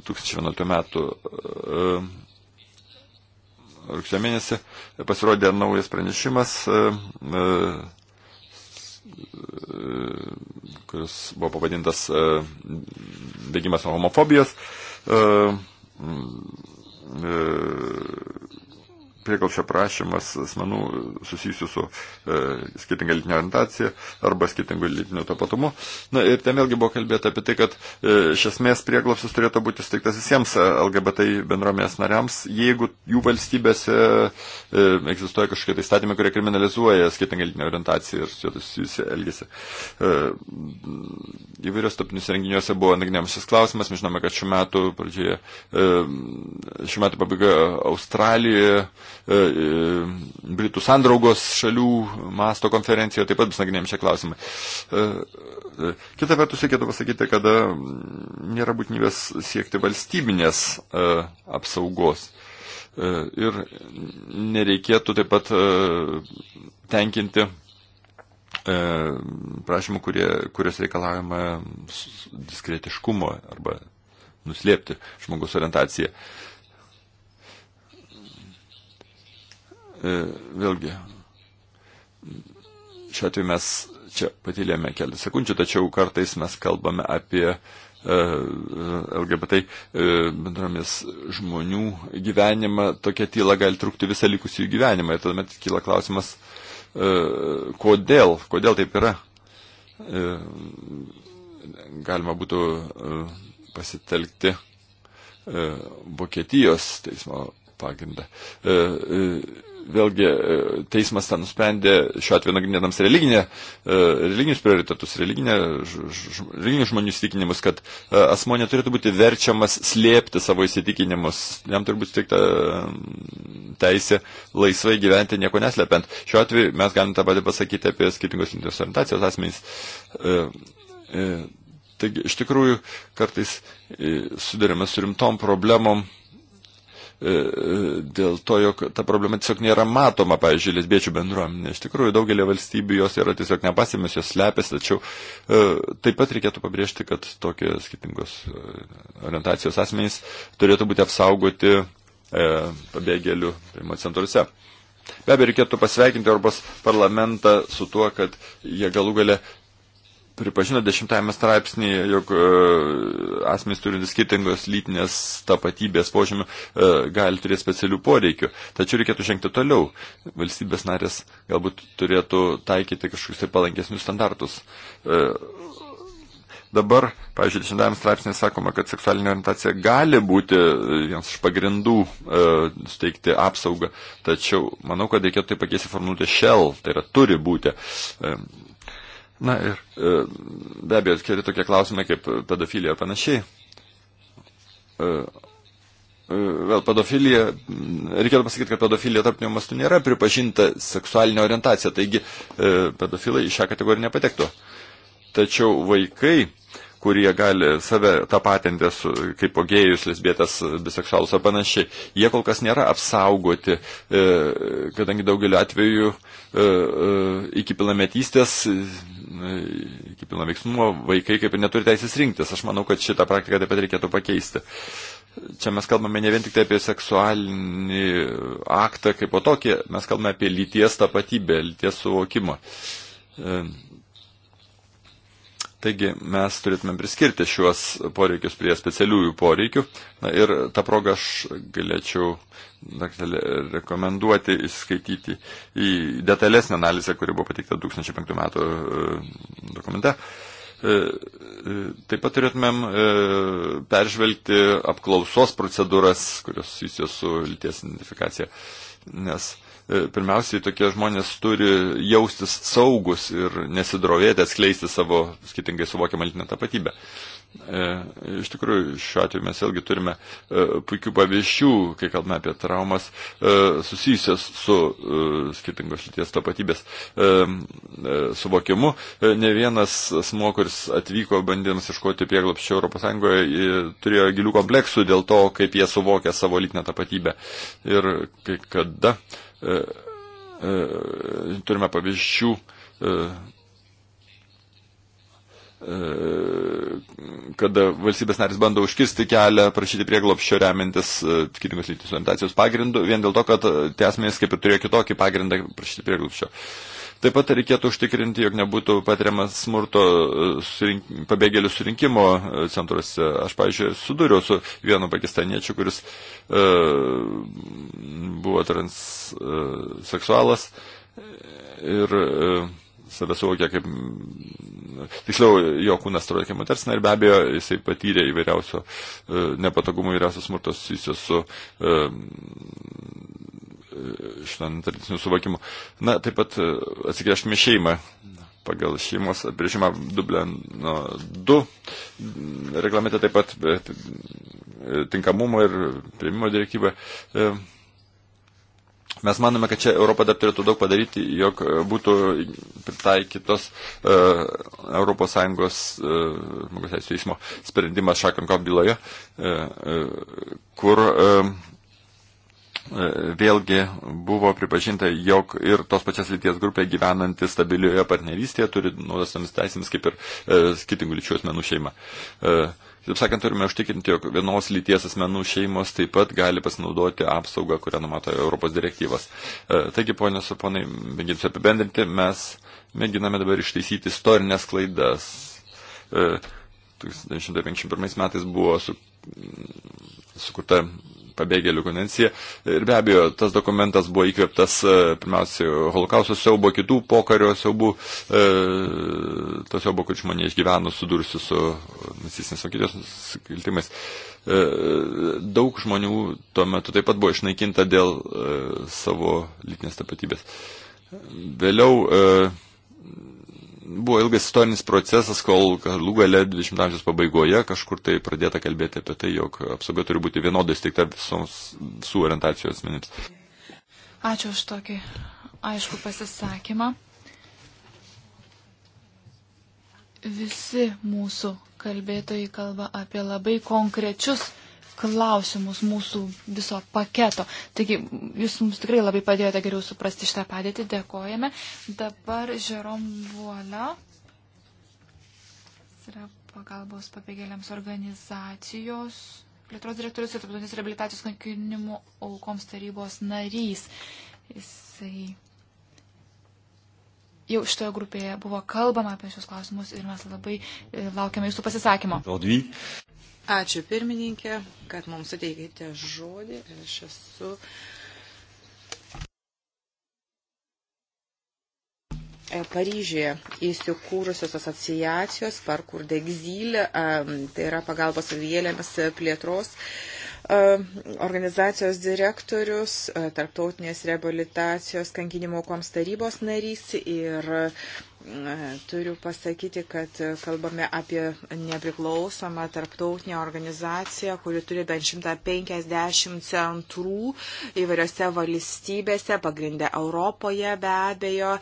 2011 metų e, e, rugsėjo mėnesį pasirodė naujas pranešimas, e, kuris buvo pavadintas Bėgimas nuo homofobijos prieglapšio prašymas asmenų susijusių su e, skirtinga lytinė orientacija arba skirtingu lytiniu tapatumu. Na ir ten vėlgi buvo kalbėta apie tai, kad e, iš esmės prieglapsis turėtų būti suteiktas visiems e, LGBT bendruomenės nariams, jeigu jų valstybėse e, egzistuoja kažkokie tai statymai, kurie kriminalizuoja skirtingą lytinę orientaciją ir su juo susijusią elgesį. E, įvairios tapinius renginiuose buvo nagrinėjamas šis klausimas, mes žinome, kad šiuo metu pradžioje, e, šiuo metu pabaigoje Australijoje E, e, Britų sandraugos šalių masto konferencijoje taip pat bus nagrinėjami šie klausimai. E, kita vertus, reikėtų pasakyti, kad nėra būtinybės siekti valstybinės apsaugos. Ir nereikėtų taip pat tenkinti prašymų, kurie, kurios reikalavima diskretiškumo arba nuslėpti žmogus orientaciją. E, E, vėlgi, šiuo atveju mes čia patylėme kelias sekundžių, tačiau kartais mes kalbame apie e, LGBT e, bendromis žmonių gyvenimą, tokia tyla gali trukti visą likusį jų gyvenimą. Ir tuomet kyla klausimas, kodėl, kodėl taip yra. Galima būtų pasitelkti Vokietijos teismo pagrindą vėlgi e, teismas ten nusprendė šiuo atveju nagrinėdams religinė, e, religinius prioritetus, religinė, religinius žmonių įsitikinimus, kad e, asmo neturėtų būti verčiamas slėpti savo įsitikinimus, jam turi būti suteikta teisė laisvai gyventi, nieko neslepiant. Šiuo atveju mes galime tą patį pasakyti apie skirtingos lytinės orientacijos asmenys. Taigi, iš tikrųjų, kartais sudarėme su rimtom problemom E, e, dėl to, jog ta problema tiesiog nėra matoma, pavyzdžiui, lesbiečių bendruomenė. Iš tikrųjų, daugelio valstybių jos yra tiesiog nepasimis, jos slepiasi, tačiau e, taip pat reikėtų pabrėžti, kad tokie skirtingos orientacijos asmenys turėtų būti apsaugoti pabėgėlių primo centruose. Be abejo, reikėtų pasveikinti Europos parlamentą su tuo, kad jie galų gale pripažino dešimtajame straipsnėje, jog e, asmenys turintys skirtingos lytinės tapatybės požymių e, gali turėti specialių poreikių. Tačiau reikėtų žengti toliau. Valstybės narės galbūt turėtų taikyti kažkokius tai palankesnius standartus. E, Dabar, pavyzdžiui, 10 straipsnė sakoma, kad seksualinė orientacija gali būti e, vienas iš pagrindų e, steigti apsaugą, tačiau manau, kad reikėtų tai pakeisti formuluotę shell, tai yra turi būti. E, Na ir e, be abejo, keli tokie klausimai kaip pedofilija ir panašiai. E, e, vėl pedofilija, reikėtų pasakyti, kad pedofilija tarpinio mastu nėra pripažinta seksualinė orientacija, taigi pedofilai į šią kategoriją nepatektų. Tačiau vaikai, kurie gali save tapatinti su, kaip pogėjus, lesbietas, biseksualus ar panašiai, jie kol kas nėra apsaugoti, kadangi daugeliu atveju iki pilnametystės E, iki pilno veiksmumo vaikai kaip ir neturi teisės rinktis. Aš manau, kad šitą praktiką taip pat reikėtų pakeisti. Čia mes kalbame ne vien tik tai apie seksualinį aktą kaip po tokį, mes kalbame apie lyties tapatybę, lyties suvokimą. E, Taigi mes turėtume priskirti šiuos poreikius prie specialiųjų poreikių. Na, ir tą progą aš galėčiau daktelė, rekomenduoti įskaityti į detalesnę analizę, kuri buvo pateikta 2005 metų e, dokumente. E, e, taip pat turėtumėm peržvelgti apklausos procedūras, kurios susijusios su lyties identifikacija, nes E, pirmiausiai tokie žmonės turi jaustis saugus ir nesidrovėti atskleisti savo skirtingai suvokiamą lytinę tapatybę. E, E, iš tikrųjų, šiuo atveju mes vėlgi turime e, puikių pavyzdžių, kai kalbame apie traumas e, susijusias su skirtingos šilties tapatybės suvokimu. Ne vienas asmo, kuris atvyko bandėdamas iškoti prieglapščio Europos Sąjungoje, turėjo gilių kompleksų dėl to, kaip jie suvokia savo lytinę tapatybę. Ir kai kada turime pavyzdžių E, kada valstybės narys bando užkirsti kelią, prašyti prieglopščio remiantis e, skirtingos lytis orientacijos pagrindų, vien dėl to, kad e, tie asmenys kaip ir turėjo kitokį pagrindą prašyti prieglopščio. Taip pat reikėtų užtikrinti, jog nebūtų patiriamas smurto surink, pabėgėlių surinkimo centruose. Aš, pavyzdžiui, sudūriau su vienu pakistaniečiu, kuris e, buvo transseksualas e, ir e, save suvokė kaip, tiksliau, jo kūnas atrodė kaip moters, na ir be abejo, jisai patyrė įvairiausio e, nepatogumų, įvairiausios smurtos susijusios su e, e, šitam tradiciniu suvokimu. Na, taip pat atsigręžkime šeimą. Pagal šeimos apibrėžimą Dublino 2 reglamente taip pat tinkamumo ir priimimo direktyva. E, Mes manome, kad čia Europa dar turėtų daug padaryti, jog e, būtų pritaikytos uh, ES žmogus uh, teismo sprendimas Šakanko byloje, uh, kur uh, vėlgi buvo pripažinta, jog ir tos pačias lyties grupė gyvenanti stabilioje partnerystėje turi naudas tomis teisėmis kaip ir uh, skirtingų lyčių asmenų šeima. Uh, Taip sakant, turime užtikrinti, jog vienos lyties asmenų šeimos taip pat gali pasinaudoti apsaugą, kurią numato Europos direktyvas. E, taigi, ponios ir ponai, mėginsiu apibendrinti, mes mėginame dabar ištaisyti istorinės klaidas. 1951 e, metais buvo su, sukurta pabėgėlių konvenciją. Ir be abejo, tas dokumentas buvo įkvėptas e, pirmiausia holokausto siaubo, kitų pokario siaubų, e, to siaubo, kad žmonės išgyveno sudursi su nacistinės vokietijos nusikaltimais. E, daug žmonių tuo metu taip pat buvo išnaikinta dėl e, savo lytinės tapatybės. Vėliau e, buvo ilgas istorinis procesas, kol lūgalė 20 amžiaus pabaigoje kažkur tai pradėta kalbėti apie tai, jog apsauga turi būti vienodai steigta visoms visų orientacijų asmenims. Ačiū už tokį aišku pasisakymą. Visi mūsų kalbėtojai kalba apie labai konkrečius klausimus mūsų viso paketo. Taigi, jūs mums tikrai labai padėjote geriau suprasti šitą padėtį, dėkojame. Dabar Žerom Vuola, jis yra pagalbos pabėgėliams organizacijos, plėtros direktorius ir tarptautinės reabilitacijos kankinimo aukoms tarybos narys. Jisai jau šitoje grupėje buvo kalbama apie šios klausimus ir mes labai e, laukiame jūsų pasisakymo. Ačiū pirmininkė, kad mums suteikite žodį. Aš esu. Paryžėje įsikūrusios asociacijos Parkur Degzylė, tai yra pagalbos avėlėmis plėtros E, organizacijos direktorius, e, tarptautinės reabilitacijos kankinimo aukoms tarybos narys ir e, turiu pasakyti, kad kalbame apie nepriklausomą tarptautinę organizaciją, kuri turi bent 150 centrų įvairiose valstybėse, pagrindę Europoje be abejo.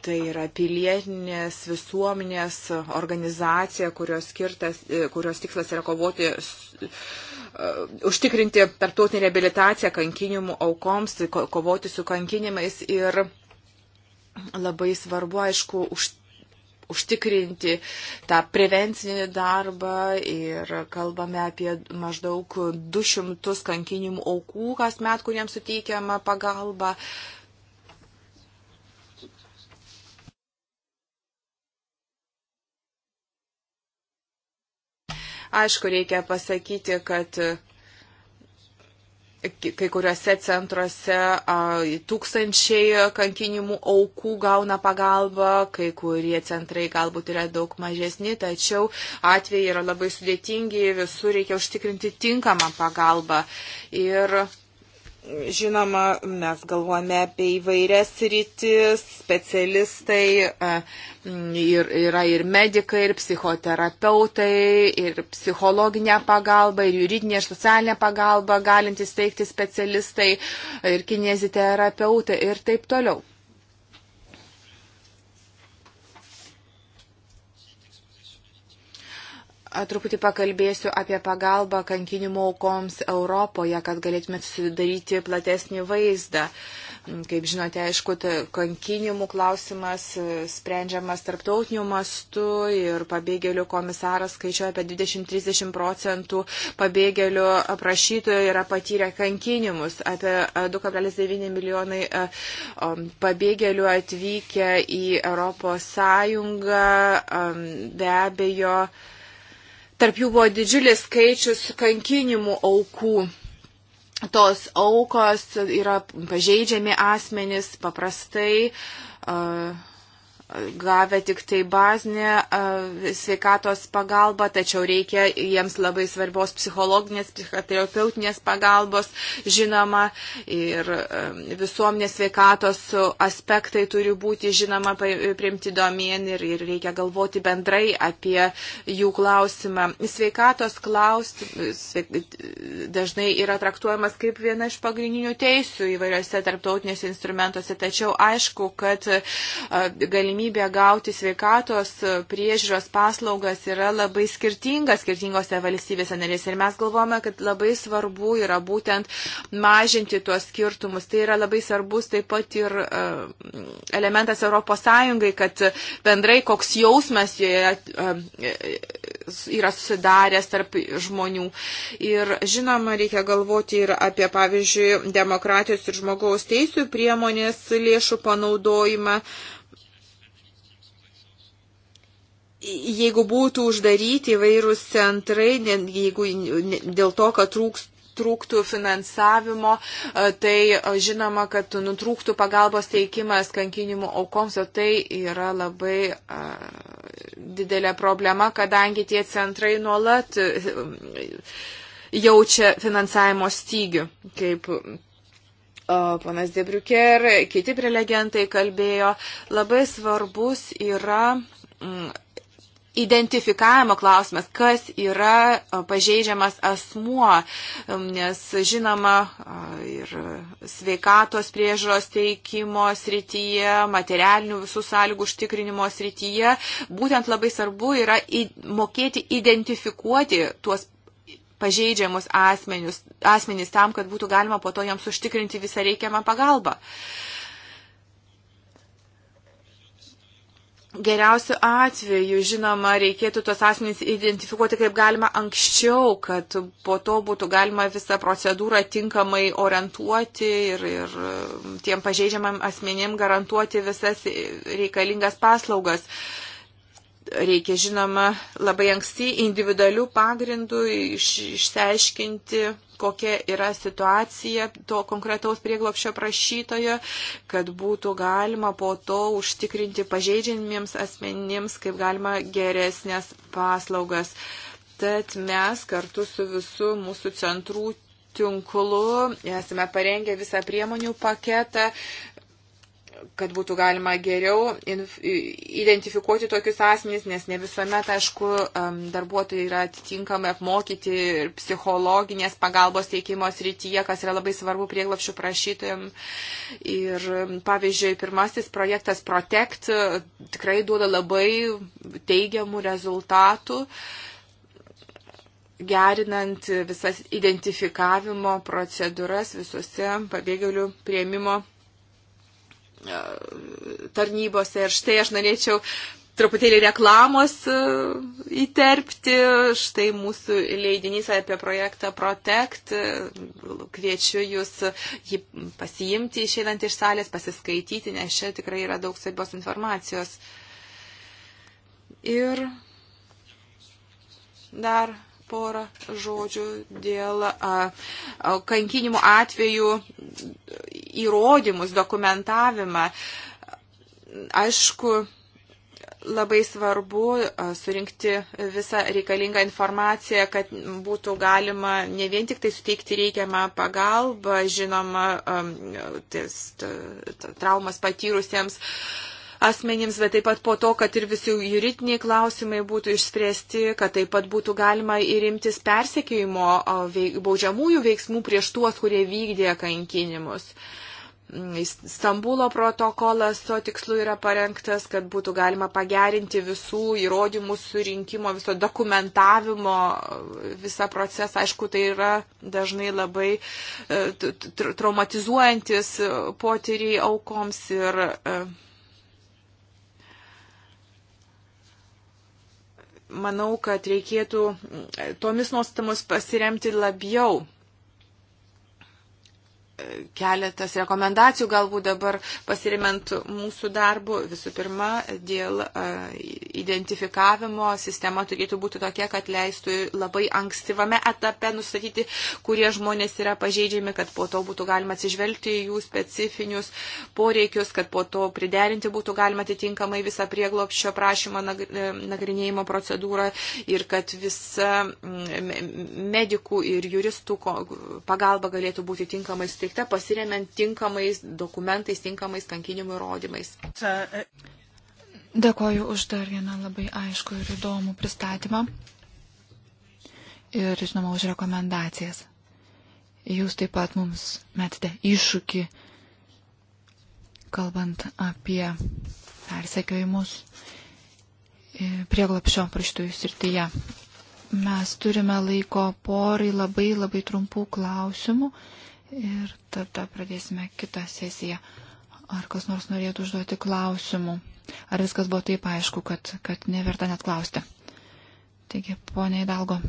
Tai yra pilietinės visuomenės organizacija, kurios, skirtas, e, kurios tikslas yra kovoti, e, užtikrinti tarptautinį reabilitaciją kankinimų aukoms, kovoti su kankinimais ir labai svarbu, aišku, užtikrinti užtikrinti tą prevencinį darbą ir kalbame apie maždaug 200 kankinimų aukų kasmet, kuriems suteikiama pagalba. Uh, Aišku, reikia pasakyti, kad e, kai kuriuose centruose tūkstančiai kankinimų aukų gauna pagalbą, kai kurie centrai galbūt yra daug mažesni, tačiau atvejai yra labai sudėtingi, visur reikia užtikrinti tinkamą pagalbą. Ir Žinoma, mes galvojame apie įvairias rytis, specialistai, e, ir, yra ir medikai, ir psichoterapeutai, ir psichologinė pagalba, ir juridinė ir socialinė pagalba galintys teikti specialistai, ir kineziterapeutai ir taip toliau. Truputį pakalbėsiu apie pagalbą kankinimo aukoms Europoje, kad galėtumėt sudaryti platesnį vaizdą. Mm, kaip žinote, aišku, kankinimų klausimas e, sprendžiamas tarptautiniu mastu ir pabėgėlių komisaras skaičiuoja apie 20-30 procentų pabėgėlių aprašytojų yra patyrę kankinimus. Apie 2,9 e, milijonai e, pabėgėlių atvykę į Europos Sąjungą be abejo. Tarp jų buvo didžiulis skaičius kankinimų aukų. Tos aukos yra pažeidžiami asmenys paprastai. Uh, gavę tik tai bazinę sveikatos pagalbą, tačiau reikia jiems labai svarbios psichologinės, psichoterapeutinės pagalbos, žinoma, ir visuomenės sveikatos aspektai turi būti, žinoma, priimti domien ir, ir reikia galvoti bendrai apie jų klausimą. Sveikatos klausimas dažnai yra traktuojamas kaip viena iš pagrindinių teisių įvairiose tarptautinėse instrumentuose, tačiau aišku, kad galimybė galimybė gauti sveikatos priežiūros paslaugas yra labai skirtinga skirtingose valstybėse narėse. Ir mes galvojame, kad labai svarbu yra būtent mažinti tuos skirtumus. Tai yra labai svarbus taip pat ir e, elementas Europos Sąjungai, kad bendrai koks jausmas joje e, e, yra susidaręs tarp žmonių. Ir žinoma, reikia galvoti ir apie, pavyzdžiui, demokratijos ir žmogaus teisų priemonės lėšų panaudojimą jeigu būtų uždaryti įvairūs centrai, jeigu dėl to, kad trūks nutrūktų finansavimo, tai žinoma, kad nutrūktų pagalbos teikimas kankinimų aukoms, o tai yra labai a, didelė problema, kadangi tie centrai nuolat e, jaučia finansavimo stygių, kaip panas Debriuker, kiti prelegentai kalbėjo, labai svarbus yra m, identifikavimo klausimas, kas yra pažeidžiamas asmuo, nes žinoma ir sveikatos priežaros teikimo srityje, materialinių visų sąlygų užtikrinimo srityje, būtent labai svarbu yra mokėti identifikuoti tuos pažeidžiamus asmenius, asmenys tam, kad būtų galima po to jiems užtikrinti visą reikiamą pagalbą. Uh, Geriausiu atveju, žinoma, reikėtų tos asmenys identifikuoti kaip galima anksčiau, kad po to būtų galima visą procedūrą tinkamai orientuoti ir, ir um, tiem pažeidžiamam asmenim garantuoti visas reikalingas paslaugas. Uh, Reikia, žinoma, labai anksti individualių pagrindų iš, išsiaiškinti, kokia yra situacija to konkretaus prieglopšio prašytojo, kad būtų galima po to užtikrinti pažeidžiamiems asmenims, kaip galima geresnės paslaugas. Tad mes kartu su visu mūsų centrų tinklu, esame parengę visą priemonių paketą, kad būtų galima geriau identifikuoti tokius asmenys, nes ne visuomet, aišku, darbuotojai yra atitinkamai apmokyti ir psichologinės pagalbos teikimo srityje, kas yra labai svarbu prieglapšių prašytojim. Ir, pavyzdžiui, pirmasis projektas Protect e, tikrai duoda labai teigiamų rezultatų gerinant visas identifikavimo procedūras visose pabėgėlių prieimimo E, tarnybose. Ir štai aš norėčiau truputėlį reklamos e, įterpti. Štai mūsų leidinys apie projektą Protect. E, kviečiu jūs jį pasiimti išeinant iš salės, pasiskaityti, nes čia tikrai yra daug svarbios informacijos. Ir dar porą žodžių dėl a, a, kankinimų atvejų įrodymus, dokumentavimą. Aišku, labai svarbu surinkti visą reikalingą informaciją, kad būtų galima ne vien tik tai suteikti reikiamą pagalbą, žinoma, tis, traumas patyrusiems asmenims, bet taip pat po to, kad ir visi juridiniai klausimai būtų išspręsti, kad taip pat būtų galima įrimtis persekėjimo veik, baudžiamųjų veiksmų prieš tuos, kurie vykdė kankinimus. Mm, Stambulo protokolas to tikslu yra parengtas, kad būtų galima pagerinti visų įrodymų surinkimo, viso dokumentavimo, visą procesą. Aišku, tai yra dažnai labai e, traumatizuojantis e, potyriai aukoms ir uh, manau, kad reikėtų tomis nuostamos pasiremti labiau keletas rekomendacijų galbūt dabar pasirimant mūsų darbu. Visų pirma, dėl e, identifikavimo sistema turėtų būti tokia, kad leistų labai ankstyvame etape nustatyti, kurie žmonės yra pažeidžiami, kad po to būtų galima atsižvelgti į jų specifinius poreikius, kad po to priderinti būtų galima atitinkamai visą prieglopščio prašymą e, nagrinėjimo procedūrą ir kad visa medikų ir juristų pagalba galėtų būti tinkamai suteikta pateikta pasiremiant tinkamais dokumentais, tinkamais kankinimų įrodymais. Dėkoju už dar vieną labai aišku ir įdomų pristatymą ir, žinoma, už rekomendacijas. Jūs taip pat mums metite iššūkį, kalbant apie persekiojimus prieglapšio prašytojų srityje. Mes turime laiko porai labai labai trumpų klausimų ir tada pradėsime kitą sesiją. Ar kas nors norėtų užduoti klausimų? Ar viskas buvo taip aišku, kad, kad neverta net klausti? Taigi, ponia Idalgo,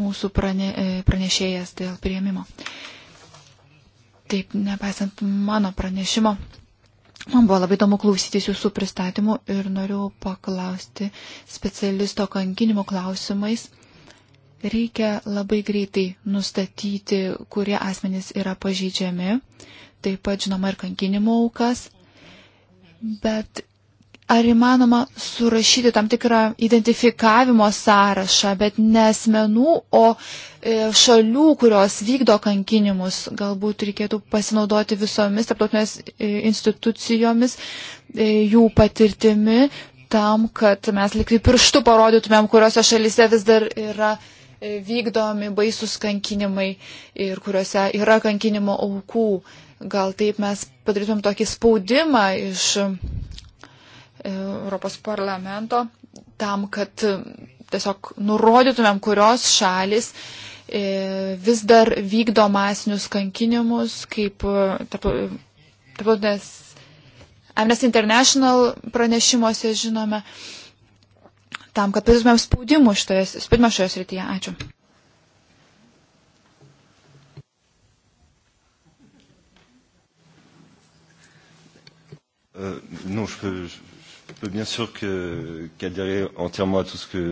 mūsų prane, e, pranešėjas dėl prieimimo. Taip, nepaisant mano pranešimo, man buvo labai įdomu klausytis jūsų pristatymų ir noriu paklausti specialisto kankinimo klausimais Reikia labai greitai nustatyti, kurie asmenys yra pažeidžiami, taip pat žinoma ir kankinimo aukas, bet ar įmanoma surašyti tam tikrą identifikavimo sąrašą, bet ne asmenų, o e, šalių, kurios vykdo kankinimus. Galbūt reikėtų pasinaudoti visomis tarptautinės e, institucijomis, e, jų patirtimi, tam, kad mes liktai pirštu parodytumėm, kuriuose šalyse vis dar yra vykdomi baisus kankinimai ir kuriuose yra kankinimo aukų. Gal taip mes padarytumėm tokį spaudimą iš e, Europos parlamento tam, kad e, tiesiog nurodytumėm, kurios šalis e, vis dar vykdo masinius kankinimus, kaip tarptautinės Amnesty International pranešimuose žinome, tam, kad pasiūstumėm spaudimų šitoje, spaudimą šioje srityje. Ačiū. Euh, non, je peux, je peux bien sûr qu'adhérer qu entièrement à tout ce que.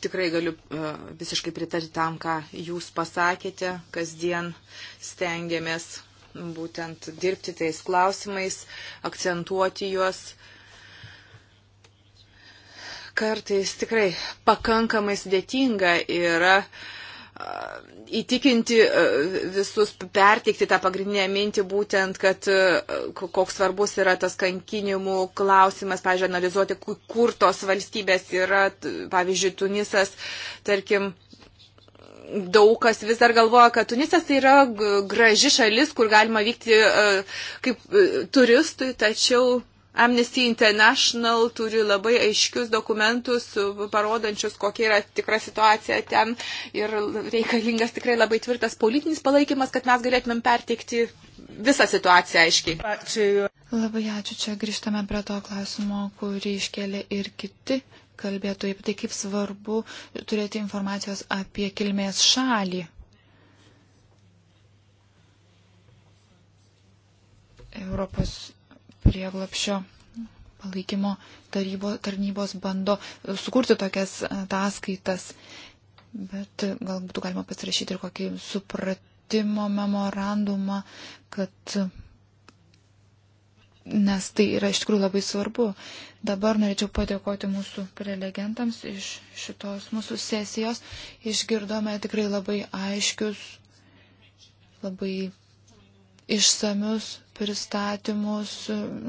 Tikrai galiu uh, visiškai pritarti tam, ką jūs pasakėte. Kasdien stengiamės būtent dirbti tais klausimais, akcentuoti juos. Uh, kartais tikrai pakankamai sudėtinga yra įtikinti visus, perteikti tą pagrindinę mintį būtent, kad koks svarbus yra tas kankinimų klausimas, pavyzdžiui, analizuoti, kur tos valstybės yra, pavyzdžiui, Tunisas, tarkim, daug kas vis dar galvoja, kad Tunisas tai yra graži šalis, kur galima vykti kaip turistui, tačiau Amnesty International turi labai aiškius dokumentus, parodančius, kokia yra tikra situacija ten ir reikalingas tikrai labai tvirtas politinis palaikymas, kad mes galėtumėm perteikti visą situaciją aiškiai. Ačiū. Labai ačiū. Čia grįžtame prie to klausimo, kurį iškėlė ir kiti kalbėtojai, tai kaip svarbu turėti informacijos apie kilmės šalį. Europos prieglapšio palaikymo tarybo, tarnybos bando sukurti tokias ataskaitas, bet galbūt galima pasirašyti ir kokį supratimo memorandumą, kad nes tai yra iš tikrųjų labai svarbu. Dabar norėčiau padėkoti mūsų prelegentams iš šitos mūsų sesijos. Išgirdome tikrai labai aiškius, labai išsamius pristatymus,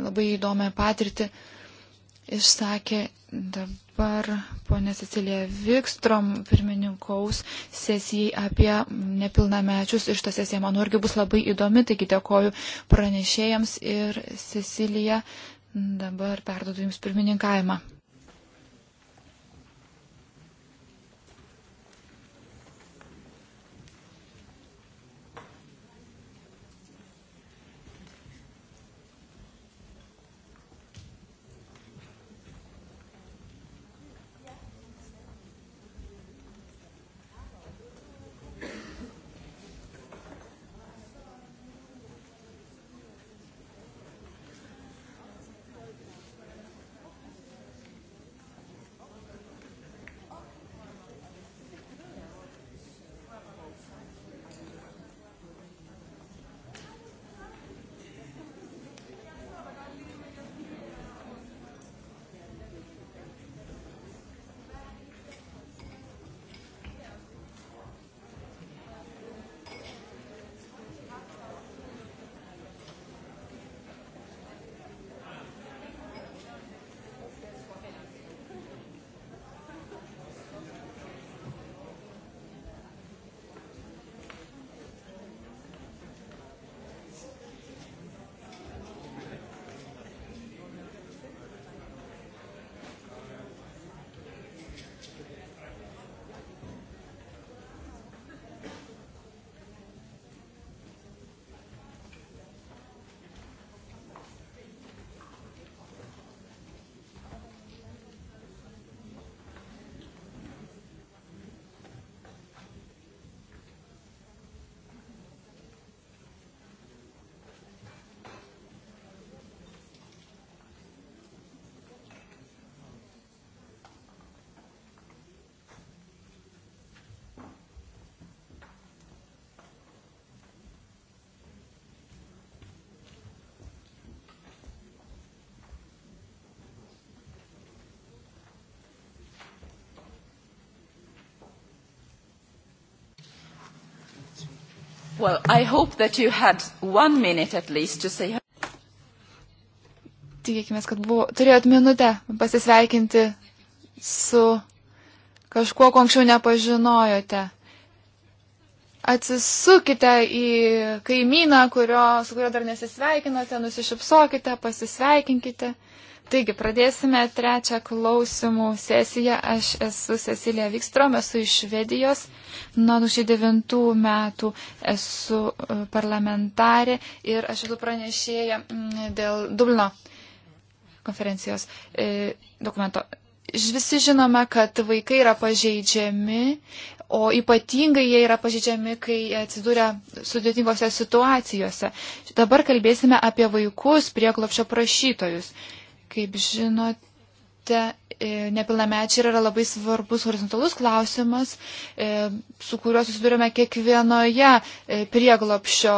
labai įdomią patirtį išsakė dabar ponė Cecilija Vikstrom pirmininkaus sesijai apie nepilnamečius. Ir šitą sesiją, manau, irgi bus labai įdomi, taigi dėkoju pranešėjams ir Cecilija dabar perdodu Jums pirmininkavimą. Well, I hope that you had one minute at least to say. Tikėkime, kad buvo, turėjot minutę pasisveikinti su kažkuo, ko anksčiau nepažinojote. Atsisukite į kaimyną, kurio, su kuriuo dar nesisveikinote, nusišypsokite, pasisveikinkite. Taigi, pradėsime trečią klausimų sesiją. Aš esu Cecilija Vikstrom, esu iš Švedijos. Nuo 2009 metų esu e, parlamentarė ir aš esu pranešėja mm, dėl Dublino konferencijos e, dokumento. Visi žinome, kad vaikai yra pažeidžiami, o ypatingai jie yra pažydžiami, kai atsiduria sudėtingose situacijose. Dabar kalbėsime apie vaikus prieglopšio prašytojus. Kaip žinote, e, nepilnamečiai yra labai svarbus horizontalus klausimas, e, su kuriuo susidurime kiekvienoje e, prieglopšio,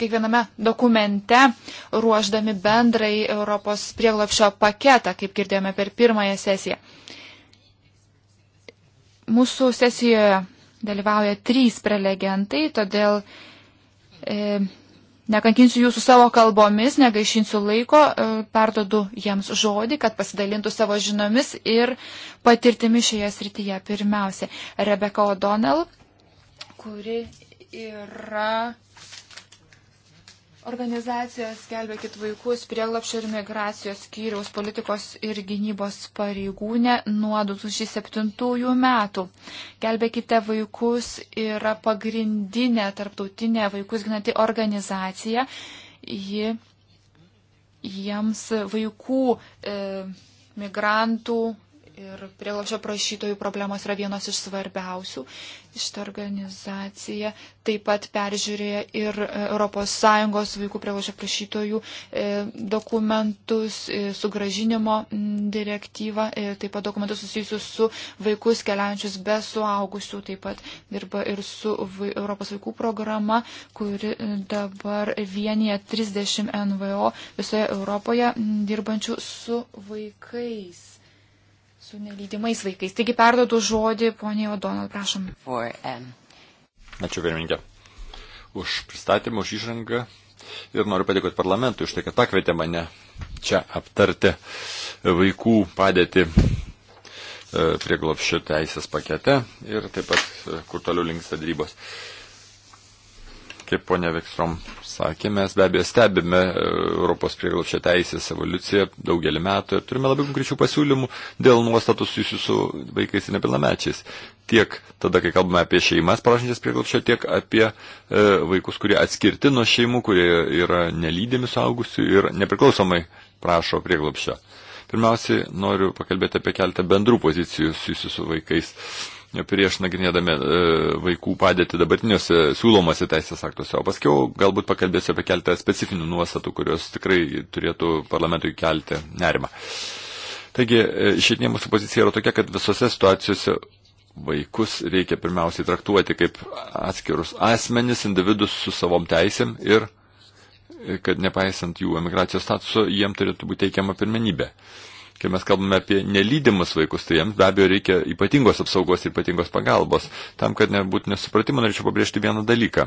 kiekviename dokumente, ruoždami bendrai Europos prieglopšio paketą, kaip girdėjome per pirmąją sesiją. Mūsų sesijoje dalyvauja trys prelegentai, todėl Nekankinsiu jūsų savo kalbomis, negaišinsiu laiko, e, perdodu jiems žodį, kad pasidalintų savo žinomis ir patirtimi šioje srityje. Pirmiausia, Rebeka O'Donnell, kuri yra Organizacijos gelbėkit vaikus prieglapšio ir migracijos skyriaus politikos ir gynybos pareigūnė nuo 2007 metų. Gelbėkite vaikus yra pagrindinė tarptautinė vaikus ginanti organizacija. Ji jiems vaikų e, migrantų ir prieglapšio prašytojų problemos yra vienos iš svarbiausių. Šitą organizaciją taip pat peržiūrėjo ir ES vaikų prieglapšio prašytojų e, dokumentus, e, sugražinimo direktyvą, e, taip pat dokumentus susijusius su vaikus keliaujančius be suaugusių, taip pat dirba ir su Europos vaikų programa, kuri dabar vienyje 30 NVO visoje Europoje dirbančių su vaikais su nelydimais vaikais. Taigi perdodu žodį poniai O'Donnell, prašom. For, um... Ačiū pirmininkė už pristatymą, už įžangą ir noriu padėkoti parlamentui už tai, kad pakvietė mane čia aptarti vaikų padėti e, prieglopščio teisės pakete ir taip pat, e, kur toliau linksta drybos. Uh, kaip ponia Vikstrom sakė, mes be abejo stebime e, Europos prieglobščio teisės evoliuciją daugelį metų ir turime labai konkrečių pasiūlymų dėl nuostatų susijusių su vaikais ir nepilnamečiais. Tiek tada, kai kalbame apie šeimas prašančias prieglobščio, tiek apie e, vaikus, kurie atskirti nuo šeimų, kurie yra nelydėmi suaugusių ir nepriklausomai prašo prieglobščio. Pirmiausiai noriu pakalbėti apie keltą bendrų pozicijų susijusių su vaikais. E, prieš nagrinėdami e, vaikų padėti dabartiniuose siūlomose teisės aktuose, o paskiau galbūt pakalbėsiu apie keletą specifinių nuostatų, kurios tikrai turėtų parlamentui kelti nerimą. Taigi, e, šiandien mūsų pozicija yra tokia, kad visose situacijose vaikus reikia pirmiausiai traktuoti kaip atskirus asmenis, individus su savom teisėm ir e, kad nepaisant jų emigracijos statuso, jiem turėtų būti teikiama pirmenybė. Uh, kai mes kalbame apie nelydimus vaikus, tai jiems be abejo reikia ypatingos apsaugos ir ypatingos pagalbos. Tam, kad nebūtų nesupratimo, norėčiau pabrėžti vieną dalyką.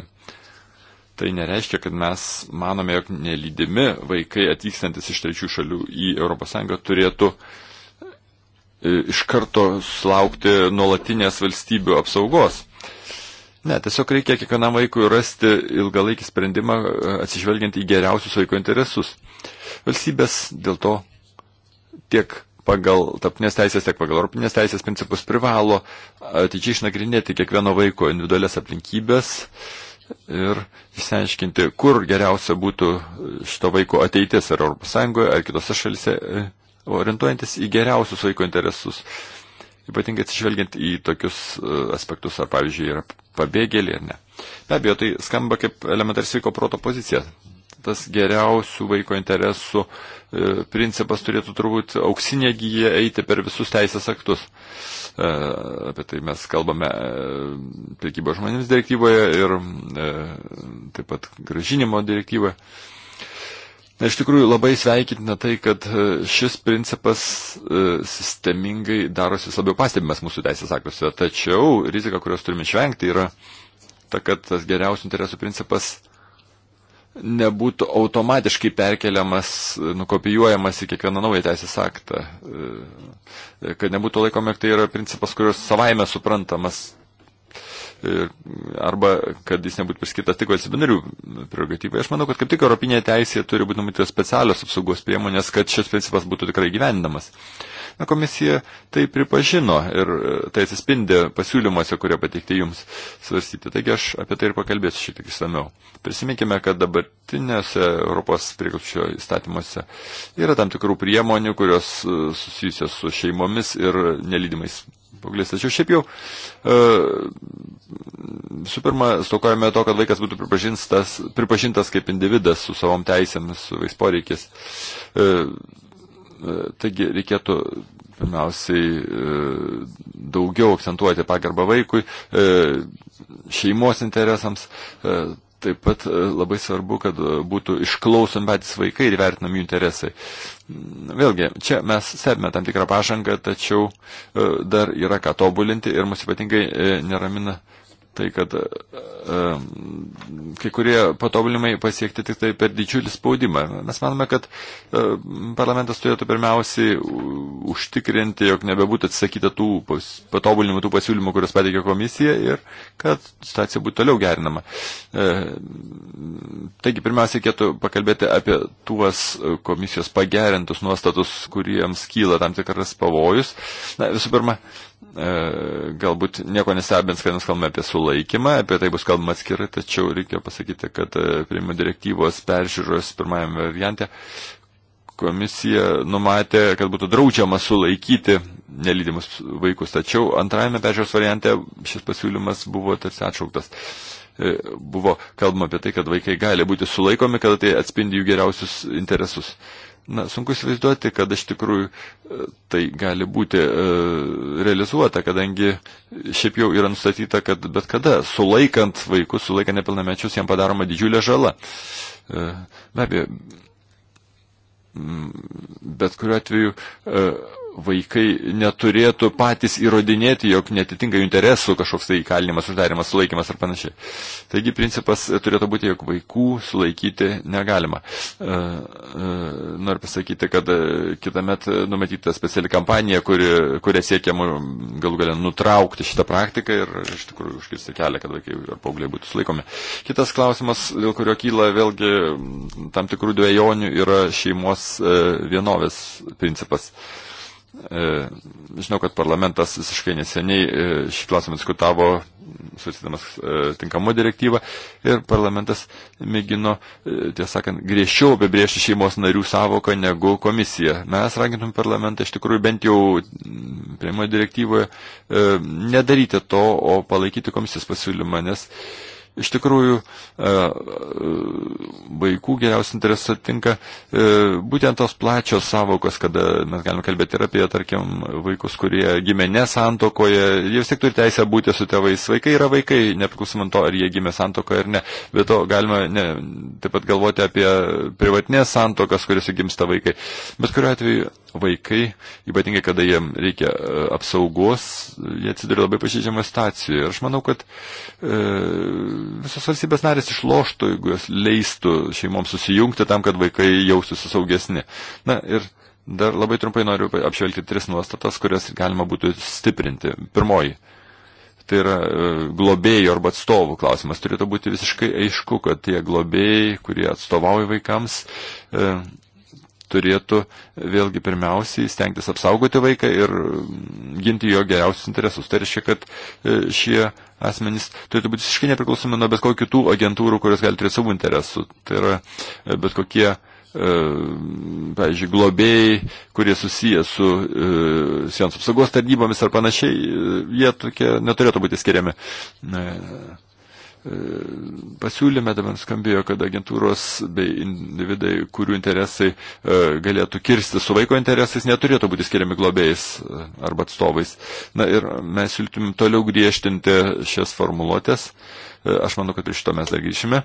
Tai nereiškia, kad mes manome, jog nelydimi vaikai atvykstantis iš trečių šalių į ES turėtų e, iš karto sulaukti nuolatinės valstybių apsaugos. Ne, tiesiog reikia kiekvienam vaikui rasti ilgalaikį sprendimą e, atsižvelgiant į geriausius vaiko interesus. Valstybės dėl to tiek pagal tapnės teisės, tiek pagal europinės teisės principus privalo atidžiai išnagrinėti kiekvieno vaiko individualias aplinkybės ir išsiaiškinti, kur geriausia būtų šito vaiko ateitis ar ES, ar kitose šalise, e, orientuojantis į geriausius vaiko interesus. Ypatingai atsižvelgiant į tokius e, aspektus, ar pavyzdžiui, yra pabėgėliai ar ne. Be abejo, tai skamba kaip elementari sveiko proto pozicija, tas geriausių vaiko interesų e, principas turėtų turbūt auksinė gyja eiti per visus teisės aktus. E, apie tai mes kalbame e, priekybo žmonėms direktyvoje ir taip pat gražinimo direktyvoje. Na, iš tikrųjų labai sveikintina tai, kad šis principas sistemingai darosi vis labiau pastebimas mūsų teisės aktuose, tačiau rizika, kurios turime išvengti, yra ta, kad tas geriausių interesų principas nebūtų automatiškai perkeliamas, nukopijuojamas į kiekvieną naują teisės aktą. E, kad nebūtų laikoma, kad tai yra principas, kuris savaime suprantamas. E, arba kad jis nebūtų priskirtas tik valstybinarių prerogatyvai. Aš manau, kad kaip tik Europinėje teisėje turi būti numatytos specialios apsaugos priemonės, kad šis principas būtų tikrai gyvendamas. Uh, Na, komisija tai pripažino ir e, tai atsispindė pasiūlymuose, kurie pateikti jums svarstyti. Taigi aš apie tai ir pakalbėsiu šiek tiek išsameu. Prisiminkime, kad dabartinėse Europos prieglapščio įstatymuose yra tam tikrų priemonių, kurios e, susijusios su šeimomis ir nelydimais paauglys. Tačiau šiaip jau, e, visų e, pirma, stokojame to, kad vaikas būtų pripažintas, pripažintas kaip individas su savom teisėmis, su vais poreikis. E, Taigi reikėtų pirmiausiai e, daugiau akcentuoti pagarbą vaikui, e, šeimos interesams. E, taip pat labai svarbu, kad būtų išklausomi patys vaikai ir vertinami jų interesai. Mm, vėlgi, čia mes stebime tam tikrą pažangą, tačiau dar yra ką tobulinti ir mus ypatingai neramina tai, kad e, e kai kurie patobulimai pasiekti tik tai per didžiulį spaudimą. Mes manome, kad e, parlamentas turėtų pirmiausiai užtikrinti, jog nebebūtų atsisakyta tų patobulimų, tų pasiūlymų, kurios pateikė komisija ir kad situacija būtų toliau gerinama. E, taigi, pirmiausia, reikėtų pakalbėti apie tuos komisijos pagerintus nuostatus, kuriems kyla tam tikras pavojus. Na, visų pirma, E, galbūt nieko nestebins, kad mes kalbame apie sulaikymą, apie tai bus kalbama atskirai, tačiau reikia pasakyti, kad e, priimimo direktyvos peržiūros pirmajame variante komisija numatė, kad būtų draudžiama sulaikyti nelydimus vaikus, tačiau antrajame peržiūros variante šis pasiūlymas buvo tarsi atšauktas. E, buvo kalbama apie tai, kad vaikai gali būti sulaikomi, kada tai atspindi jų geriausius interesus. Na, sunku įsivaizduoti, kad iš tikrųjų e, tai gali būti e, realizuota, kadangi šiaip jau yra nustatyta, kad bet kada sulaikant vaikus, sulaikant nepilnamečius, jam padaroma didžiulė žala. E, be abejo, bet kuriuo atveju e, vaikai neturėtų patys įrodinėti, jog netitinka jų interesų kažkoks tai įkalinimas, uždarimas, sulaikimas ar panašiai. Taigi principas turėtų būti, jog vaikų sulaikyti negalima. E, e, noriu pasakyti, kad e, kitąmet numatyta speciali kampanija, kuri, kuria siekiama galų galę nutraukti šitą praktiką ir iš tikrųjų užkirsti kelią, kad vaikai ar paaugliai būtų sulaikomi. Kitas klausimas, dėl kurio kyla vėlgi tam tikrų dviejonių, yra šeimos vienovės principas. Uh, E, žinau, kad parlamentas visiškai neseniai e, šį klausimą diskutavo, svarstydamas e, tinkamų direktyvą, ir parlamentas mėgino, tiesą sakant, griežčiau apibriežti šeimos narių savoką negu komisija. Mes ragintum parlamentą iš tikrųjų bent jau prieimo direktyvoje nedaryti to, o palaikyti komisijos pasiūlymą, nes uh, Iš tikrųjų, e, e, vaikų geriausiai interesą tinka e, būtent tos plačios savokos, kada mes galime kalbėti ir apie, tarkim, vaikus, kurie gimė nesantokoje, jie vis tik turi teisę būti su tėvais. Vaikai yra vaikai, nepriklausomant to, ar jie gimė santokoje ar ne. Bet to galima ne, taip pat galvoti apie privatinės santokas, kuriuose gimsta vaikai. Bet kuriuo atveju vaikai, ypatingai kada jiems reikia e, apsaugos, jie atsiduria labai pažeidžiamoje stacijoje. Ir aš manau, kad e, visos valstybės narės išloštų, jeigu jos leistų šeimoms susijungti tam, kad vaikai jaustųsi saugesni. Na ir dar labai trumpai noriu apšvelgti tris nuostatas, kurias galima būtų stiprinti. Pirmoji tai yra e, globėjų arba atstovų klausimas. Turėtų būti visiškai aišku, kad tie globėjai, kurie atstovauja vaikams, e, turėtų vėlgi pirmiausiai stengtis apsaugoti vaiką ir ginti jo geriausius interesus. Tai reiškia, kad e, šie asmenys turėtų būti visiškai nepriklausomi nuo bet kokių kitų agentūrų, kurios gali turėti savo interesų. Tai yra e, bet kokie e, pavyzdžiui, globėjai, kurie susiję su e, sienos apsaugos tarnybomis ar panašiai, jie tokie neturėtų būti skiriami. E, pasiūlyme dabar tai skambėjo, kad agentūros bei individai, kurių interesai e, galėtų kirsti su vaiko interesais, neturėtų būti skiriami globėjais e, arba atstovais. Na ir mes siūlytum toliau griežtinti šias formuluotės. E, aš manau, kad prie šito mes dar grįšime.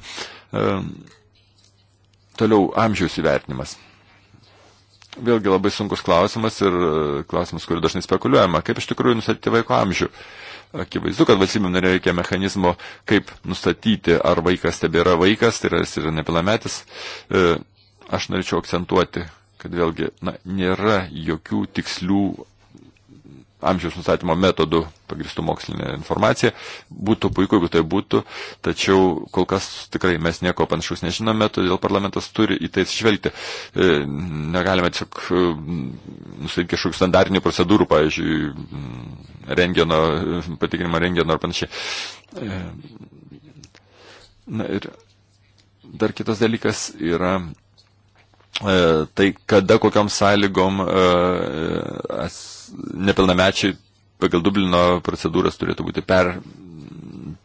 Toliau amžiaus įvertinimas. Vėlgi labai sunkus klausimas ir klausimas, kuriuo dažnai spekuliuojama, kaip iš tikrųjų nusatyti vaiko amžių. Uh, Akivaizdu, kad valstybėm nereikia mechanizmo, kaip nustatyti, ar vaikas tebėra vaikas, tai yra jis yra nepilametis. E, aš norėčiau akcentuoti, kad vėlgi na, nėra jokių tikslių amžiaus nustatymo metodų pagristų mokslinė informacija. Būtų puiku, jeigu tai būtų, tačiau kol kas tikrai mes nieko panašaus nežinome, todėl parlamentas turi į tai atsižvelgti. E, negalime tiesiog e, nustatyti kažkokių standartinių procedūrų, pavyzdžiui, rengeno, patikrinimą rengeno ar panašiai. E, na ir dar kitas dalykas yra e, tai, kada kokiam sąlygom e, nepilnamečiai pagal Dublino procedūras turėtų būti per,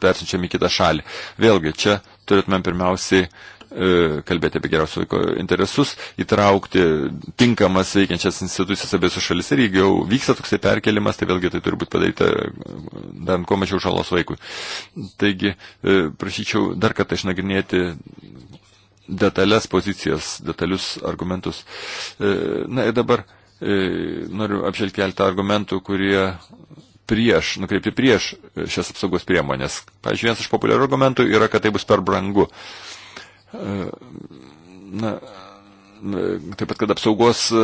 persinčiami kitą šalį. Vėlgi, čia turėtumėm pirmiausiai uh, E, kalbėti apie geriausių laiko interesus, įtraukti tinkamas veikiančias institucijas abiejose šalise ir jeigu jau vyksta toksai perkelimas, tai vėlgi tai turi būti padaryta dar e, kuo mažiau žalos vaikui. Taigi, e, prašyčiau dar kartą išnagrinėti detalės pozicijas, detalius argumentus. Na ir dabar noriu apžvelgti keletą argumentų, kurie prieš, nukreipti prieš šias apsaugos priemonės. Pavyzdžiui, vienas iš populiarių argumentų yra, kad tai bus per brangu. Uh, Na, taip pat, kad apsaugos e,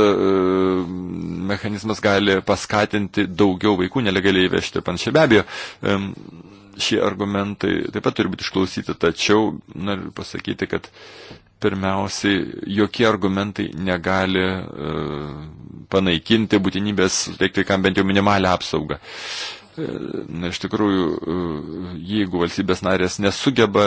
mechanizmas gali paskatinti daugiau vaikų nelegaliai įvežti ir panašiai. Be abejo, e, šie argumentai taip pat turi būti išklausyti, tačiau noriu pasakyti, kad pirmiausiai jokie argumentai negali e, panaikinti būtinybės teikti kam bent jau minimalę apsaugą. Uh, Na, iš tikrųjų, jeigu valstybės narės nesugeba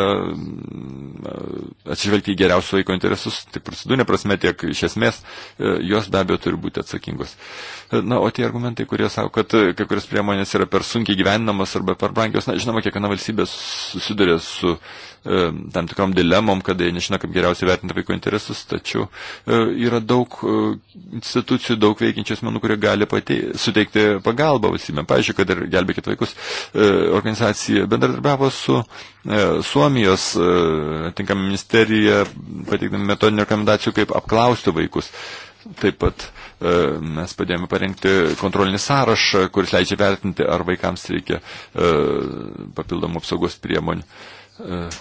atsižvelgti į geriausių vaiko interesus, tiek procedūrinė prasme, tiek iš esmės, e, jos be abejo turi būti atsakingos. E, na, o tie argumentai, kurie sako, kad kai kurios priemonės yra per sunkiai gyvenamas arba per brangios, na, žinoma, kiekviena valstybė susiduria su E, tam tikrom dilemom, kad jie nežino, kaip geriausiai vertinti vaiko interesus, tačiau e, yra daug e, institucijų, daug veikiančių asmenų, kurie gali patei, suteikti pagalbą valstybėm. Pavyzdžiui, kad ir gelbėkit vaikus organizacija bendradarbiavo su Suomijos atinkama ministerija, pateikdami metodinių rekomendacijų, kaip apklausti vaikus. Taip pat mes padėjome parengti kontrolinį sąrašą, kuris leidžia vertinti, ar vaikams reikia papildomų apsaugos priemonių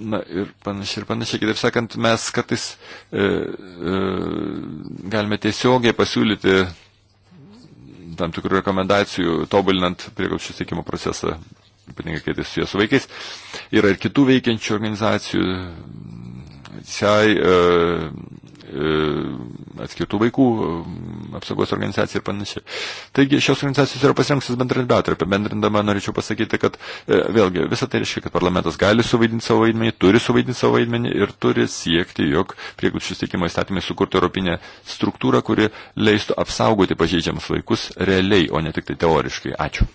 na ir panašiai, ir panašiai. Kitaip sakant, mes kartais e, e, galime tiesiogiai pasiūlyti tam tikrų rekomendacijų, tobulinant prieglobščių steikimo procesą, ypatingai kai tai susijęs su vaikais. Yra ir kitų veikiančių organizacijų, CI, e, atskirtų vaikų apsaugos organizacija ir panašiai. Taigi šios organizacijos yra pasirengusios bendradarbiauti. Ir apibendrindama norėčiau pasakyti, kad vėlgi visą tai reiškia, kad parlamentas gali suvaidinti savo vaidmenį, turi suvaidinti savo vaidmenį ir turi siekti, jog prieglupščių steikimo įstatymai sukurtų europinę struktūrą, kuri leistų apsaugoti pažeidžiamus vaikus realiai, o ne tik tai teoriškai. Ačiū.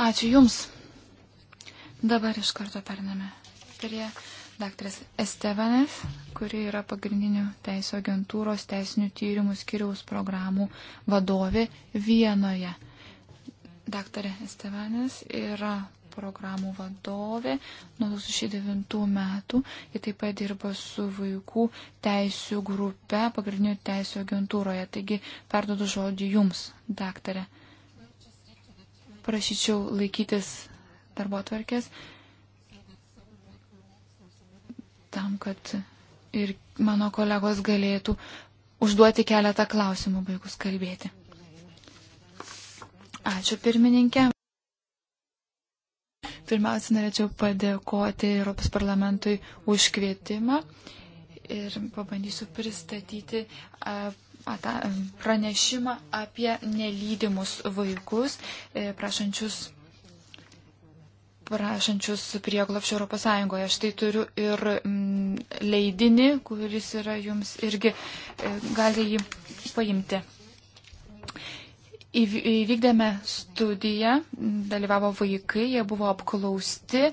Ačiū Jums. Dabar iš karto pername prie daktaras Estevanas, kuri yra pagrindinių teisų agentūros teisinių tyrimų skiriaus programų vadovė Vienoje. Daktarė Estevanas yra programų vadovė nuo 2009 metų. Ji taip pat dirba su vaikų teisų grupe pagrindinių teisų agentūroje. Taigi perdodu žodį jums, daktarė. Prašyčiau laikytis darbo atvarkės tam, kad ir mano kolegos galėtų užduoti keletą klausimų baigus kalbėti. Ačiū pirmininkė. Pirmiausia, norėčiau padėkoti Europos parlamentui už kvietimą ir pabandysiu pristatyti pranešimą apie nelydimus vaikus, e, prašančius prašančius prieglopščio Europos Sąjungoje. Aš tai turiu ir mm, leidinį, kuris yra jums irgi, e, gali jį paimti. Įvykdėme studiją, dalyvavo vaikai, jie buvo apklausti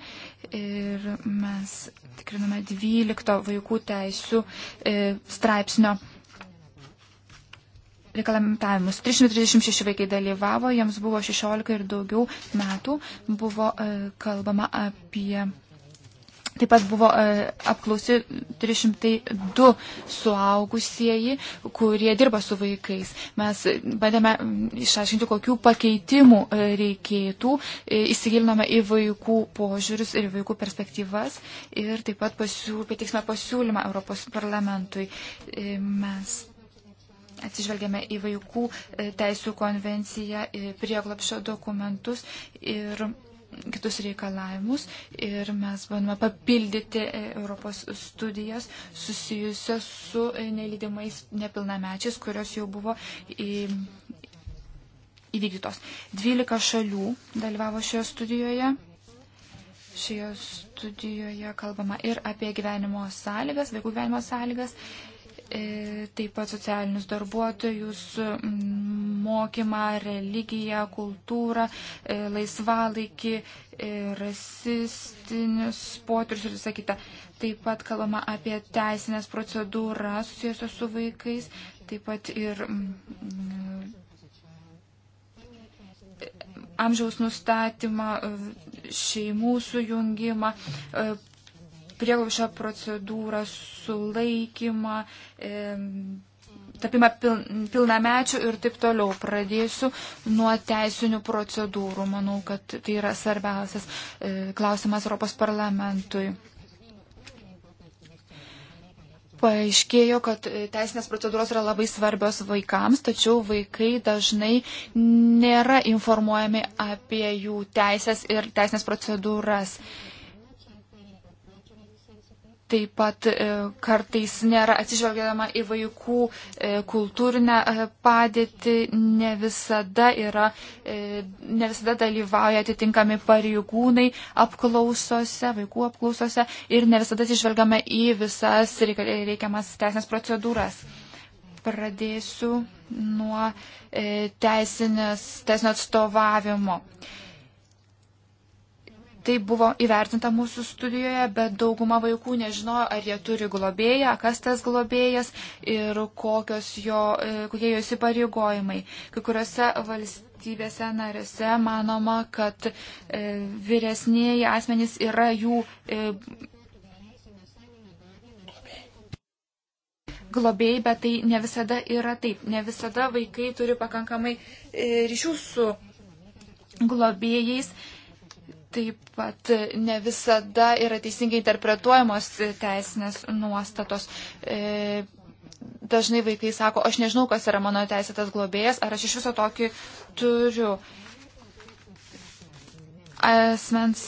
ir mes tikriname 12 vaikų teisų e, straipsnio reglamentavimus. 336 vaikai dalyvavo, jiems buvo 16 ir daugiau metų, buvo e, kalbama apie. Taip pat buvo e, apklausi 302 suaugusieji, kurie dirba su vaikais. Mes bandėme išaiškinti, kokių pakeitimų e, reikėtų, įsigilinome į vaikų požiūrius ir vaikų perspektyvas ir taip pat pasiū, pateiksime pasiūlymą Europos parlamentui. Mes atsižvelgiame į vaikų e, teisų konvenciją, prieglapšio dokumentus ir kitus reikalavimus. Ir mes bandome papildyti e, Europos studijas susijusias su e, nelydimais nepilnamečiais, kurios jau buvo į, įvykdytos. 12 šalių dalyvavo šioje studijoje. Šioje studijoje kalbama ir apie gyvenimo sąlygas, vaikų gyvenimo sąlygas, E, taip pat socialinius darbuotojus, mokymą, religiją, kultūrą, e, laisvalaikį, e, rasistinius potrius ir visą kitą. Taip pat kalbama apie teisinės procedūras susijusios su vaikais, taip pat ir amžiaus nustatymą, šeimų sujungimą, prieglaušio procedūrą, sulaikymą, tapimą pilnamečių ir taip toliau. Pradėsiu nuo teisinių procedūrų. Manau, kad tai yra svarbiausias e, klausimas Europos parlamentui. Paaiškėjo, kad e, teisinės procedūros yra labai svarbios vaikams, tačiau vaikai dažnai nėra informuojami apie jų teisės ir teisinės procedūras. E, Taip pat e, kartais nėra atsižvelgiama į vaikų e, kultūrinę e, padėtį, ne visada, yra, ne visada dalyvauja atitinkami pareigūnai apklausose, vaikų apklausose ir ne visada atsižvelgiama į visas reikiamas teisinės procedūras. Pradėsiu nuo teisinės, teisinio atstovavimo. E, Tai buvo įvertinta mūsų studijoje, bet dauguma vaikų nežinojo, ar jie turi globėją, kas tas globėjas ir jo, e, kokie jo įsipareigojimai. Kai kuriuose valstybėse narėse manoma, kad e, vyresnėji asmenys yra jų. E, globėjai, bet tai ne visada yra taip. Ne visada vaikai turi pakankamai e, ryšių su globėjais Taip pat ne visada yra teisingai interpretuojamos teisinės nuostatos. E, dažnai vaikai sako, aš nežinau, kas yra mano teisėtas globėjas, ar aš iš viso tokį turiu. Asmens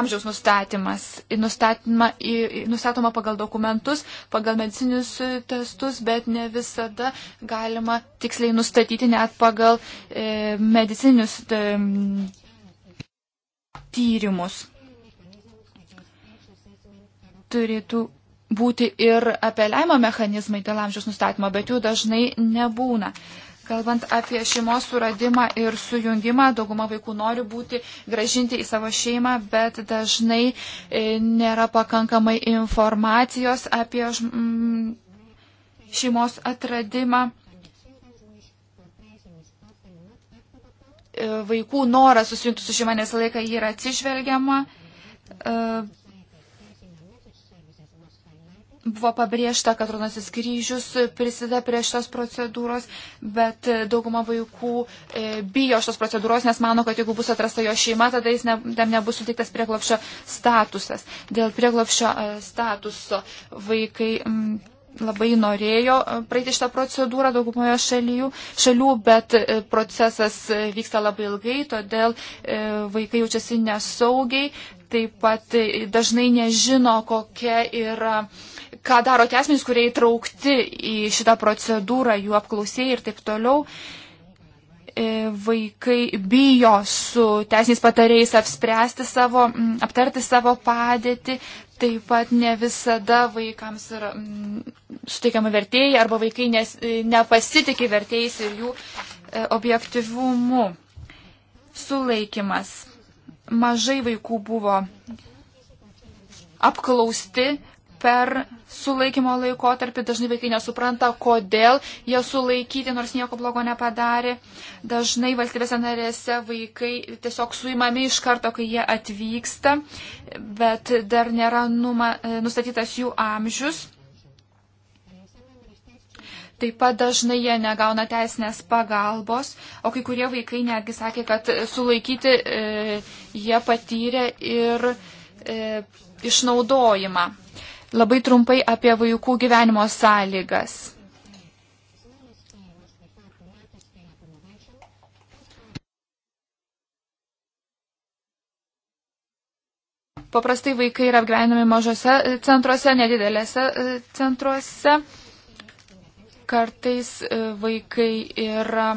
amžiaus nustatymas, nustatoma, nustatoma pagal dokumentus, pagal medicinius testus, bet ne visada galima tiksliai nustatyti net pagal e, medicinius te, tyrimus. Turėtų būti ir apeliavimo mechanizmai dėl amžiaus nustatymo, bet jų dažnai nebūna. Kalbant apie šeimos suradimą ir sujungimą, dauguma vaikų nori būti gražinti į savo šeimą, bet dažnai e, nėra pakankamai informacijos apie šeimos atradimą. E, vaikų norą susijungti su šeima, nes laiką jį yra atsižvelgiama. E, buvo pabrėžta, kad Ronasis kryžius prisideda prie šios procedūros, bet dauguma vaikų e, bijo šios procedūros, nes mano, kad jeigu bus atrasta jo šeima, tada jis ne, tam nebus suteiktas prieglopšio statusas. Dėl prieglopšio statuso vaikai. M, labai norėjo e, praeiti šitą procedūrą daugumoje šalyjų, šalių, bet e, procesas e, vyksta labai ilgai, todėl vaikai jaučiasi nesaugiai, taip pat dažnai nežino, kokia yra, ką daro tie asmenys, kurie įtraukti į šitą procedūrą, jų apklausėjai ir taip toliau. E, vaikai bijo su teisiniais patarėjais apspręsti savo, aptarti savo padėtį. Taip pat ne visada vaikams yra suteikiama vertėjai arba vaikai nes, e, nepasitikė vertėjais ir jų e, objektivumu. Sulaikimas. Mažai vaikų buvo apklausti, per sulaikymo laikotarpį, dažnai vaikai nesupranta, kodėl jie sulaikyti, nors nieko blogo nepadarė. Dažnai valstybėse narėse vaikai tiesiog suimami iš karto, kai jie atvyksta, bet dar nėra numa, nustatytas jų amžius. Taip pat dažnai jie negauna teisinės pagalbos, o kai kurie vaikai netgi sakė, kad sulaikyti e, jie patyrė ir e, išnaudojimą. Labai trumpai apie vaikų gyvenimo sąlygas. Paprastai vaikai yra apgyvenami mažose e, centruose, nedidelėse e, centruose. Kartais e, vaikai yra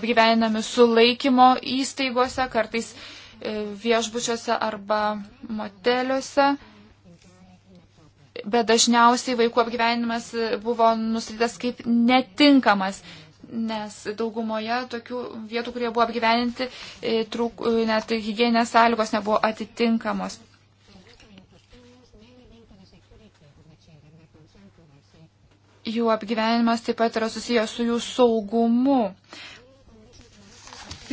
apgyvenami sulaikymo įstaigose, kartais viešbučiuose arba moteliuose bet dažniausiai vaikų apgyvenimas buvo nustatytas kaip netinkamas, nes daugumoje tokių vietų, kurie buvo apgyveninti, e, trūk, e, net hygienės sąlygos nebuvo atitinkamos. Jų apgyvenimas taip pat yra susijęs su jų saugumu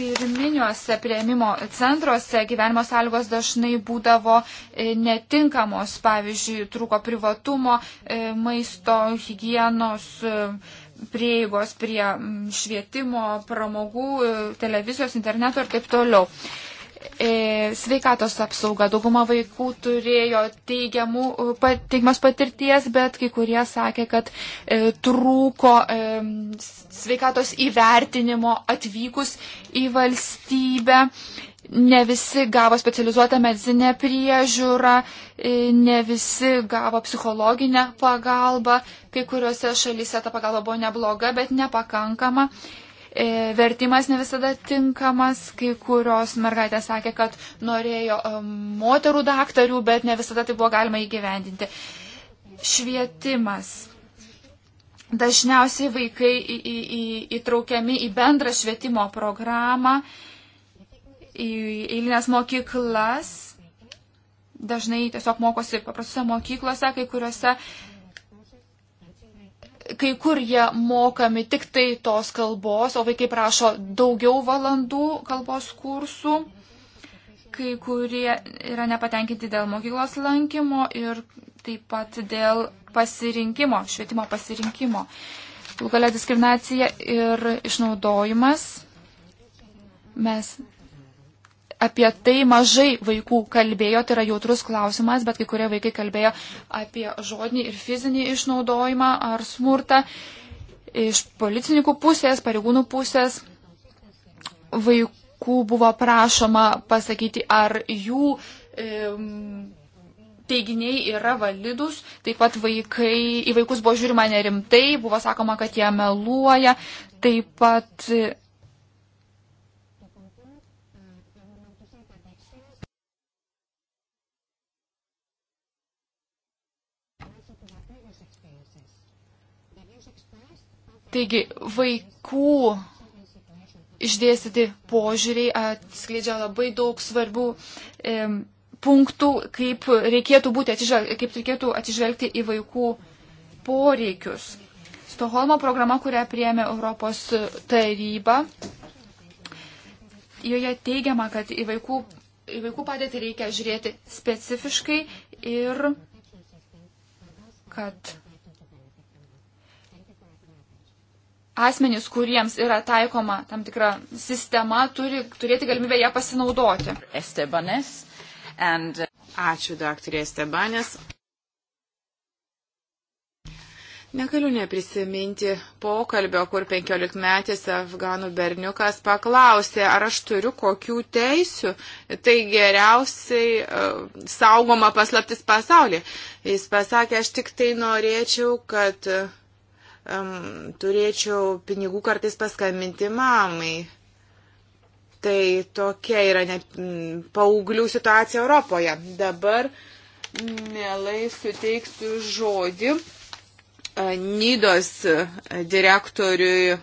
pirminiuose prieimimo centruose gyvenimo sąlygos dažnai būdavo e, netinkamos, pavyzdžiui, trūko privatumo, e, maisto, hygienos, e, prieigos prie švietimo, pramogų, televizijos, interneto ir taip toliau. E, sveikatos apsauga. Dauguma vaikų turėjo teigiamų, e, teigiamas patirties, bet kai kurie sakė, kad e, trūko e, sveikatos įvertinimo atvykus į valstybę. Ne visi gavo specializuotą medicinę priežiūrą, e, ne visi gavo psichologinę pagalbą, kai kuriuose šalyse ta pagalba buvo nebloga, bet nepakankama. E, E, vertimas ne visada tinkamas, kai kurios mergaitės sakė, kad norėjo e, moterų daktarių, bet ne visada tai buvo galima įgyvendinti. Švietimas. Dažniausiai vaikai į, į, į, įtraukiami į bendrą švietimo programą, į eilinės mokyklas. Dažnai tiesiog mokosi paprastose mokyklose, kai kuriuose kai kur jie mokami tik tai tos kalbos, o vaikai prašo daugiau valandų kalbos kursų, kai kurie yra nepatenkinti dėl mokyklos lankymo ir taip pat dėl pasirinkimo, švietimo pasirinkimo. Galų galia diskriminacija ir išnaudojimas. Mes apie tai mažai vaikų kalbėjo, tai yra jautrus klausimas, bet kai kurie vaikai kalbėjo apie žodinį ir fizinį išnaudojimą ar smurtą iš policininkų pusės, pareigūnų pusės. Vaikų buvo prašoma pasakyti, ar jų e, teiginiai yra validus, taip pat vaikai, į vaikus buvo žiūrima nerimtai, buvo sakoma, kad jie meluoja, taip pat Taigi vaikų išdėstyti požiūriai atskleidžia labai daug svarbių e, punktų, kaip reikėtų, būti atsižvelgti, kaip reikėtų atsižvelgti į vaikų poreikius. Stoholmo programa, kurią priemė Europos taryba, joje teigiama, kad į vaikų, į vaikų padėtį reikia žiūrėti specifiškai ir kad asmenys, kuriems yra taikoma tam tikra sistema, turi turėti galimybę ją pasinaudoti. Estebanes. And... Uh, Ačiū, daktarė Estebanės. Negaliu neprisiminti pokalbio, kur 15-metis afganų berniukas paklausė, ar aš turiu kokių teisių. Tai geriausiai uh, saugoma paslaptis pasaulyje. Jis pasakė, aš tik tai norėčiau, kad uh, um, turėčiau pinigų kartais paskambinti mamai. Tai tokia yra ne, paauglių situacija Europoje. Dabar mielai suteiksiu žodį e, Nydos direktoriui e,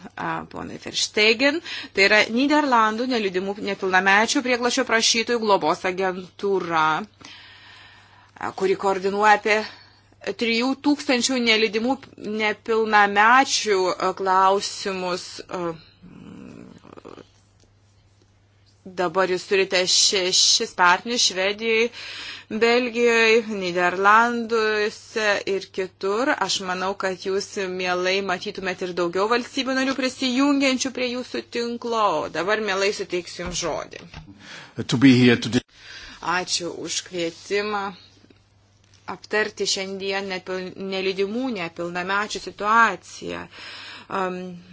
ponai Ferštegen. Tai yra Niderlandų nelidimų nepilnamečių prieglašio prašytojų globos agentūra, e, kuri koordinuoja apie trijų tūkstančių nelidimų nepilnamečių e, klausimus. E, dabar jūs turite šešis partnerius Švedijai, Belgijoje, Niderlanduose ir kitur. Aš manau, kad jūs mielai matytumėt ir daugiau valstybių narių prisijungiančių prie jūsų tinklo. O dabar mielai suteiksiu jums žodį. To to the... Ačiū už kvietimą aptarti šiandien nelydimų nepilnamečių situaciją.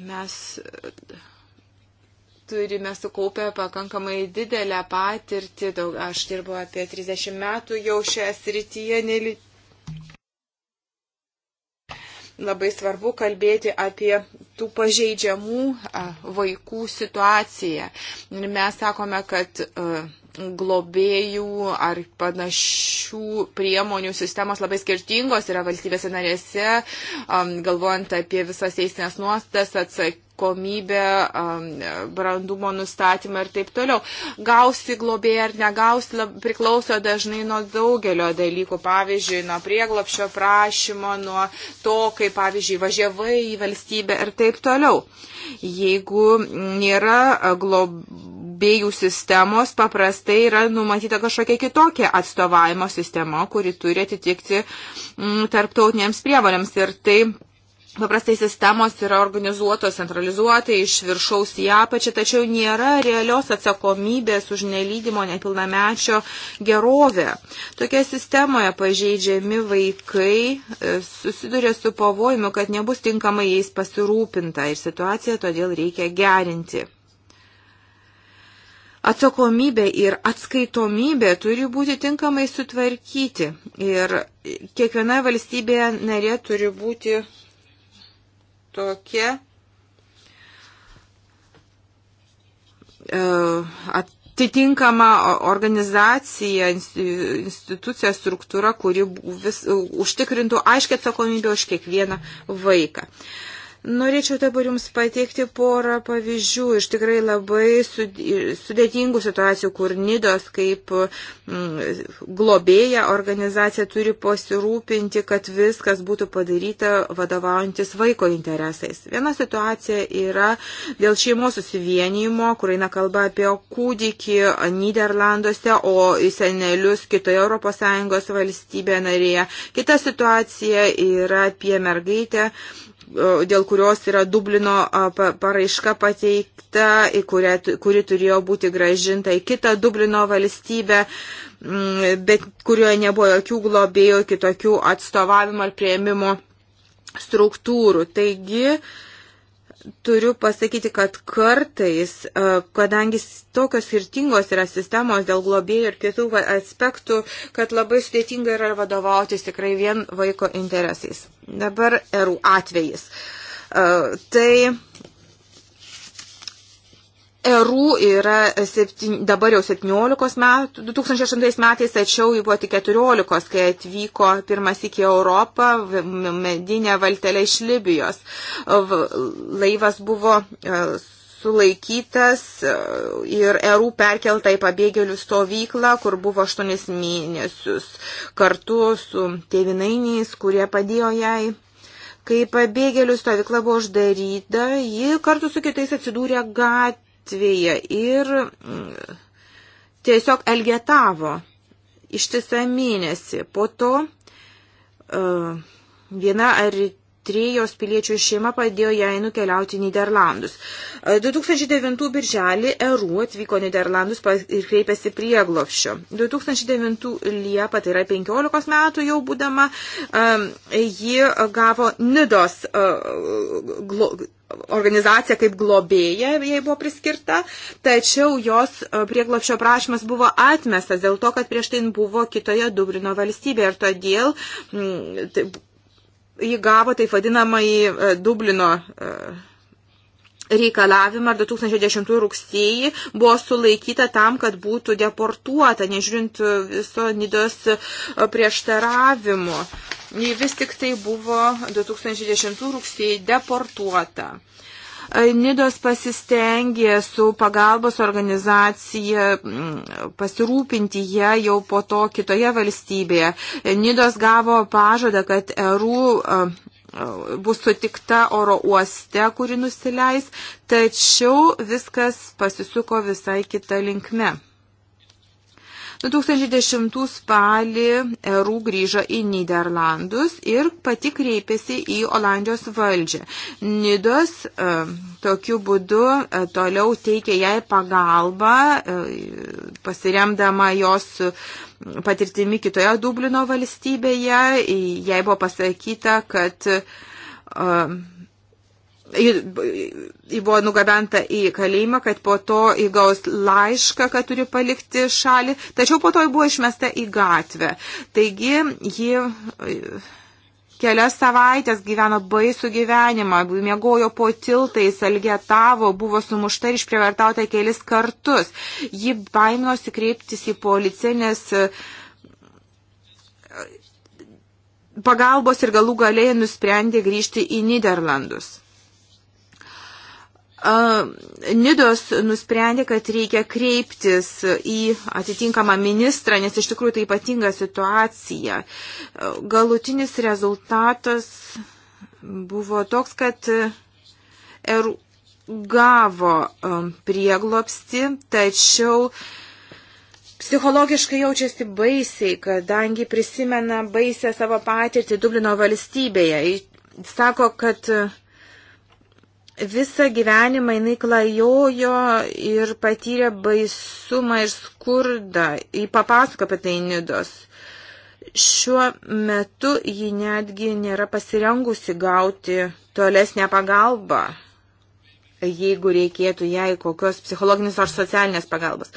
Mes turime sukaupę pakankamai didelę patirtį, daug, aš dirbu apie 30 metų jau šioje srityje nelydimų labai svarbu kalbėti apie tų pažeidžiamų vaikų situaciją. Ir mes sakome, kad globėjų ar panašių priemonių sistemos labai skirtingos yra valstybėse narėse, galvojant apie visas teisinės nuostas, atsak, atsakomybę, brandumo nustatymą ir taip toliau. Gausi globėją ar negausi priklauso dažnai nuo daugelio dalykų, pavyzdžiui, nuo prieglopšio prašymo, nuo to, kaip, pavyzdžiui, važiavai į valstybę ir taip toliau. Jeigu nėra globėjų sistemos, paprastai yra numatyta kažkokia kitokia atstovavimo sistema, kuri turi atitikti mm, tarptautiniams prievalėms. Ir tai Paprastai sistemos yra organizuotos centralizuotai iš viršaus į apačią, tačiau nėra realios atsakomybės už nelydimo nepilnamečio gerovę. Tokia sistemoje pažeidžiami vaikai e, susiduria su pavojimu, kad nebus tinkamai jais pasirūpinta ir situaciją todėl reikia gerinti. Atsakomybė ir atskaitomybė turi būti tinkamai sutvarkyti ir kiekviena valstybė narė turi būti tokia e, atitinkama organizacija, institucija, struktūra, kuri vis, užtikrintų aiškę atsakomybę už kiekvieną vaiką. Uh, Norėčiau dabar Jums pateikti porą pavyzdžių iš tikrai labai sudėtingų situacijų, kur Nidos kaip mm, globėja organizacija turi pasirūpinti, kad viskas būtų padaryta vadovaujantis vaiko interesais. Viena situacija yra dėl šeimos susivienijimo, kur eina kalba apie kūdikį Niderlanduose, o į senelius kitoje ES valstybėje narėje. Kita situacija yra apie mergaitę dėl kurios yra Dublino paraiška pateikta, kuri turėjo būti gražinta į kitą Dublino valstybę, mm, bet kurioje nebuvo jokių globėjų, kitokių atstovavimo ar prieimimo struktūrų. Taigi, uh, turiu pasakyti, kad kartais, e, kadangi tokios skirtingos yra sistemos dėl globėjų ir kitų aspektų, kad labai sudėtinga yra vadovautis tikrai vien vaiko interesais. Dabar erų atvejis. E, tai erų yra septyn, dabar jau 17 metų, 2008 metais, tačiau jį buvo tik 14, kai atvyko pirmas iki Europą medinė valtelė iš Libijos. Laivas buvo e, sulaikytas e, ir erų perkelta į pabėgėlių stovyklą, kur buvo 8 mėnesius kartu su tėvinainiais, kurie padėjo jai Kai pabėgėlių stovykla buvo uždaryta, ji kartu su kitais atsidūrė gat, gatvėje ir mm, tiesiog elgetavo ištisą mėnesį. Po to e, viena ar Trijos piliečių šeima padėjo jai nukeliauti į Niderlandus. 2009 e, birželį Eru atvyko Niderlandus ir kreipėsi prieglopščio. 2009 liepą, tai yra 15 metų jau būdama, e, ji gavo Nidos organizacija kaip globėja, jai buvo priskirta, tačiau jos e, prieglopšio prašymas buvo atmestas dėl to, kad prieš tai buvo kitoje Dublino valstybėje ir todėl m, mm, tai, jį gavo taip vadinamąjį e, Dublino. Uh, reikalavimą ir 2010 rugsėjį buvo sulaikyta tam, kad būtų deportuota, nežiūrint viso Nidos prieštaravimo. Ji vis tik tai buvo 2010 rugsėjį deportuota. Nidos pasistengė su pagalbos organizacija mm, pasirūpinti ją jau po to kitoje valstybėje. Nidos gavo pažadą, kad Eru bus sutikta oro uoste, kuri nusileis, tačiau viskas pasisuko visai kitą linkmę. 2010 spalį Erų grįžo į Niderlandus ir pati kreipėsi į Olandijos valdžią. Nidos e, tokiu būdu e, toliau teikė jai pagalbą, e, pasiremdama jos patirtimi kitoje Dublino valstybėje. Jai buvo pasakyta, kad uh, Ji buvo nugabenta į kalėjimą, kad po to įgaus laišką, kad turi palikti šalį, tačiau po to ji buvo išmesta į gatvę. Taigi ji kelias savaitės gyveno baisų gyvenimą, miegojo po tiltais, algetavo, buvo sumušta ir išprievartauta kelis kartus. Ji baiminosi kreiptis į policiją, nes e, pagalbos ir galų galėjai nusprendė grįžti į Niderlandus. Nidos nusprendė, kad reikia kreiptis į atitinkamą ministrą, nes iš tikrųjų tai ypatinga situacija. Galutinis rezultatas buvo toks, kad er gavo prieglopsti, tačiau psichologiškai jaučiasi baisiai, kadangi prisimena baisę savo patirtį Dublino valstybėje. Sako, kad visą gyvenimą jinai klajojo ir patyrė baisumą ir skurdą. Į papasaką apie tai nidos. Šiuo metu ji netgi nėra pasirengusi gauti tolesnę pagalbą, jeigu reikėtų jai kokios psichologinės ar socialinės pagalbos.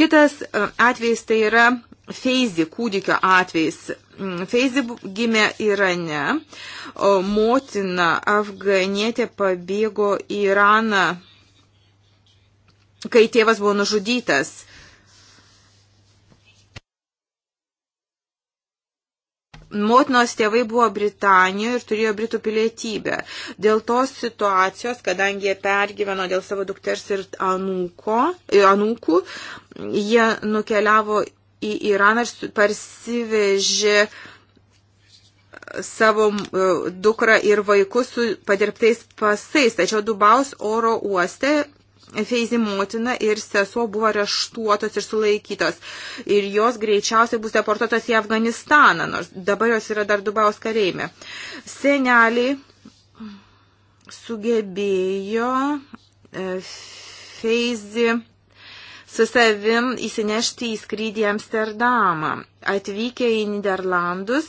Kitas e, atvejis tai yra Feizi kūdikio atvejs. Mm, Feizi gimė Irane, motina afganietė pabėgo į Iraną, kai tėvas buvo nužudytas. motinos tėvai buvo Britanijoje ir turėjo Britų pilietybę. Dėl tos situacijos, kadangi jie pergyveno dėl savo dukters ir anūko, anūkų, jie nukeliavo į Iraną ir parsivežė savo e, dukrą ir vaikus su padirbtais pasais. Tačiau Dubaus oro uoste Feizi motina ir sesuo buvo areštuotos ir sulaikytos. Ir jos greičiausiai bus deportuotos į Afganistaną, nors dabar jos yra dar Dubaus kareime. Seneliai sugebėjo e, Feizi su savim įsinešti į skrydį Amsterdamą. Atvykę į Niderlandus,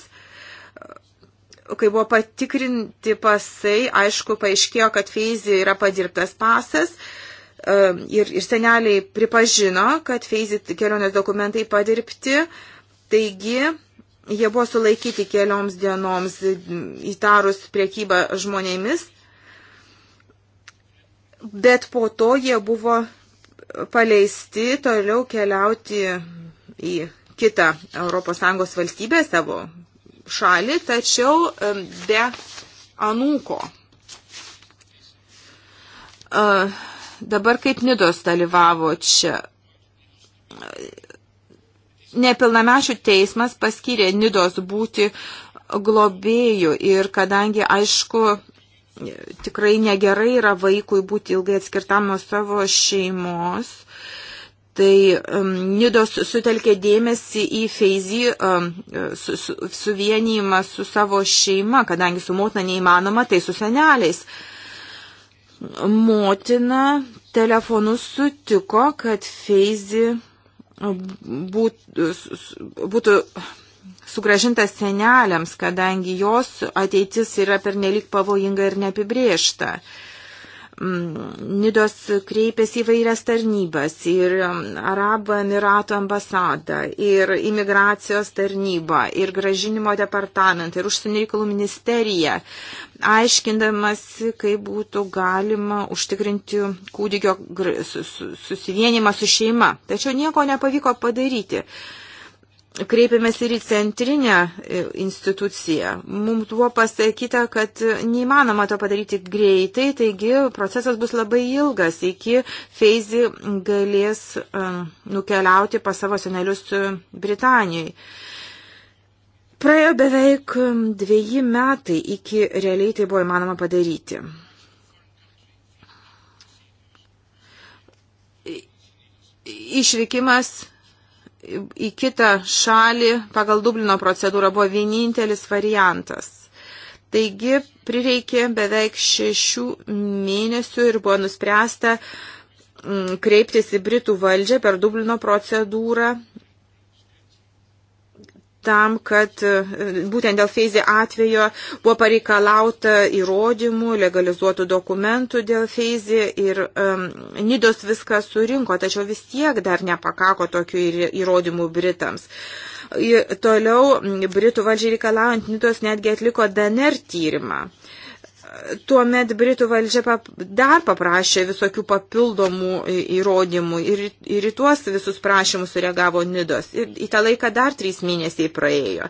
kai buvo patikrinti pasai, aišku, paaiškėjo, kad Feizi yra padirbtas pasas. E, ir, ir seneliai pripažino, kad Feizi kelionės dokumentai padirbti. Taigi, jie buvo sulaikyti kelioms dienoms įtarus priekybą žmonėmis, bet po to jie buvo paleisti toliau keliauti į kitą ES valstybę savo šalį, tačiau be anūko. Dabar kaip Nidos dalyvavo čia. Nepilnamečių teismas paskyrė Nidos būti globėjų ir kadangi, aišku, tikrai negerai yra vaikui būti ilgai atskirtam nuo savo šeimos. Tai um, Nidos sutelkė dėmesį į Feizį um, su, su, suvienijimą su savo šeima, kadangi su motina neįmanoma, tai su seneliais. Motina telefonu sutiko, kad Feizį būt, būtų sugražintas seneliams, kadangi jos ateitis yra pernelik pavojinga ir neapibriešta. Mm, Nidos kreipėsi įvairias tarnybas ir mm, Arabų Emiratų ambasadą, ir imigracijos tarnybą, ir gražinimo departamentą, ir užsienio reikalų ministeriją, aiškindamas, kaip būtų galima užtikrinti kūdikio susivienimą su šeima. Tačiau nieko nepavyko padaryti kreipėmės ir į centrinę e, instituciją. Mums buvo pasakyta, kad neįmanoma to padaryti greitai, taigi procesas bus labai ilgas, iki Feizi galės e, nukeliauti pas savo senelius e, Britanijai. Praėjo beveik dviejį metai, iki realiai tai buvo įmanoma padaryti. Išvykimas į kitą šalį pagal Dublino procedūrą buvo vienintelis variantas. Taigi prireikė beveik šešių mėnesių ir buvo nuspręsta mm, kreiptis į Britų valdžią per Dublino procedūrą tam, kad e, būtent dėl feizė atvejo buvo pareikalauta įrodymų, legalizuotų dokumentų dėl feizė ir um, Nidos viską surinko, tačiau vis tiek dar nepakako tokių įrodymų Britams. Toliau Britų valdžiai reikalaujant Nidos netgi atliko DNR tyrimą. Uh, tuomet Britų valdžia pap, dar paprašė visokių papildomų įrodymų ir, ir į tuos visus prašymus sureagavo Nidos. Ir į tą laiką dar trys mėnesiai praėjo.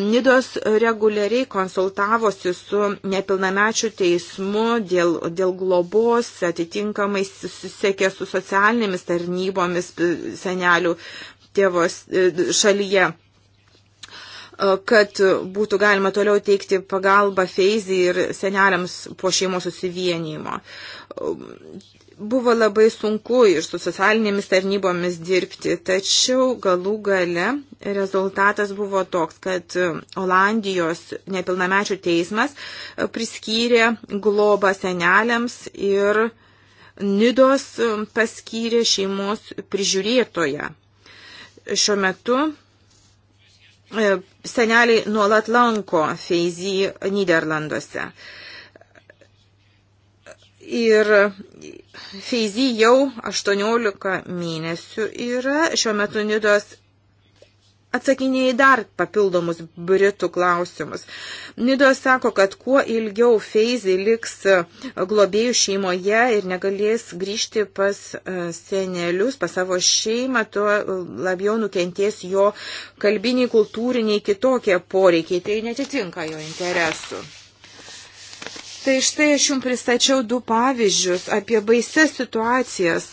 Nidos reguliariai konsultavosi su nepilnamečių teismu dėl, dėl globos, atitinkamai susisiekė su socialinėmis tarnybomis e, senelių tėvos e, šalyje. E, kad būtų galima toliau teikti pagalbą feizį ir seneliams po šeimos susivienijimo. E, buvo labai sunku ir su socialinėmis tarnybomis dirbti, tačiau galų gale rezultatas buvo toks, kad Olandijos nepilnamečių teismas e, priskyrė globą seneliams ir Nidos paskyrė šeimos prižiūrėtoje. Šiuo metu E, seneliai nuolat lanko Feizy Niderlanduose. Ir Feizy jau 18 mėnesių yra, šiuo metu Nidos atsakinėjai dar papildomus Britų klausimus. Nidos sako, kad kuo ilgiau Feizai liks e, globėjų šeimoje ir negalės grįžti pas e, senelius, pas savo šeimą, tuo e, labiau nukentės jo kalbiniai, kultūriniai, kitokie poreikiai. Tai netitinka jo interesų. Tai štai aš jums pristačiau du pavyzdžius apie baises situacijas.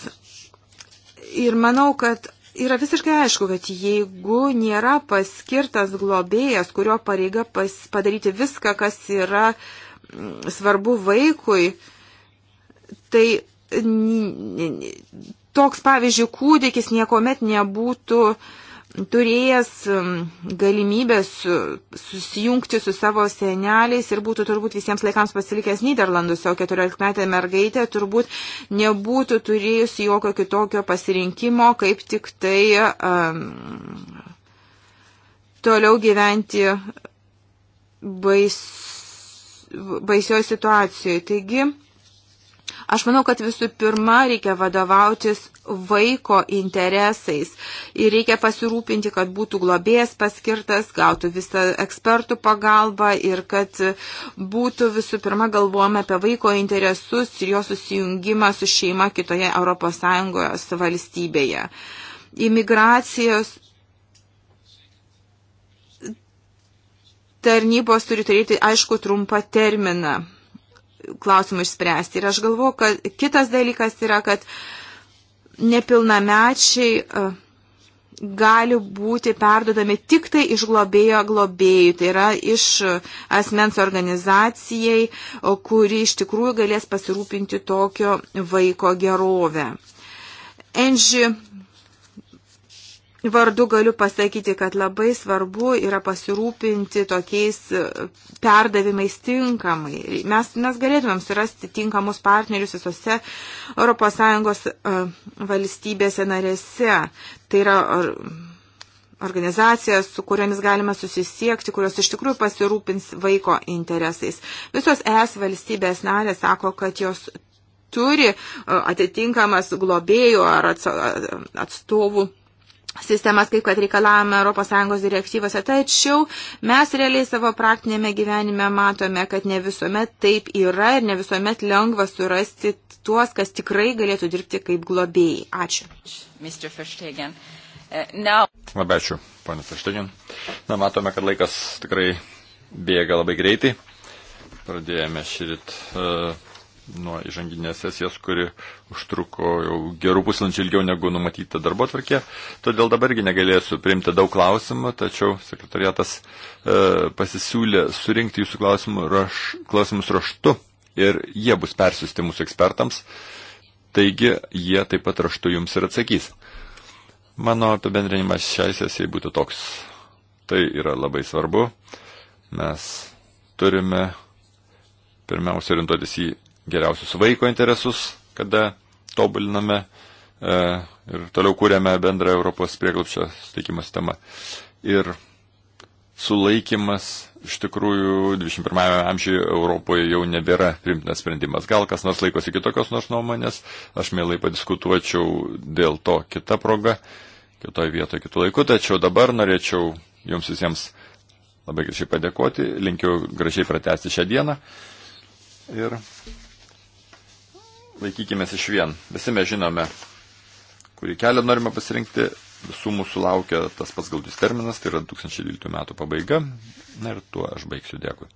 Ir manau, kad Yra visiškai aišku, kad jeigu nėra paskirtas globėjas, kurio pareiga pas, padaryti viską, kas yra mm, svarbu vaikui, tai toks, pavyzdžiui, kūdikis niekuomet nebūtų uh, turėjęs um, galimybę su, susijungti su savo seneliais ir būtų turbūt visiems laikams pasilikęs Niderlanduose, o 14-metė mergaitė turbūt nebūtų turėjusi jokio kitokio pasirinkimo, kaip tik tai um, toliau gyventi bais, baisioj situacijoje. Taigi, Aš manau, kad visų pirma reikia vadovautis vaiko interesais ir reikia pasirūpinti, kad būtų globėjas paskirtas, gautų visą ekspertų pagalbą ir kad būtų visų pirma galvojama apie vaiko interesus ir jo susijungimą su šeima kitoje ES valstybėje. Imigracijos tarnybos turi turėti aišku trumpą terminą klausimų išspręsti. Ir aš galvoju, kad kitas dalykas yra, kad nepilnamečiai e, gali būti perdodami tik tai iš globėjo globėjų, tai yra iš asmens organizacijai, kuri iš tikrųjų galės pasirūpinti tokio vaiko gerovę. Enži vardu galiu pasakyti, kad labai svarbu yra pasirūpinti tokiais e, perdavimais tinkamai. Mes, mes galėtumėm surasti tinkamus partnerius visose ES e, valstybėse narėse. Tai yra organizacijas, su kuriomis galima susisiekti, kurios iš tikrųjų pasirūpins vaiko interesais. Visos ES valstybės narės sako, kad jos turi e, atitinkamas globėjų ar atstovų sistemas, kaip kad reikalavome ES direktyvose. Tačiau mes realiai savo praktinėme gyvenime matome, kad ne visuomet taip yra ir ne visuomet lengva surasti tuos, kas tikrai galėtų dirbti kaip globėjai. Ačiū. Uh, now... Labai ačiū, ponas Aštegin. Na, matome, kad laikas tikrai bėga labai greitai. Pradėjome šį rytą. Uh, nuo įžanginės sesijos, kuri užtruko jau gerų puslančių ilgiau negu numatyta darbo tvarkė. Todėl dabargi negalėsiu priimti daug klausimų, tačiau sekretariatas e, pasisiūlė surinkti jūsų klausimų raš, klausimus raštu ir jie bus persiusti mūsų ekspertams. Taigi jie taip pat raštu jums ir atsakys. Mano apibendrinimas šiai sesijai būtų toks. Tai yra labai svarbu. Mes turime pirmiausia orientuotis į geriausius vaiko interesus, kada tobuliname e, ir toliau kūrėme bendrą Europos prieglapščio steikimo sistemą. Ir sulaikimas iš tikrųjų 21 amžiuje Europoje jau nebėra primtinas sprendimas. Gal kas nors laikosi kitokios nors nuomonės, aš mielai padiskutuočiau dėl to kitą progą, kitoje vietoje, kitų laikų, tačiau dabar norėčiau jums visiems labai gražiai padėkoti, linkiu gražiai pratesti šią dieną ir laikykime iš vien. Visi mes žinome, kurį kelią norime pasirinkti. Visų mūsų laukia tas pats galdus terminas, tai yra 2012 metų pabaiga. Na ir tuo aš baigsiu. Dėkui.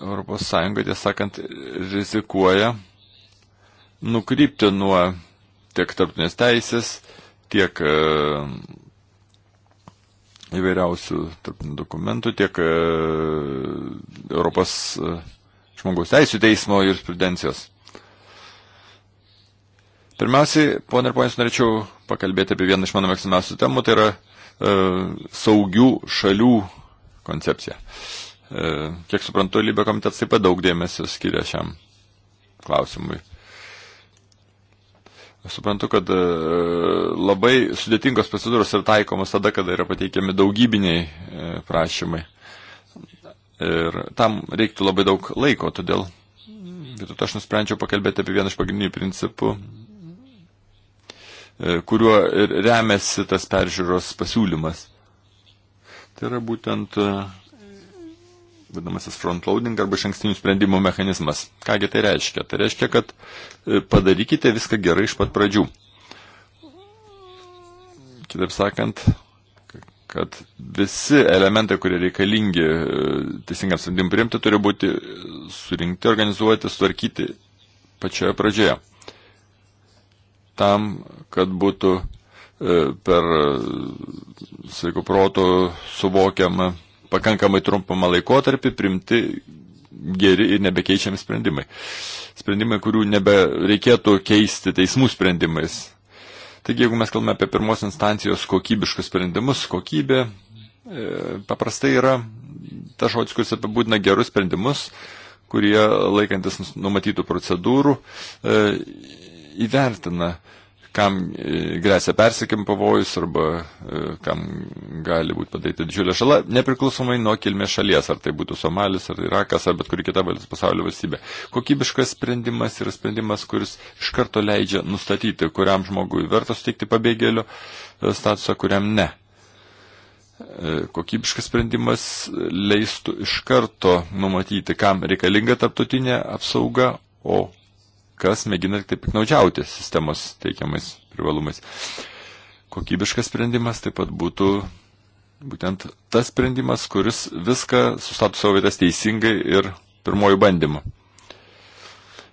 Europos Sąjunga, tiesąkant, rizikuoja nukrypti nuo tiek tarptinės teisės, tiek e, įvairiausių tarptinių dokumentų, tiek e, Europos e, žmogaus teisų teismo jurisprudencijos. Pirmiausiai, ponė ir ponės, norėčiau pakalbėti apie vieną iš mano mėgstamiausių temų, tai yra e, saugių šalių koncepcija. E, E, kiek suprantu, Libė komitetas taip pat daug dėmesio skiria šiam klausimui. Aš suprantu, kad e, labai sudėtingos procedūros yra taikomas tada, kada yra pateikiami daugybiniai e, prašymai. Ir tam reiktų labai daug laiko, todėl Vytut aš nusprendžiau pakalbėti apie vieną iš pagrindinių principų, kuriuo remiasi tas peržiūros pasiūlymas. Tai yra būtent vadinamasis frontloading arba šankstinių sprendimų mechanizmas. Kągi tai reiškia? Tai reiškia, kad e, padarykite viską gerai iš pat pradžių. Kitaip sakant, kad visi elementai, kurie reikalingi e, teisingam sprendimui priimti, turi būti surinkti, organizuoti, sutvarkyti pačioje pradžioje. Tam, kad būtų e, per sveiko proto suvokiama pakankamai trumpamą laikotarpį primti geri ir nebekeičiami sprendimai. Sprendimai, kurių nebereikėtų keisti teismų sprendimais. Taigi, jeigu mes kalbame apie pirmos instancijos kokybiškus sprendimus, kokybė e, paprastai yra ta žodis, kuris apibūdina gerus sprendimus, kurie laikantis numatytų procedūrų e, įvertina e, kam e, grėsia persikim pavojus arba e, kam gali būti padaryta didžiulė žala, nepriklausomai nuo kilmės šalies, ar tai būtų Somalis, ar Irakas, ar bet kuri kita pasaulio valstybė. Kokybiškas sprendimas yra sprendimas, kuris iš karto leidžia nustatyti, kuriam žmogui verta suteikti pabėgėlio e, statusą, kuriam ne. Kokybiškas sprendimas leistų iš karto numatyti, kam reikalinga tarptautinė apsauga, o kas mėgina tik piknaudžiauti sistemos teikiamais privalumais. Kokybiškas sprendimas taip pat būtų būtent tas sprendimas, kuris viską sustato savo vietas teisingai ir pirmojų bandymų.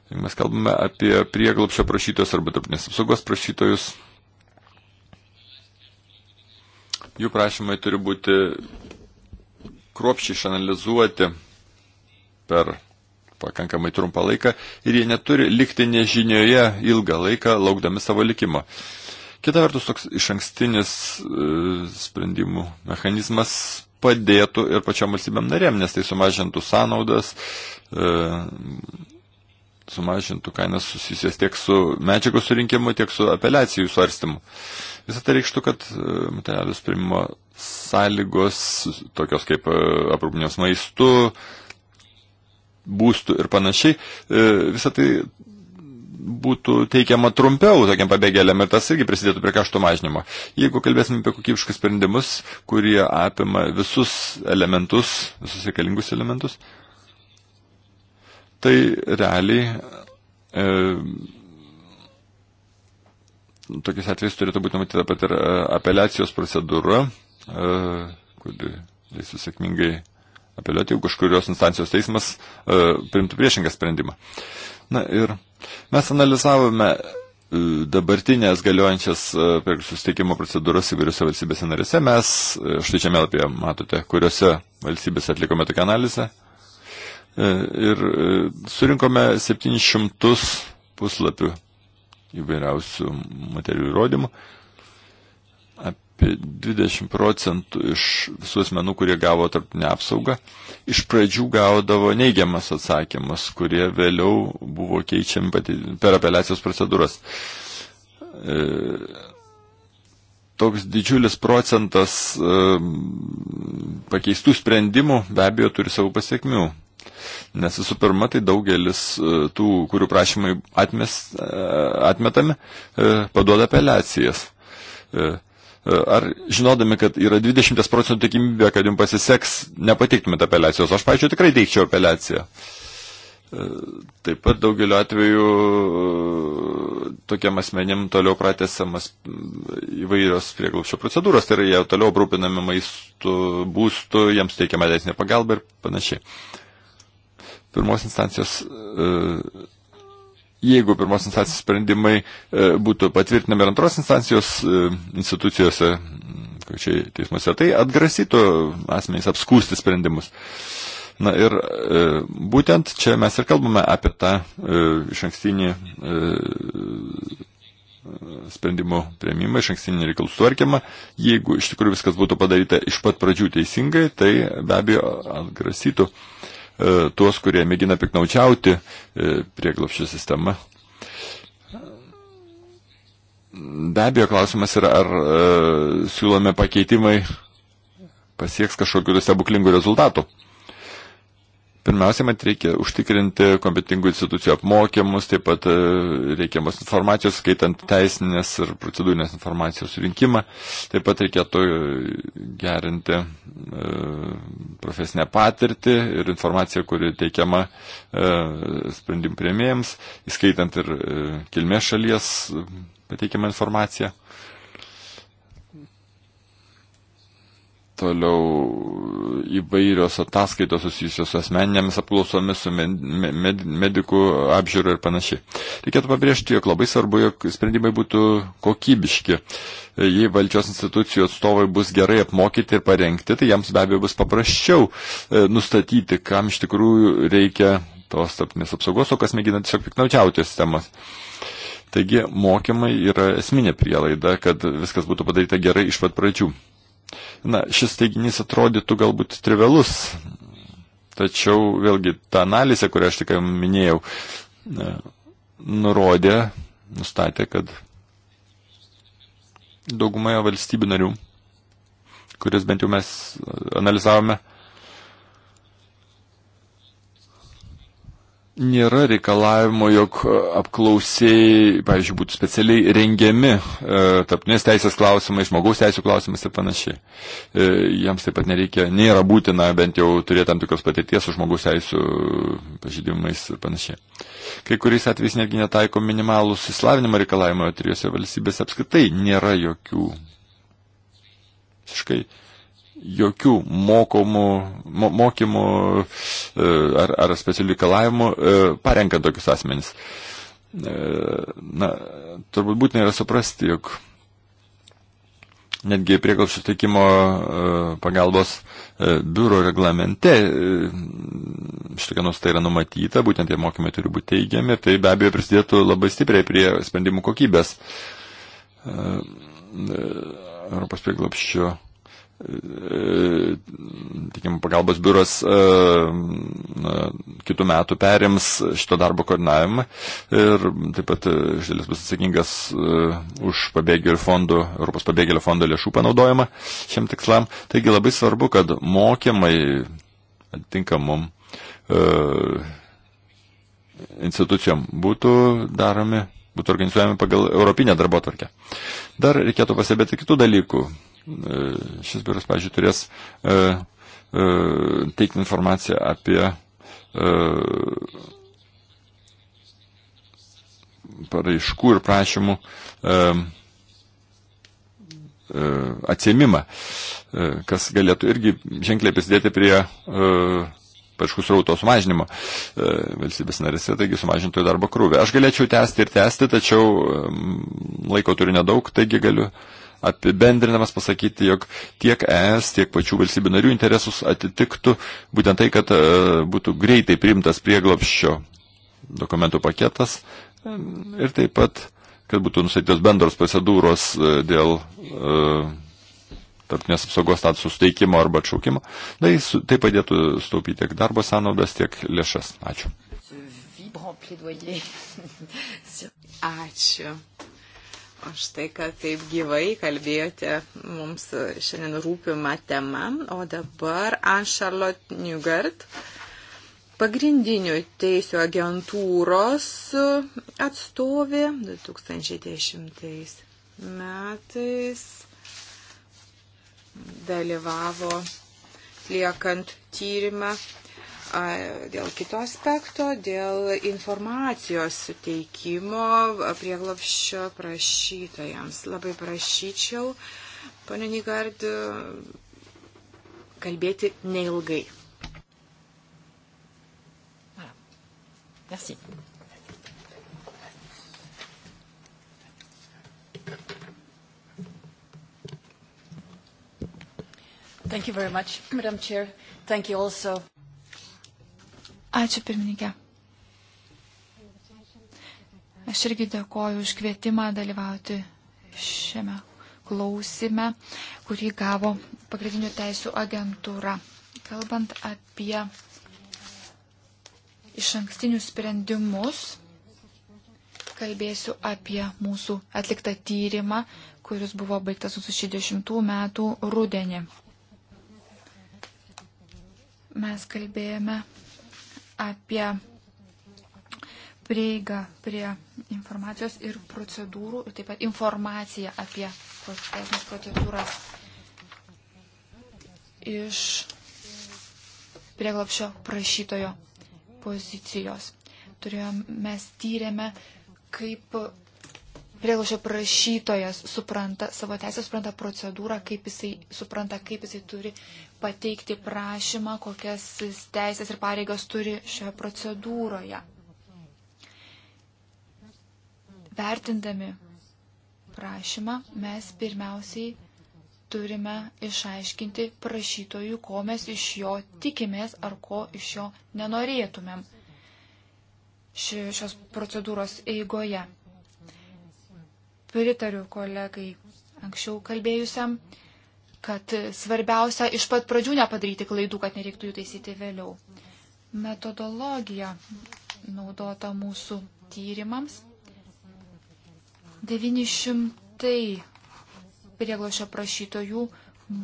Jeigu mes kalbame apie prieglapšio prašytojus arba tarpinės apsaugos prašytojus, jų prašymai turi būti kruopščiai išanalizuoti per pakankamai trumpą laiką ir jie neturi likti nežinioje ilgą laiką, laukdami savo likimo. Kita vertus, toks iš ankstinis e, sprendimų mechanizmas padėtų ir pačiam valstybėm narėm, nes tai sumažintų sąnaudas, e, sumažintų kainas susijęs tiek su medžiagos surinkimu, tiek su apeliacijų svarstymu. Visą tai reikštų, kad e, materialius primimo sąlygos, tokios kaip e, aprūpinimas maistu, būstų ir panašiai, e, visą tai būtų teikiama trumpiau tokiam pabėgėliam ir tas irgi prisidėtų prie kaštų mažinimo. Jeigu kalbėsime apie kokybiškus sprendimus, kurie apima visus elementus, visus reikalingus elementus, tai realiai e, tokiais atvejais turėtų būti numatyta pat ir e, apeliacijos procedūra, e, kuri leisų sėkmingai apeliuoti, jeigu kažkurios instancijos teismas e, primtų priešingą sprendimą. Na ir mes analizavome e, dabartinės galiojančias e, per susteikimo procedūras įvairiose valstybėse narėse. Mes, e, štai čia melapėje matote, kuriuose valstybėse atlikome tokią analizę. Ir surinkome 700 puslapių įvairiausių materijų įrodymų apie 20 procentų iš visų asmenų, kurie gavo tarptautinę apsaugą, iš pradžių gaudavo neigiamas atsakymas, kurie vėliau buvo keičiami per apeliacijos procedūras. E, toks didžiulis procentas e, pakeistų sprendimų be abejo turi savo pasiekmių. Nes visų pirma, tai daugelis e, tų, kurių prašymai atmes, e, atmetami, e, paduoda apeliacijas. E, E, ar žinodami, kad yra 20 procentų tikimybė, kad jums pasiseks, nepateiktumėte apeliacijos. Aš, pačiu, tikrai teikčiau apeliaciją. E, taip pat daugeliu atveju e, tokiam asmenim toliau pratęsiamas įvairios prieglaušio procedūros, tai yra jie toliau aprūpinami maistu, būstu, jiems teikiama teisinė pagalba ir panašiai. Pirmos instancijos e, jeigu pirmos instancijos sprendimai e, būtų patvirtinami ir antros instancijos e, institucijose, čia teismuose, tai atgrasytų asmenys apskūsti sprendimus. Na ir e, būtent čia mes ir kalbame apie tą e, iš ankstinį e, sprendimų prieimimą, iš ankstinį reikalų sutvarkymą. Jeigu iš tikrųjų viskas būtų padaryta iš pat pradžių teisingai, tai be abejo atgrasytų. E, E, tuos, kurie mėgina piknaučiauti e, prieglopščio sistemą. Be abejo, klausimas yra, ar e, siūlome pakeitimai pasieks kažkokiu tai stebuklingų rezultatų. E, Pirmiausia, man reikia užtikrinti kompetingų institucijų apmokymus, taip pat e, reikiamos informacijos, skaitant teisinės ir procedūrinės informacijos rinkimą. Taip pat reikėtų e, gerinti e, profesinę patirtį ir informaciją, kuri teikiama e, sprendimų prieimėjams, įskaitant ir e, kilmės šalies pateikiamą informaciją. Toliau įvairios ataskaitos susijusios su asmeninėmis apklausomis, su med, med, medikų apžiūra ir panašiai. Reikėtų pabrėžti, jog labai svarbu, jog sprendimai būtų kokybiški. Jei valdžios institucijų atstovai bus gerai apmokyti ir parengti, tai jiems be abejo bus paprasčiau e, nustatyti, kam iš tikrųjų reikia tos tarpinės apsaugos, o kas mėgina tiesiog piknaudžiauti sistemas. Taigi mokymai yra esminė prielaida, kad viskas būtų padaryta gerai iš pat pradžių. Na, šis teiginys atrodytų galbūt trivialus, tačiau vėlgi ta analizė, kurią aš tik minėjau, e, nurodė, nustatė, kad daugumoje valstybių narių, kurias bent jau mes analizavome, nėra reikalavimo, jog e, apklausiai, pavyzdžiui, būtų specialiai rengiami e, tarptautinės teisės klausimai, žmogaus teisų klausimais ir panašiai. E, jiems taip pat nereikia, nėra būtina bent jau turėti tam tikros patirties su žmogaus teisų pažydimais ir panašiai. Kai kuriais atvejais netgi netaiko minimalų susilavinimo reikalavimo, trijose valstybėse apskritai nėra jokių visiškai jokių mokomų, mo, mokymų e, ar, ar specialių reikalavimų e, parenkant tokius asmenys. E, na, turbūt būtina yra suprasti, jog netgi prieglapščio teikimo pagalbos biuro reglamente šitokia nuosta yra numatyta, būtent tie mokymai turi būti teigiami ir tai be abejo prisidėtų labai stipriai prie sprendimų kokybės. Europos prieglapščio tikim, pagalbos biuras e, kitų metų perims šito darbo koordinavimą ir taip pat e, išdėlis bus atsakingas e, už pabėgėlių fondų, Europos pabėgėlių fondo lėšų panaudojimą šiam tikslam. Taigi labai svarbu, kad mokymai atitinkamom institucijom būtų daromi, būtų organizuojami pagal Europinę darbo tvarkę. Dar reikėtų pasibėti kitų dalykų E, šis biuras, pažiūrėjau, turės e, e, teikti informaciją apie paraiškų ir prašymų atsiemimą, kas galėtų irgi ženkliai prisidėti prie paraiškų srauto sumažinimo valstybės narėse, taigi sumažintų darbo krūvį. Aš galėčiau tęsti ir tęsti, tačiau laiko turiu nedaug, taigi galiu apibendrinamas pasakyti, jog tiek ES, tiek pačių valstybių narių interesus atitiktų būtent tai, kad e, būtų greitai priimtas prieglopščio dokumentų paketas e, ir taip pat, kad būtų nusatytos bendros procedūros e, dėl tarptinės apsaugos statusų steikimo arba atšaukimo. Tai, tai padėtų staupyti tiek darbo sąnaudas, tiek lėšas. Ačiū. Ačiū. Aš tai, kad taip gyvai kalbėjote mums šiandien rūpimą temą, o dabar Anne Charlotte Newgard, pagrindinių teisų agentūros atstovė 2010 metais dalyvavo atliekant tyrimą dėl kito aspekto, dėl informacijos suteikimo prieglopščio prašytojams. Labai prašyčiau, ponė Nigard, kalbėti neilgai. Merci. Thank you very much, Madam Chair. Thank you also. Ačiū pirmininkė. Aš irgi dėkoju už kvietimą dalyvauti šiame klausime, kurį gavo pagrindinių teisų agentūra. Kalbant apie iš ankstinius sprendimus, kalbėsiu apie mūsų atliktą tyrimą, kuris buvo baigtas 2010 metų rudenį. Mes kalbėjome apie prieigą prie informacijos ir procedūrų, ir taip pat informaciją apie teisinės procedūras iš prieglapšio prašytojo pozicijos. Turėjom, mes tyrėme, kaip prieglošio prašytojas supranta savo teisę, supranta procedūrą, kaip jisai supranta, kaip jisai turi pateikti prašymą, kokias teisės ir pareigas turi šioje procedūroje. Vertindami prašymą mes pirmiausiai turime išaiškinti prašytojų, ko mes iš jo tikimės ar ko iš jo nenorėtumėm šios procedūros eigoje pritariu kolegai anksčiau kalbėjusiam, kad svarbiausia iš pat pradžių nepadaryti klaidų, kad nereiktų jų taisyti vėliau. Metodologija naudota mūsų tyrimams. 900 prieglošio prašytojų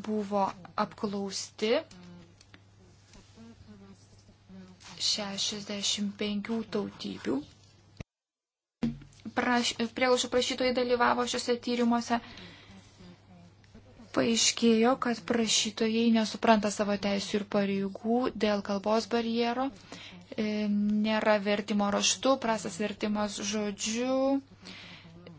buvo apklausti. 65 tautybių praš, prieglušio prašytojai dalyvavo šiuose tyrimuose. Paaiškėjo, kad prašytojai nesupranta savo teisų ir pareigų dėl kalbos barjero, e, nėra vertimo raštu, prastas vertimas žodžiu,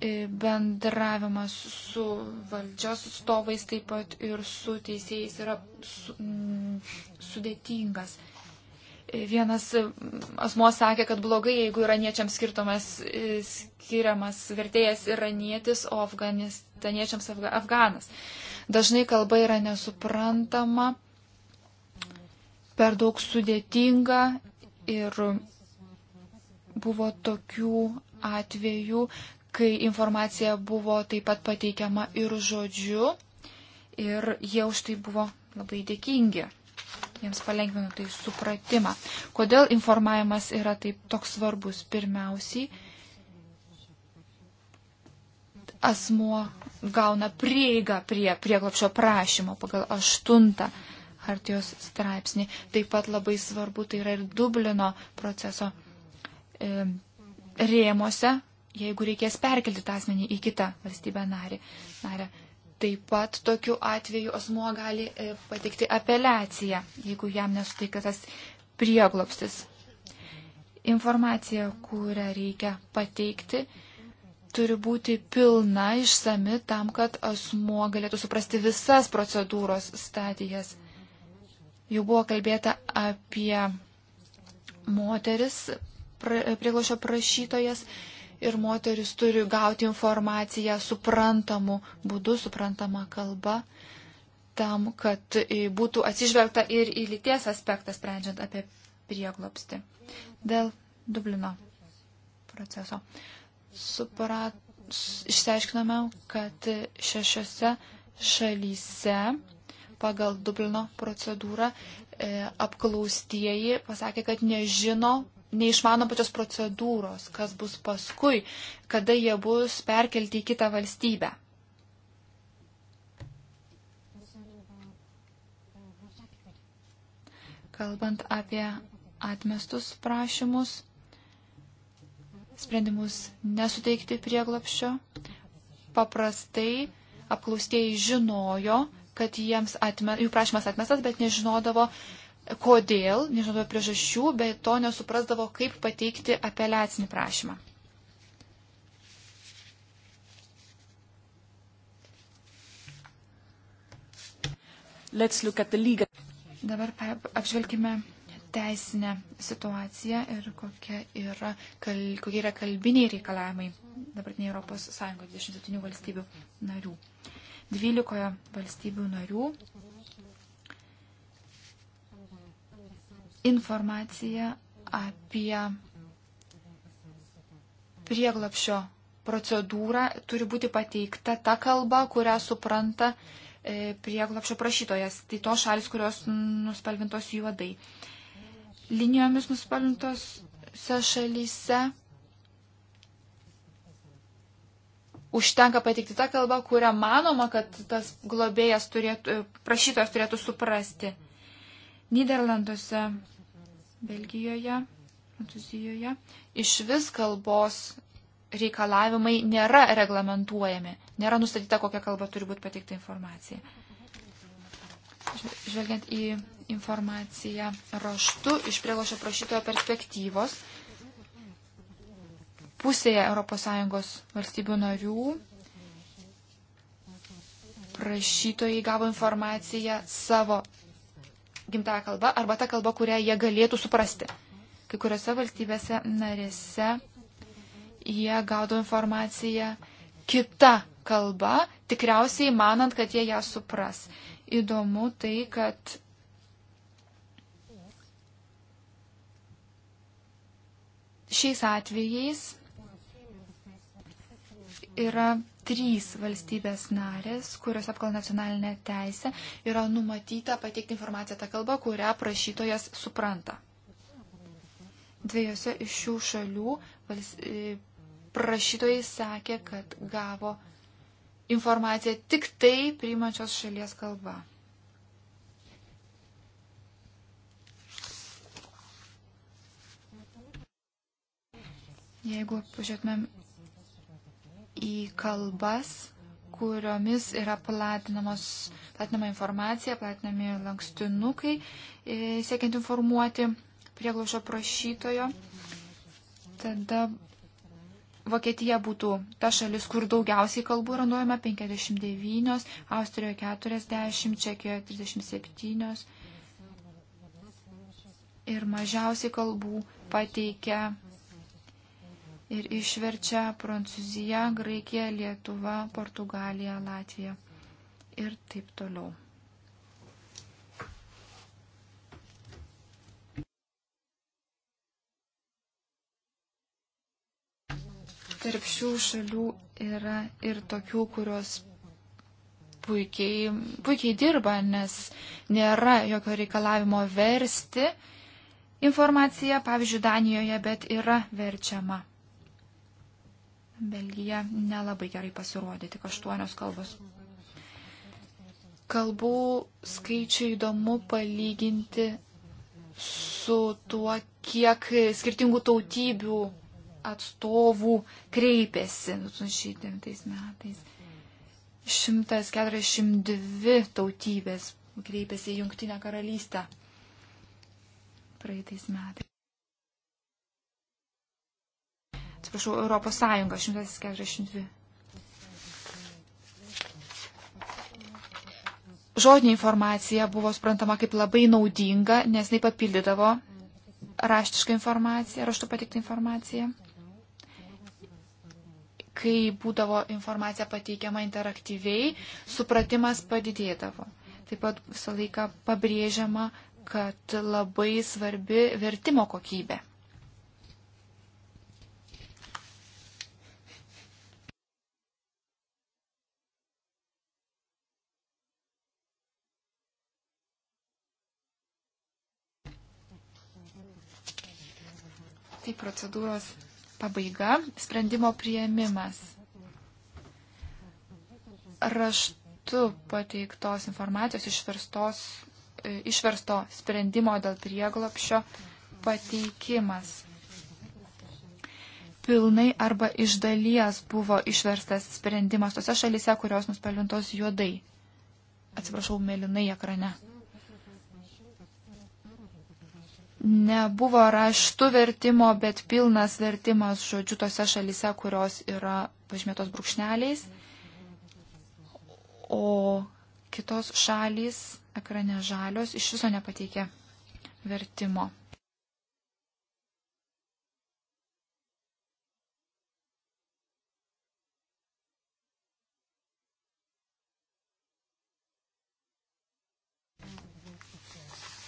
e, bendravimas su valdžios atstovais taip pat ir su teisėjais yra su, m, sudėtingas. Vienas asmo sakė, kad blogai, jeigu iraniečiams skirtumas, e, skiriamas vertėjas iranietis, o afganistaniečiams afga, afganas. Dažnai kalba yra nesuprantama, per daug sudėtinga ir buvo tokių atvejų, kai informacija buvo taip pat pateikiama ir žodžiu ir jie už tai buvo labai dėkingi jiems palengvina tai supratimą. Kodėl informavimas yra taip toks svarbus? Pirmiausiai, asmuo gauna prieigą prie prieglapšio prašymo pagal aštuntą hartijos straipsnį. Taip pat labai svarbu tai yra ir Dublino proceso e, rėmose, jeigu reikės perkelti tą asmenį į kitą valstybę narį. narę. narę Taip pat tokiu atveju asmuo gali e, pateikti apeliaciją, jeigu jam nesuteiktas prieglopstis. Informacija, kurią reikia pateikti, turi būti pilna, išsami tam, kad asmuo galėtų suprasti visas procedūros stadijas. Jau buvo kalbėta apie moteris prieglošio prašytojas. Pra, ir moteris turi gauti informaciją suprantamu būdu, suprantama kalba, tam, kad būtų atsižvelgta ir į lyties aspektą sprendžiant apie prieglopsti. Dėl Dublino proceso. Suprat, išsiaiškinome, kad šešiose šalyse pagal Dublino procedūrą e, apklaustieji pasakė, kad nežino neišmano pačios procedūros, kas bus paskui, kada jie bus perkelti į kitą valstybę. Kalbant apie atmestus prašymus, sprendimus nesuteikti prieglapščio, paprastai apklaustieji žinojo, kad atme, jų prašymas atmestas, bet nežinodavo, kodėl, nežinau, priežasčių, bet to nesuprasdavo, kaip pateikti apeliacinį prašymą. Dabar apžvelgime teisinę situaciją ir kokie yra, kal, kokie yra kalbiniai reikalavimai dabartiniai Europos Sąjungoje 27 valstybių narių. 12 valstybių narių informaciją apie prieglapšio procedūrą turi būti pateikta ta kalba, kurią supranta e, prieglapšio prašytojas. Tai to šalis, kurios nuspalvintos juodai. Linijomis nuspalvintose šalyse užtenka pateikti tą kalbą, kurią manoma, kad tas globėjas turėtų, e, prašytojas turėtų suprasti. Niderlanduose Belgijoje, Prancūzijoje iš vis kalbos reikalavimai nėra reglamentuojami, nėra nustatyta, kokia kalba turi būti pateikta informacija. Žvelgiant į informaciją raštu iš prieglošio prašytojo perspektyvos, pusėje ES valstybių narių prašytojai gavo informaciją savo gimtaja kalba arba ta kalba, kurią jie galėtų suprasti. Kai kuriuose valstybėse narėse jie gaudo informaciją kita kalba, tikriausiai manant, kad jie ją supras. Įdomu tai, kad šiais atvejais yra trys valstybės narės, kuriuose pagal nacionalinę teisę yra numatyta pateikti informaciją tą kalbą, kurią prašytojas supranta. Dviejose iš šių šalių vals... E, prašytojai sakė, kad gavo informaciją tik tai priimančios šalies kalba. Jeigu pažiūrėtumėm į kalbas, kuriomis yra platinama informacija, platinami lankstinukai, e, siekiant informuoti prieglaušio prašytojo. Tada Vokietija būtų ta šalis, kur daugiausiai kalbų yra naudojama - 59, Austrijoje 40, Čekijoje 37. Ir mažiausiai kalbų pateikia ir išverčia Prancūzija, Graikija, Lietuva, Portugalija, Latvija ir taip toliau. tarp šių šalių yra ir tokių, kurios puikiai, puikiai dirba, nes nėra jokio reikalavimo versti informaciją, pavyzdžiui, Danijoje, bet yra verčiama. Belgija nelabai gerai pasirodė, tik aštuonios kalbos. Kalbų skaičių įdomu palyginti su tuo, kiek skirtingų tautybių atstovų kreipėsi 2009 metais. 142 tautybės kreipėsi į Junktinę karalystę praeitais metais. atsiprašau, Europos Sąjunga 142. Žodinė informacija buvo suprantama kaip labai naudinga, nes jinai papildydavo raštišką informaciją, raštu patiktą informaciją. Kai būdavo informacija pateikiama interaktyviai, supratimas padidėdavo. Taip pat visą laiką pabrėžiama, kad labai svarbi vertimo kokybė. tai procedūros pabaiga, sprendimo prieimimas. Raštu pateiktos informacijos išverstos, e, išversto sprendimo dėl prieglopšio pateikimas. Pilnai arba iš dalies buvo išverstas sprendimas tose šalise, kurios nuspalintos juodai. Atsiprašau, mėlynai ekrane. nebuvo raštų vertimo, bet pilnas vertimas žodžiu tose šalise, kurios yra pažymėtos brūkšneliais. O kitos šalys ekrane žalios iš viso nepateikė vertimo.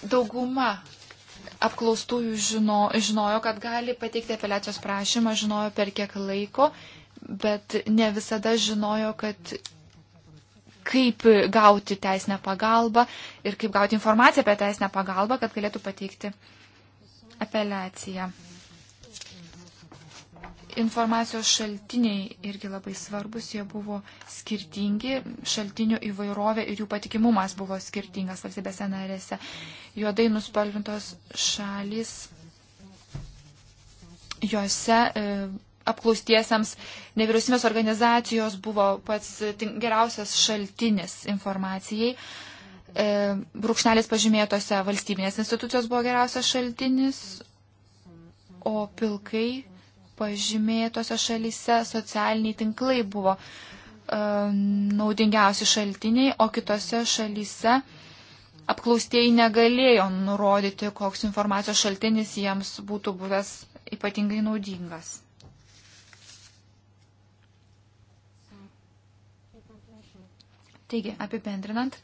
Dauguma apklaustųjų žino, žinojo, kad gali pateikti apeliacijos prašymą, žinojo per kiek laiko, bet ne visada žinojo, kad kaip gauti teisinę pagalbą ir kaip gauti informaciją apie teisinę pagalbą, kad galėtų pateikti apeliaciją. Informacijos šaltiniai irgi labai svarbus, jie buvo skirtingi, šaltinių įvairovė ir jų patikimumas buvo skirtingas valstybėse narėse. Juodai nuspalvintos šalis, juose e, apklaustiesiams nevyriausybės organizacijos buvo pats geriausias šaltinis informacijai. E, brūkšnelis pažymėtose valstybinės institucijos buvo geriausias šaltinis, o pilkai pažymėtose šalyse socialiniai tinklai buvo e, naudingiausi šaltiniai, o kitose šalyse apklaustieji negalėjo nurodyti, koks informacijos šaltinis jiems būtų buvęs ypatingai naudingas. Taigi, apibendrinant,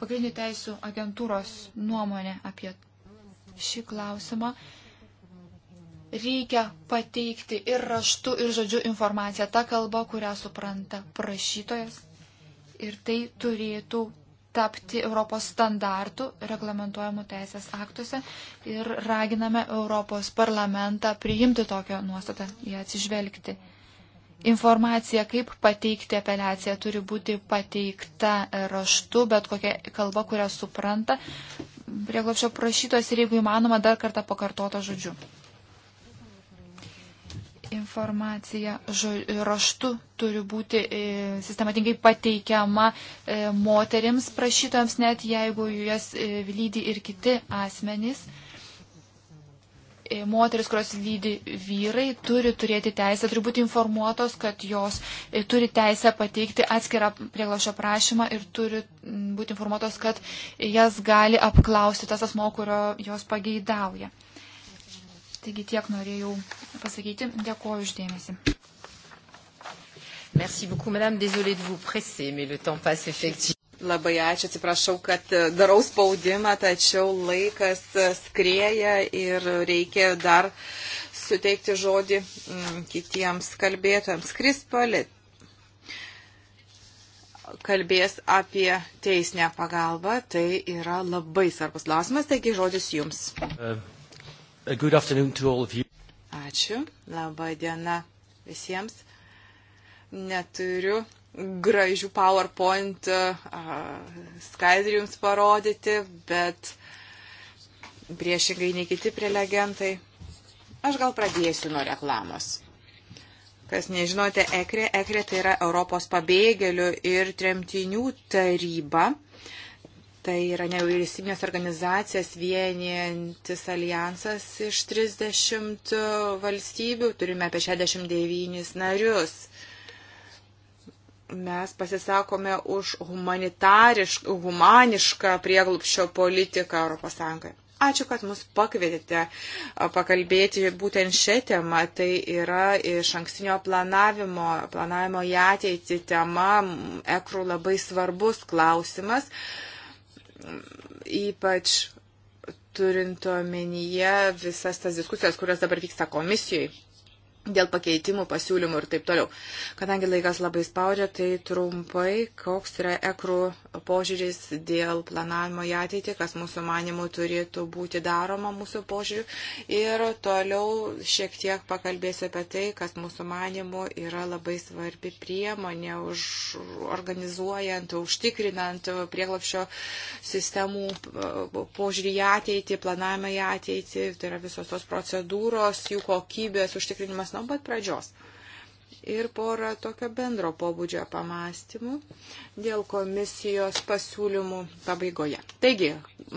pagrindinių teisų agentūros nuomonė apie šį klausimą. Reikia pateikti ir raštu, ir žodžiu informaciją tą kalbą, kurią supranta prašytojas. Ir tai turėtų tapti Europos standartų reglamentuojamų teisės aktuose ir raginame Europos parlamentą priimti tokią nuostatą, ją atsižvelgti informacija, kaip pateikti apeliaciją, turi būti pateikta raštu, bet kokia kalba, kurią supranta prieglopšio prašytos ir jeigu įmanoma, dar kartą pakartota žodžiu. Informacija žo, raštu turi būti e, sistematingai pateikiama e, moterims prašytojams, net jeigu jas e, lydi ir kiti asmenys. E, E, moteris, kurios lydi vyrai, turi turėti teisę, turi būti informuotos, kad jos e, turi teisę pateikti atskirą prieglašio prašymą ir turi būti informuotos, kad jas gali apklausti tas asmo, kurio jos pageidauja. Taigi tiek norėjau pasakyti. Dėkuoju uždėmesi. Merci beaucoup, madame. Désolée de vous presser, mais le temps passe effectivement. Labai ačiū, atsiprašau, kad e, darau spaudimą, tačiau laikas e, skrėja ir reikia dar suteikti žodį mm, kitiems kalbėtojams. Krispalit kalbės apie teisinę pagalbą, tai yra labai svarbus klausimas, taigi žodis jums. Uh, Ačiū, laba diena visiems. Neturiu gražių PowerPoint skaidrių jums parodyti, bet priešingai nei kiti prelegentai. Aš gal pradėsiu nuo reklamos. Kas nežinote, ECRE, ECRE tai yra Europos pabėgėlių ir tremtinių taryba. Tai yra nevyriausybinės organizacijas vienijantis alijansas iš 30 valstybių, turime apie 69 narius. Uh, mes pasisakome už humanišką prieglupščio politiką ES. Ačiū, kad mus pakvietėte pakalbėti būtent šią temą. Tai yra iš ankstinio planavimo, planavimo į ateitį tema, ekrų labai svarbus klausimas, ypač turint omenyje visas tas diskusijas, kurios dabar vyksta komisijoje dėl pakeitimų, pasiūlymų ir taip toliau. Kadangi laikas labai spaudžia, tai trumpai, koks yra ekrų požiūris dėl planavimo į ateitį, kas mūsų manimų turėtų būti daroma mūsų požiūriu. Ir toliau šiek tiek pakalbėsiu apie tai, kas mūsų manimų yra labai svarbi priemonė už organizuojant, užtikrinant prieglapšio sistemų e, požiūrį į ateitį, planavimą į ateitį. Tai yra visos tos procedūros, jų kokybės užtikrinimas nuo pat pradžios ir porą tokio bendro pobūdžio pamastymų dėl komisijos pasiūlymų pabaigoje. Taigi,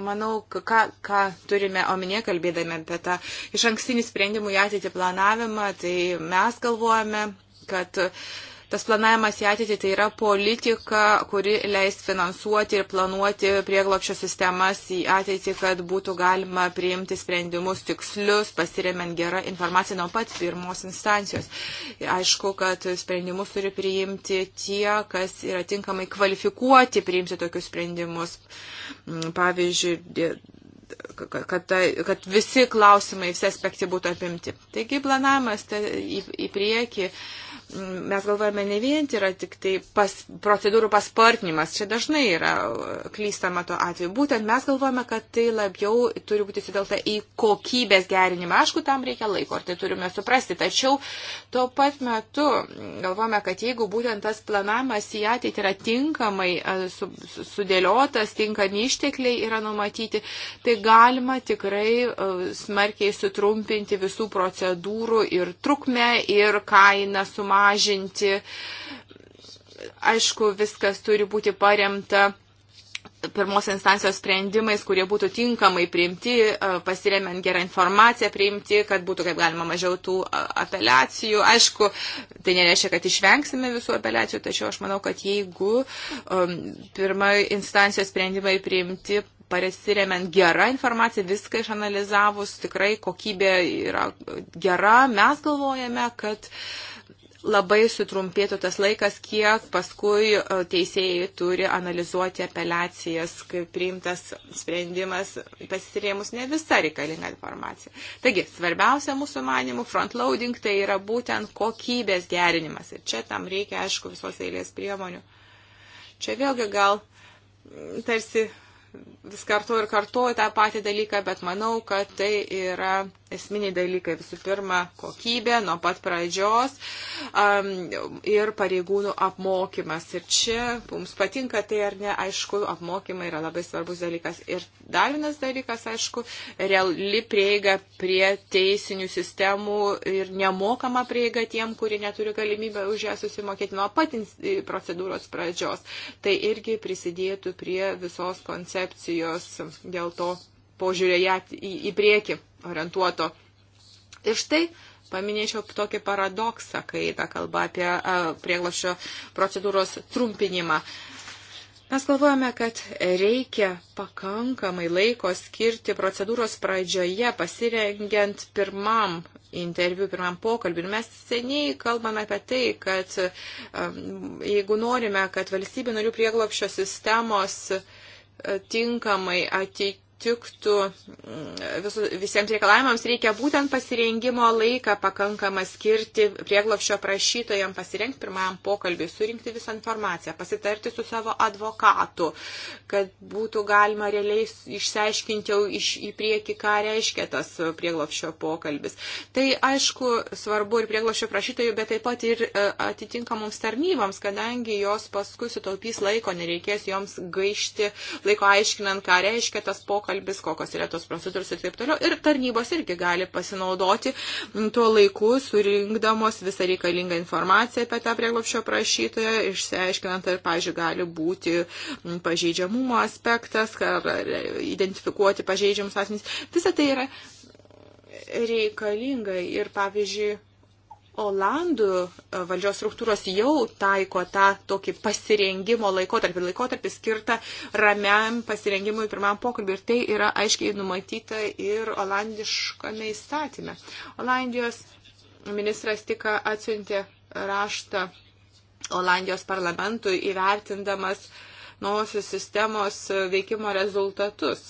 manau, ką, ką turime omenyje, kalbėdami apie tą iš ankstinį sprendimų į ateitį planavimą, tai mes galvojame, kad uh, Tas planavimas į ateitį tai yra politika, kuri leis finansuoti ir planuoti prieglopščio sistemas į ateitį, kad būtų galima priimti sprendimus tikslius, pasiremiant gerą informaciją nuo pat pirmos instancijos. Aišku, kad sprendimus turi priimti tie, kas yra tinkamai kvalifikuoti priimti tokius sprendimus. Mm, pavyzdžiui, kad, kad visi klausimai, visi aspektai būtų apimti. Taigi planavimas tai į, į priekį mes galvojame ne vien tai yra tik tai pas, procedūrų paspartinimas, čia dažnai yra e, klystama to atveju. Būtent mes galvojame, kad tai labiau turi būti sudelta į kokybės gerinimą. Aišku, tam reikia laiko ir tai turime suprasti. Tačiau tuo pat metu galvojame, kad jeigu būtent tas planavimas į ateitį yra tinkamai e, su, su, sudėliotas, tinkami ištekliai yra numatyti, tai galima tikrai e, smarkiai sutrumpinti visų procedūrų ir trukmę ir kainą sumažinti mažinti. Aišku, viskas turi būti paremta pirmos instancijos sprendimais, kurie būtų tinkamai priimti, e, pasiremiant gerą informaciją priimti, kad būtų kaip galima mažiau tų apeliacijų. Aišku, tai nereiškia, kad išvengsime visų apeliacijų, tačiau aš manau, kad jeigu um, e, pirmą instancijos sprendimai priimti, pasiremiant gerą informaciją, viską išanalizavus, tikrai kokybė yra gera, mes galvojame, kad uh, labai sutrumpėtų tas laikas, kiek paskui e, teisėjai turi analizuoti apeliacijas, kai priimtas sprendimas pasirėmus ne visa reikalinga informacija. Taigi, svarbiausia mūsų manimų frontloading tai yra būtent kokybės gerinimas ir čia tam reikia, aišku, visos eilės priemonių. Čia vėlgi gal tarsi vis kartu ir kartuoju tą patį dalyką, bet manau, kad tai yra esminiai dalykai. Visų pirma, kokybė nuo pat pradžios um, ir pareigūnų apmokymas. Ir čia mums patinka tai ar ne, aišku, apmokymai yra labai svarbus dalykas. Ir dar vienas dalykas, aišku, reali prieiga prie teisinių sistemų ir nemokama prieiga tiem, kurie neturi galimybę už ją susimokėti nuo pat procedūros pradžios. Tai irgi prisidėtų prie visos koncepcijos koncepcijos, dėl to požiūrėje į, į priekį orientuoto. Ir štai paminėčiau tokį paradoksą, kai ta kalba apie prieglašio procedūros trumpinimą. Mes galvojame, kad reikia pakankamai laiko skirti procedūros pradžioje, pasirengiant pirmam interviu, pirmam pokalbiu. Ir mes seniai kalbame apie tai, kad jeigu norime, kad valstybių narių prieglopščio sistemos uh, tinkamai ateityje atitiktų mm, visu, visiems reikalavimams, reikia būtent pasirengimo laiką pakankamą skirti prieglopšio prašytojams pasirengti pirmajam pokalbiui, surinkti visą informaciją, pasitarti su savo advokatu, kad būtų galima realiai išsiaiškinti jau iš, į priekį, ką reiškia tas prieglopšio pokalbis. Tai aišku, svarbu ir prieglopšio prašytojų, bet taip pat ir e, atitinkamoms tarnyboms, kadangi jos paskui sutaupys laiko, nereikės joms gaišti laiko aiškinant, ką reiškia tas pokalbis pokalbis, kokios yra tos procedūros ir taip toliau. Ir tarnybos irgi gali pasinaudoti tuo laiku, surinkdamos visą reikalingą informaciją apie tą prieglopšio prašytoją, išsiaiškinant, ar, pažiūrėjau, gali būti pažeidžiamumo aspektas, ar identifikuoti pažeidžiamus asmenys. Visa tai yra reikalinga ir, pavyzdžiui, Olandų e, valdžios struktūros jau taiko tą tokį pasirengimo laikotarpį, laikotarpį skirtą ramiam pasirengimui pirmam pokalbį ir tai yra aiškiai numatyta ir olandiškame įstatyme. Olandijos ministras tik atsiuntė raštą Olandijos parlamentui įvertindamas naujosios sistemos veikimo rezultatus.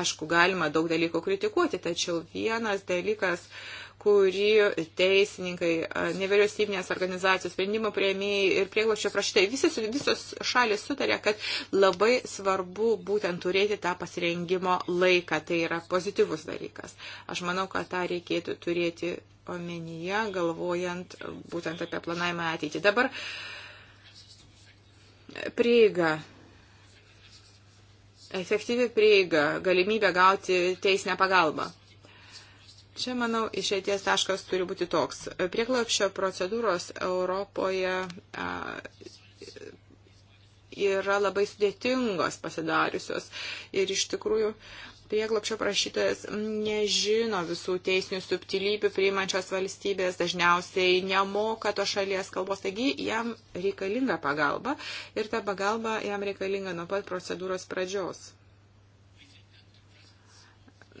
Aišku, galima daug dalykų kritikuoti, tačiau vienas dalykas, uh, kurį teisininkai, nevyriausybinės organizacijos, sprendimo prieimėjai ir prieglošio praštai, visos, visos šalis sutarė, kad labai svarbu būtent turėti tą pasirengimo laiką. Tai yra pozityvus dalykas. Aš manau, kad tą reikėtų turėti omenyje, galvojant būtent apie planavimą ateitį. Dabar prieiga efektyvi prieiga, galimybė gauti teisinę pagalbą. Čia, manau, išeities taškas turi būti toks. Prieklapšio procedūros Europoje a, yra labai sudėtingos pasidariusios ir iš tikrųjų prieglopšio prašytojas nežino visų teisinių subtilybių priimančios valstybės, dažniausiai nemoka to šalies kalbos, taigi jam reikalinga pagalba ir ta pagalba jam reikalinga nuo pat procedūros pradžios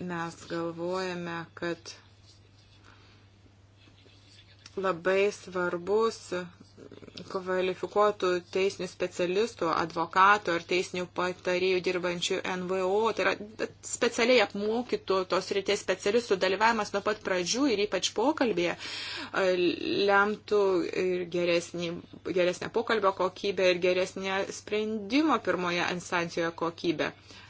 mes galvojame, kad labai svarbus kvalifikuotų teisinių specialistų, advokatų ar teisinių patarėjų dirbančių NVO, tai yra specialiai apmokytų tos ryties specialistų dalyvavimas nuo pat pradžių ir ypač pokalbėje e, lemtų ir geresnį, geresnę pokalbio kokybę ir geresnę sprendimo pirmoje instancijoje kokybę. Uh,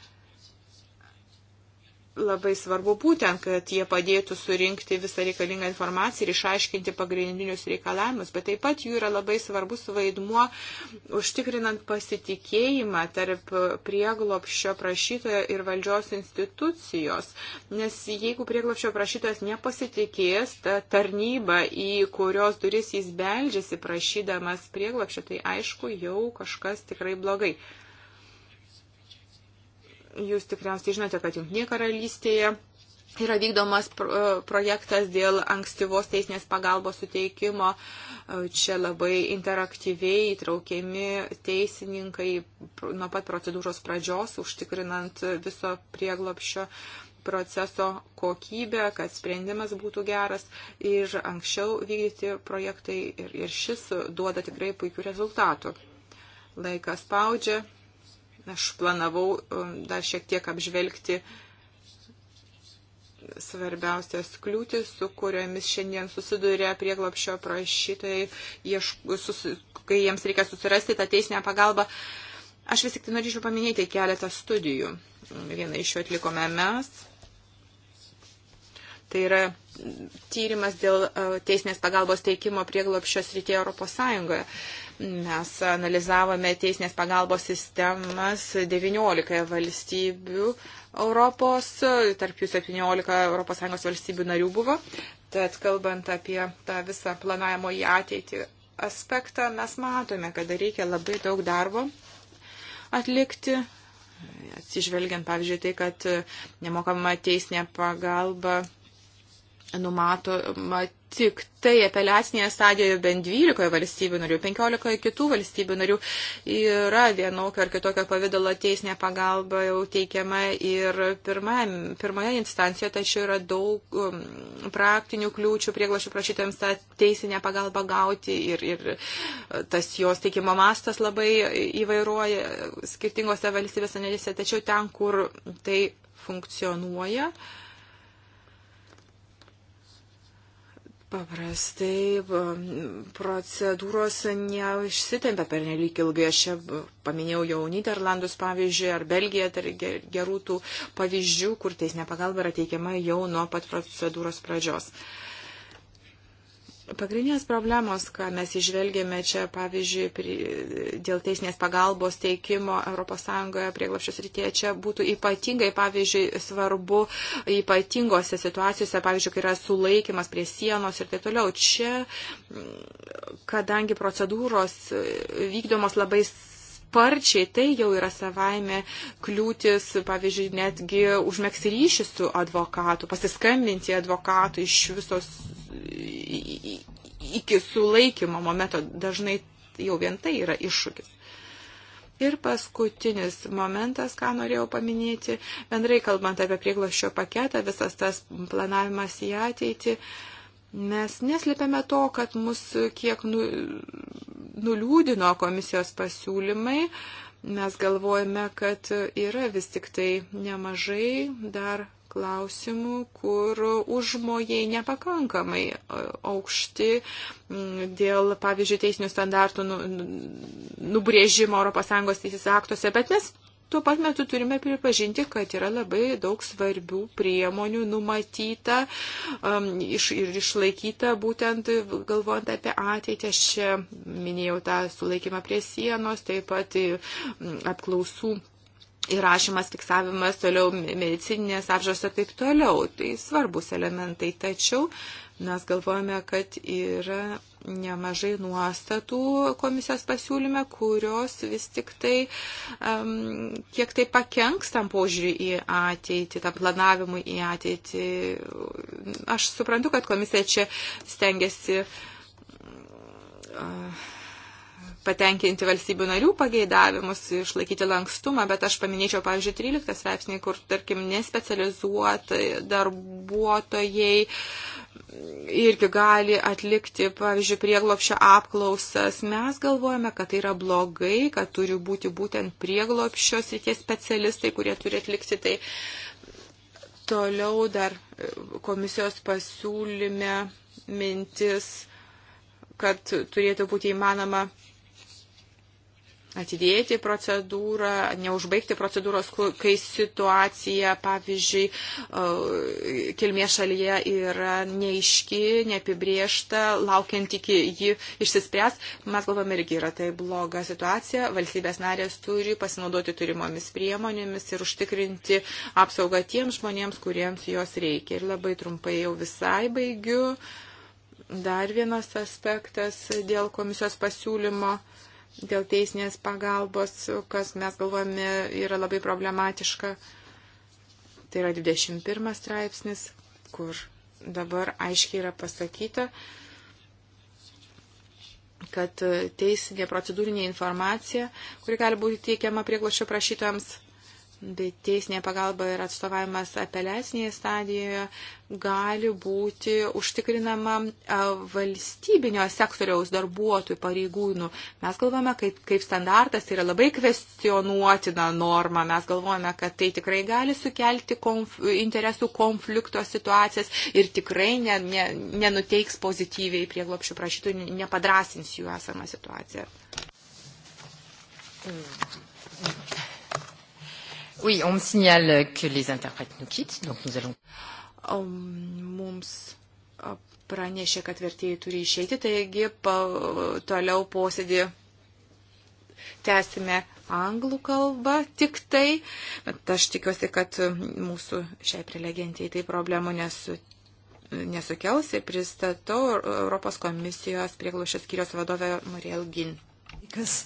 labai svarbu būtent, kad jie padėtų surinkti visą reikalingą informaciją ir išaiškinti pagrindinius reikalavimus, bet taip pat jų yra labai svarbus vaidmuo užtikrinant pasitikėjimą tarp prieglopščio prašytojo ir valdžios institucijos. Nes jeigu prieglopščio prašytojas nepasitikės, ta tarnyba, į kurios duris jis beldžiasi prašydamas prieglopščio, tai aišku, jau kažkas tikrai blogai. Jūs tikriausiai žinote, kad Junktinėje karalystėje yra vykdomas e, projektas dėl ankstyvos teisinės pagalbos suteikimo. E, čia labai interaktyviai įtraukiami teisininkai nuo pat procedūros pradžios, užtikrinant viso prieglopšio proceso kokybę, kad sprendimas būtų geras ir anksčiau vykdyti projektai ir, ir šis duoda tikrai puikių rezultatų. Laikas spaudžia, Aš planavau um, dar šiek tiek apžvelgti svarbiausias kliūtis, su kuriomis šiandien susiduria prieglopšio prašytojai, kai jiems reikia susirasti tą teisinę pagalbą. Aš vis tik tai norėčiau paminėti keletą studijų. Vieną iš jų atlikome mes. Tai yra tyrimas dėl uh, teisinės pagalbos teikimo prieglopščio srityje Europos Sąjungoje. Mes analizavome teisinės pagalbos sistemas 19 valstybių Europos, tarp jų 17 ES valstybių narių buvo. Tad kalbant apie tą visą planavimo į ateitį aspektą, mes matome, kad reikia labai daug darbo atlikti. Atsižvelgiant, pavyzdžiui, tai, kad nemokama teisinė pagalba numatoma tik tai apeliacinėje stadijoje bent 12 valstybių narių, 15 kitų valstybių narių yra vienokio ar kitokio pavydalo teisinė pagalba jau teikiama ir pirma, pirmoje instancijoje, tačiau yra daug um, praktinių kliūčių prieglašių prašytojams tą teisinę pagalbą gauti ir, ir e, tas jos teikimo mastas labai įvairuoja skirtingose valstybėse narėse, tačiau ten, kur tai funkcionuoja, uh, Paprastai um, procedūros neužsitempia per nelik ilgai. Aš čia uh, paminėjau jau Niderlandus pavyzdžiui ar Belgiją, tai gerų tų pavyzdžių, kur teisinė pagalba yra teikiama jau nuo pat procedūros pradžios. Uh, Pagrindinės problemos, ką mes išvelgėme čia, pavyzdžiui, pri, dėl teisinės pagalbos teikimo ES prieglapščios rytėje, čia būtų ypatingai, pavyzdžiui, svarbu ypatingose situacijose, pavyzdžiui, kai yra sulaikimas prie sienos ir taip toliau. Čia, kadangi procedūros vykdomos labai sparčiai, tai jau yra savaime kliūtis, pavyzdžiui, netgi užmėgsti ryšį su advokatu, pasiskambinti advokatu iš visos iki sulaikymo momento. Dažnai jau vien tai yra iššūkis. Ir paskutinis momentas, ką norėjau paminėti, bendrai kalbant apie prieglašio paketą, visas tas planavimas į ateitį. Uh, Mes neslėpėme to, kad mus kiek nu, nuliūdino komisijos pasiūlymai. Mes galvojame, kad yra vis tik tai nemažai dar klausimų, kur užmojai nepakankamai aukšti mm, dėl, pavyzdžiui, teisinių standartų nu, nu, nubrėžimo ES teisės aktuose, bet mes Tuo pat metu turime pripažinti, kad yra labai daug svarbių priemonių numatyta um, iš, ir išlaikyta būtent galvojant apie ateitį. Aš čia minėjau tą sulaikymą prie sienos, taip pat um, apklausų įrašymas, fiksavimas, toliau medicininės apžos ir taip toliau. Tai svarbus elementai. Tačiau mes galvojame, kad yra nemažai nuostatų komisijos pasiūlyme, kurios vis tik tai um, kiek tai pakenks tam požiūriui į ateitį, tam planavimui į ateitį. Aš suprantu, kad komisija čia stengiasi. Uh, patenkinti valstybių narių pageidavimus, išlaikyti lankstumą, bet aš paminėčiau, pavyzdžiui, 13 straipsnį, kur, tarkim, nespecializuotai darbuotojai irgi gali atlikti, pavyzdžiui, prieglopšio apklausas. Mes galvojame, kad tai yra blogai, kad turi būti būtent prieglopšio srities specialistai, kurie turi atlikti tai. Toliau dar komisijos pasiūlyme mintis, kad turėtų būti įmanoma atidėti procedūrą, neužbaigti procedūros, kai situacija, pavyzdžiui, e, kilmės šalyje yra neiški, neapibriešta, laukiant iki ji išsispręs. Mes galvome irgi yra tai bloga situacija. Valstybės narės turi pasinaudoti turimomis priemonėmis ir užtikrinti apsaugą tiems žmonėms, kuriems jos reikia. Ir labai trumpai jau visai baigiu. Dar vienas aspektas dėl komisijos pasiūlymo. Uh, dėl teisinės pagalbos, kas mes galvojame yra labai problematiška. Tai yra 21 straipsnis, kur dabar aiškiai yra pasakyta, kad teisinė procedūrinė informacija, kuri gali būti teikiama prieglošio prašytojams, bet tai teisinė pagalba ir atstovavimas apeliacinėje stadijoje gali būti užtikrinama valstybinio sektoriaus darbuotojų pareigūnų. Mes galvome, kaip, kaip standartas tai yra labai kvestionuotina norma. Mes galvojame, kad tai tikrai gali sukelti konf, interesų konflikto situacijas ir tikrai ne, ne, nenuteiks pozityviai prieglopšių prašytų, nepadrasins jų esamą situaciją. Mm. Oui, on me signale que les interprètes nous quittent, donc nous allons. Mums pranešė, kad vertėjai turi išeiti, taigi pa, toliau posėdį tęsime anglų kalbą tik tai, bet aš tikiuosi, kad mūsų šiai prelegentijai tai problemų nesu, nesukels ir pristatau Europos komisijos prieglošės skyrios vadovę Mariel Gin. Because...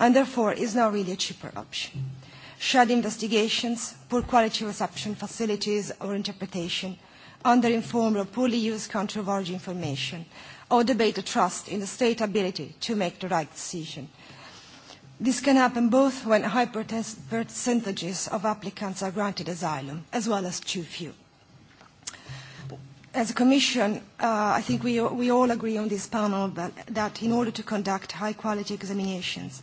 and therefore is now really a cheaper option. Shared investigations, poor quality reception facilities or interpretation, under-informed or poorly used country of origin information, or debate trust in the state ability to make the right decision. This can happen both when high percentages of applicants are granted asylum, as well as too few. As a Commission, uh, I think we, we all agree on this panel that, that in order to conduct high-quality examinations,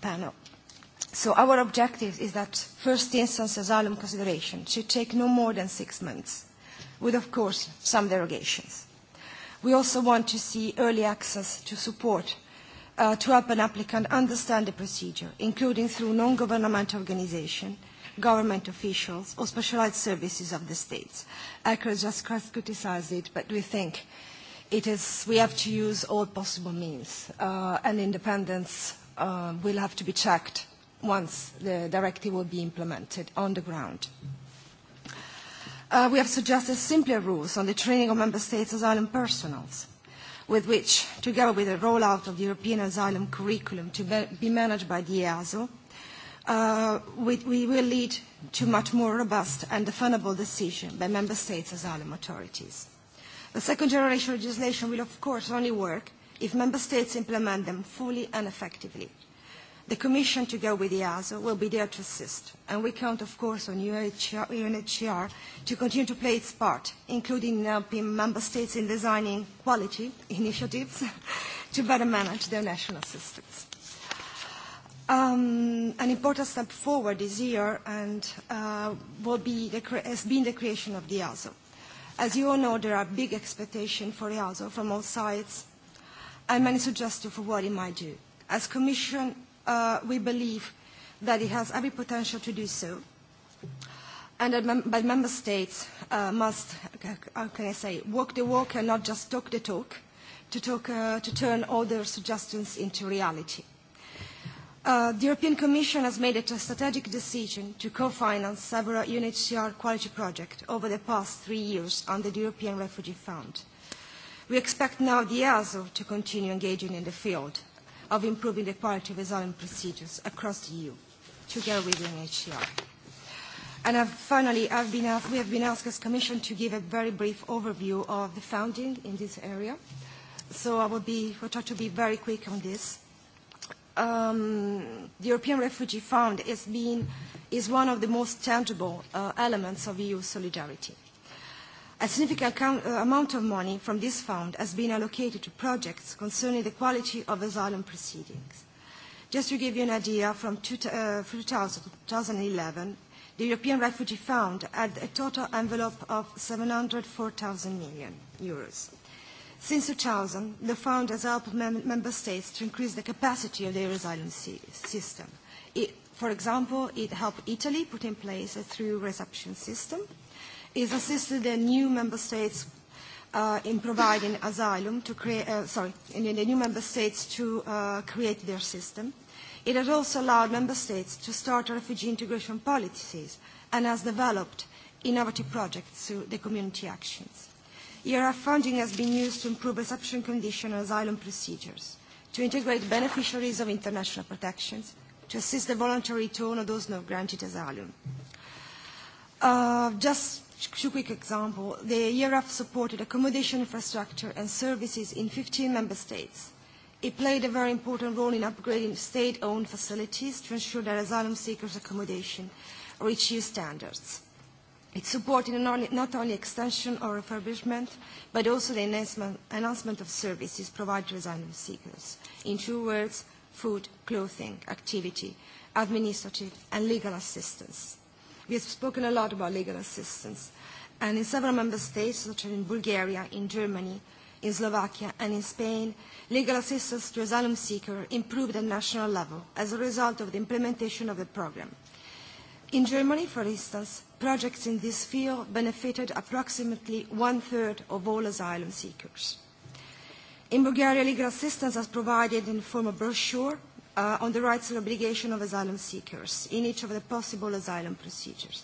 panel. So our objective is that first instance asylum consideration should take no more than six months, with of course some derogations. We also want to see early access to support uh, to help an applicant understand the procedure, including through non-governmental organizations, government officials, or specialized services of the states. ECHO just criticized it, but we think it is, we have to use all possible means uh, and independence uh, will have to be checked once the directive will be implemented on the ground. Uh, we have suggested simpler rules on the training of member states' asylum personnels, with which, together with the rollout of the European asylum curriculum to be managed by the EASO, uh, we, we will lead to much more robust and definable decision by member states' asylum authorities. The second generation legislation will, of course, only work if Member States implement them fully and effectively. The Commission, together with EASO, will be there to assist, and we count, of course, on UNHCR, UNHCR to continue to play its part, including helping Member States in designing quality initiatives to better manage their national systems. Um, an important step forward this year and uh, will be the, has been the creation of the EASO. As you all know, there are big expectations for EASO from all sides, and many suggestions for what it might do. As Commission, uh, we believe that it has every potential to do so, and that mem- but Member States uh, must, how can I say, walk the walk and not just talk the talk, to, talk, uh, to turn all their suggestions into reality. Uh, the European Commission has made it a strategic decision to co-finance several UNHCR quality projects over the past three years under the European Refugee Fund. We expect now the EASO to continue engaging in the field of improving the quality of asylum procedures across the EU, together with UNHCR. And I've, finally, I've been asked, we have been asked as Commission to give a very brief overview of the founding in this area. So I will, be, will try to be very quick on this. Um, the European Refugee Fund is, being, is one of the most tangible uh, elements of EU solidarity. Uh, A significant account, uh, amount of money from this fund has been allocated to projects concerning the quality of asylum proceedings. Just to give you an idea, from two, uh, 2000 to 2011, the European Refugee Fund had a total envelope of 704,000 million euros. Since 2000, the fund has helped mem member states to increase the capacity of their asylum si system. It, for example, it helped Italy put in place a through reception system – is assisted the new member states uh, in providing asylum to create, uh, sorry, in the new member states to uh, create their system. It has also allowed member states to start refugee integration policies and has developed innovative projects through the community actions. ERF funding has been used to improve reception conditions and asylum procedures, to integrate beneficiaries of international protections, to assist the voluntary return of those not granted asylum. Uh, just two quick examples. The ERAF supported accommodation infrastructure and services in 15 member states. It played a very important role in upgrading state-owned facilities to ensure that asylum seekers' accommodation reach EU standards. It supported not only extension or refurbishment, but also the enhancement, enhancement of services provided to asylum seekers. In two words, food, clothing, activity, administrative and legal assistance. We have spoken a lot about legal assistance. And in several member states, such as in Bulgaria, in Germany, in Slovakia and in Spain, legal assistance to asylum seekers improved at national level as a result of the implementation of the program. In Germany, for instance, projects in this field benefited approximately one-third of all asylum seekers. In Bulgaria, legal assistance is provided in the form of brochure uh, on the rights and obligations of asylum seekers in each of the possible asylum procedures.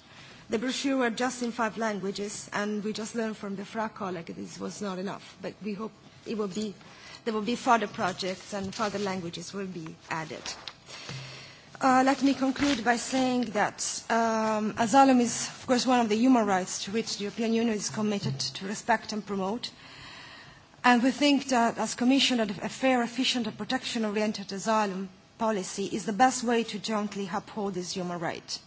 The brochure were just in five languages, and we just learned from the FRA colleague that this was not enough, but we hope it will be, there will be further projects and further languages will be added. Uh, let me conclude by saying that um, asylum is, of course, one of the human rights to which the European Union is committed to respect and promote. And we think that as Commission, that a fair, efficient and protection-oriented asylum policy is the best way to jointly uphold this human right.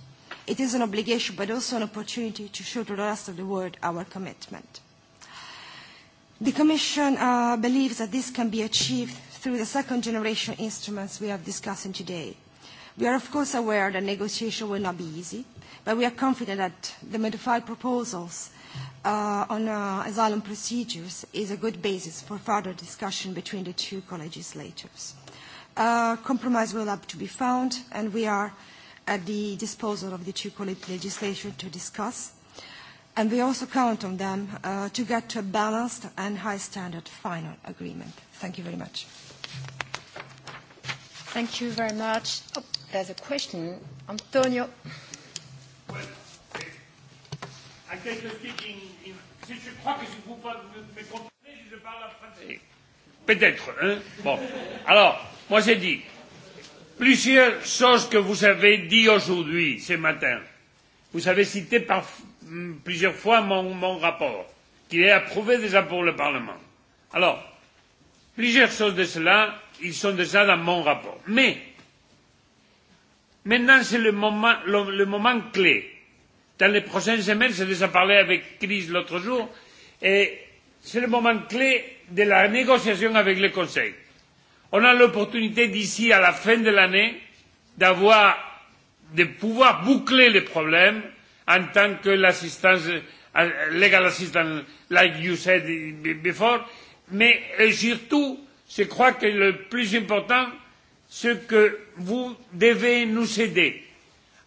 It is an obligation but also an opportunity to show to the rest of the world our commitment. The Commission uh, believes that this can be achieved through the second generation instruments we are discussing today. We are of course aware that negotiation will not be easy, but we are confident that the modified proposals uh, on uh, asylum procedures is a good basis for further discussion between the two co-legislators. Uh, compromise will have to be found, and we are at the disposal of the two legislature to discuss. And we also count on them uh, to get to a balanced and high-standard final agreement. Thank you very much. Thank you very much. Oh, there's a question. Antonio. Well, eh, anche speaking in, si je crois que si vous me comprenez, je parle en français. Peut-être. Hein? Bon. Alors, Moi, j'ai dit plusieurs choses que vous avez dit aujourd'hui, ce matin. Vous avez cité par, mm, plusieurs fois mon, mon rapport, qu'il est approuvé déjà pour le Parlement. Alors, plusieurs choses de cela, ils sont déjà dans mon rapport. Mais, maintenant, c'est le moment, le, le moment clé. Dans les prochaines semaines, j'ai déjà parlé avec Chris l'autre jour, et c'est le moment clé de la négociation avec le Conseil on a l'opportunité d'ici à la fin de l'année d'avoir de pouvoir boucler les problèmes en tant que l'assistance euh, legal assistance like you said before mais surtout je crois que le plus important c'est que vous devez nous aider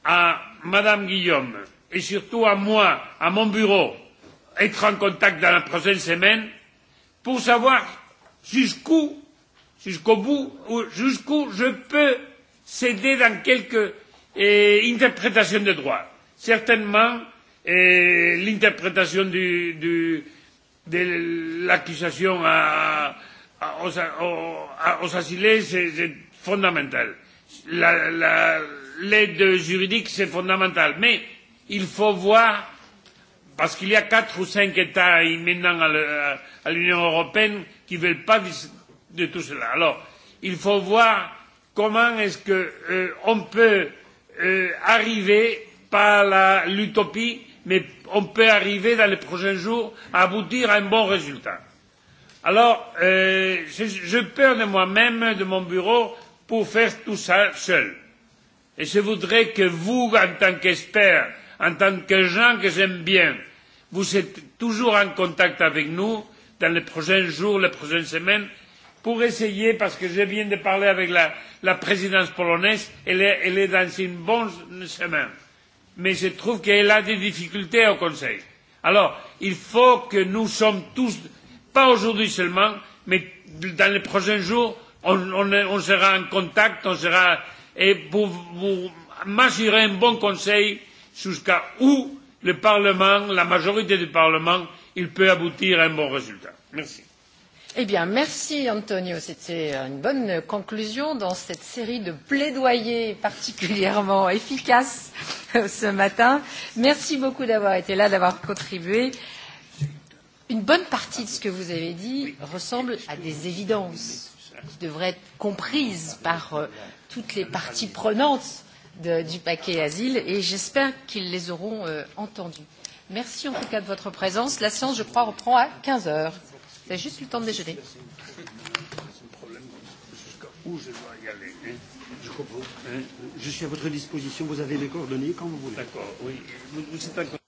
à madame Guillaume et surtout à moi, à mon bureau, être en contact dans la prochaine semaine pour savoir jusqu'où jusqu'au bout, jusqu'où je peux céder dans quelque euh, interprétation de droit. Certainement, euh, l'interprétation du, du, de l'accusation à, à, aux, à, aux asilés, c'est fondamental. La, la, l'aide juridique, c'est fondamental. Mais il faut voir, parce qu'il y a quatre ou cinq États maintenant à l'Union européenne qui ne veulent pas de tout cela. Alors, il faut voir comment est-ce qu'on euh, on peut euh, arriver, pas à l'utopie, mais on peut arriver dans les prochains jours à aboutir à un bon résultat. Alors, euh, je, je peur de moi-même, de mon bureau, pour faire tout ça seul. Et je voudrais que vous, en tant qu'experts, en tant que gens que j'aime bien, vous êtes toujours en contact avec nous dans les prochains jours, les prochaines semaines, pour essayer, parce que je viens de parler avec la, la présidence polonaise, elle est, elle est dans une bonne chemin. Mais je trouve qu'elle a des difficultés au Conseil. Alors, il faut que nous sommes tous, pas aujourd'hui seulement, mais dans les prochains jours, on, on, on sera en contact, on sera, et pour vous m'assurer un bon conseil jusqu'à où le Parlement, la majorité du Parlement, il peut aboutir à un bon résultat. Merci. Eh bien, merci Antonio. C'était euh, une bonne conclusion dans cette série de plaidoyers particulièrement efficaces euh, ce matin. Merci beaucoup d'avoir été là, d'avoir contribué. Une bonne partie de ce que vous avez dit ressemble à des évidences qui devraient être comprises par euh, toutes les parties prenantes de, du paquet asile et j'espère qu'ils les auront euh, entendues. Merci en tout cas de votre présence. La séance, je crois, reprend à 15 heures. C'est juste le temps de déjeuner. Où je dois y aller hein Je comprends. Hein je suis à votre disposition. Vous avez mes coordonnées quand vous voulez. D'accord. Oui. Vous, vous êtes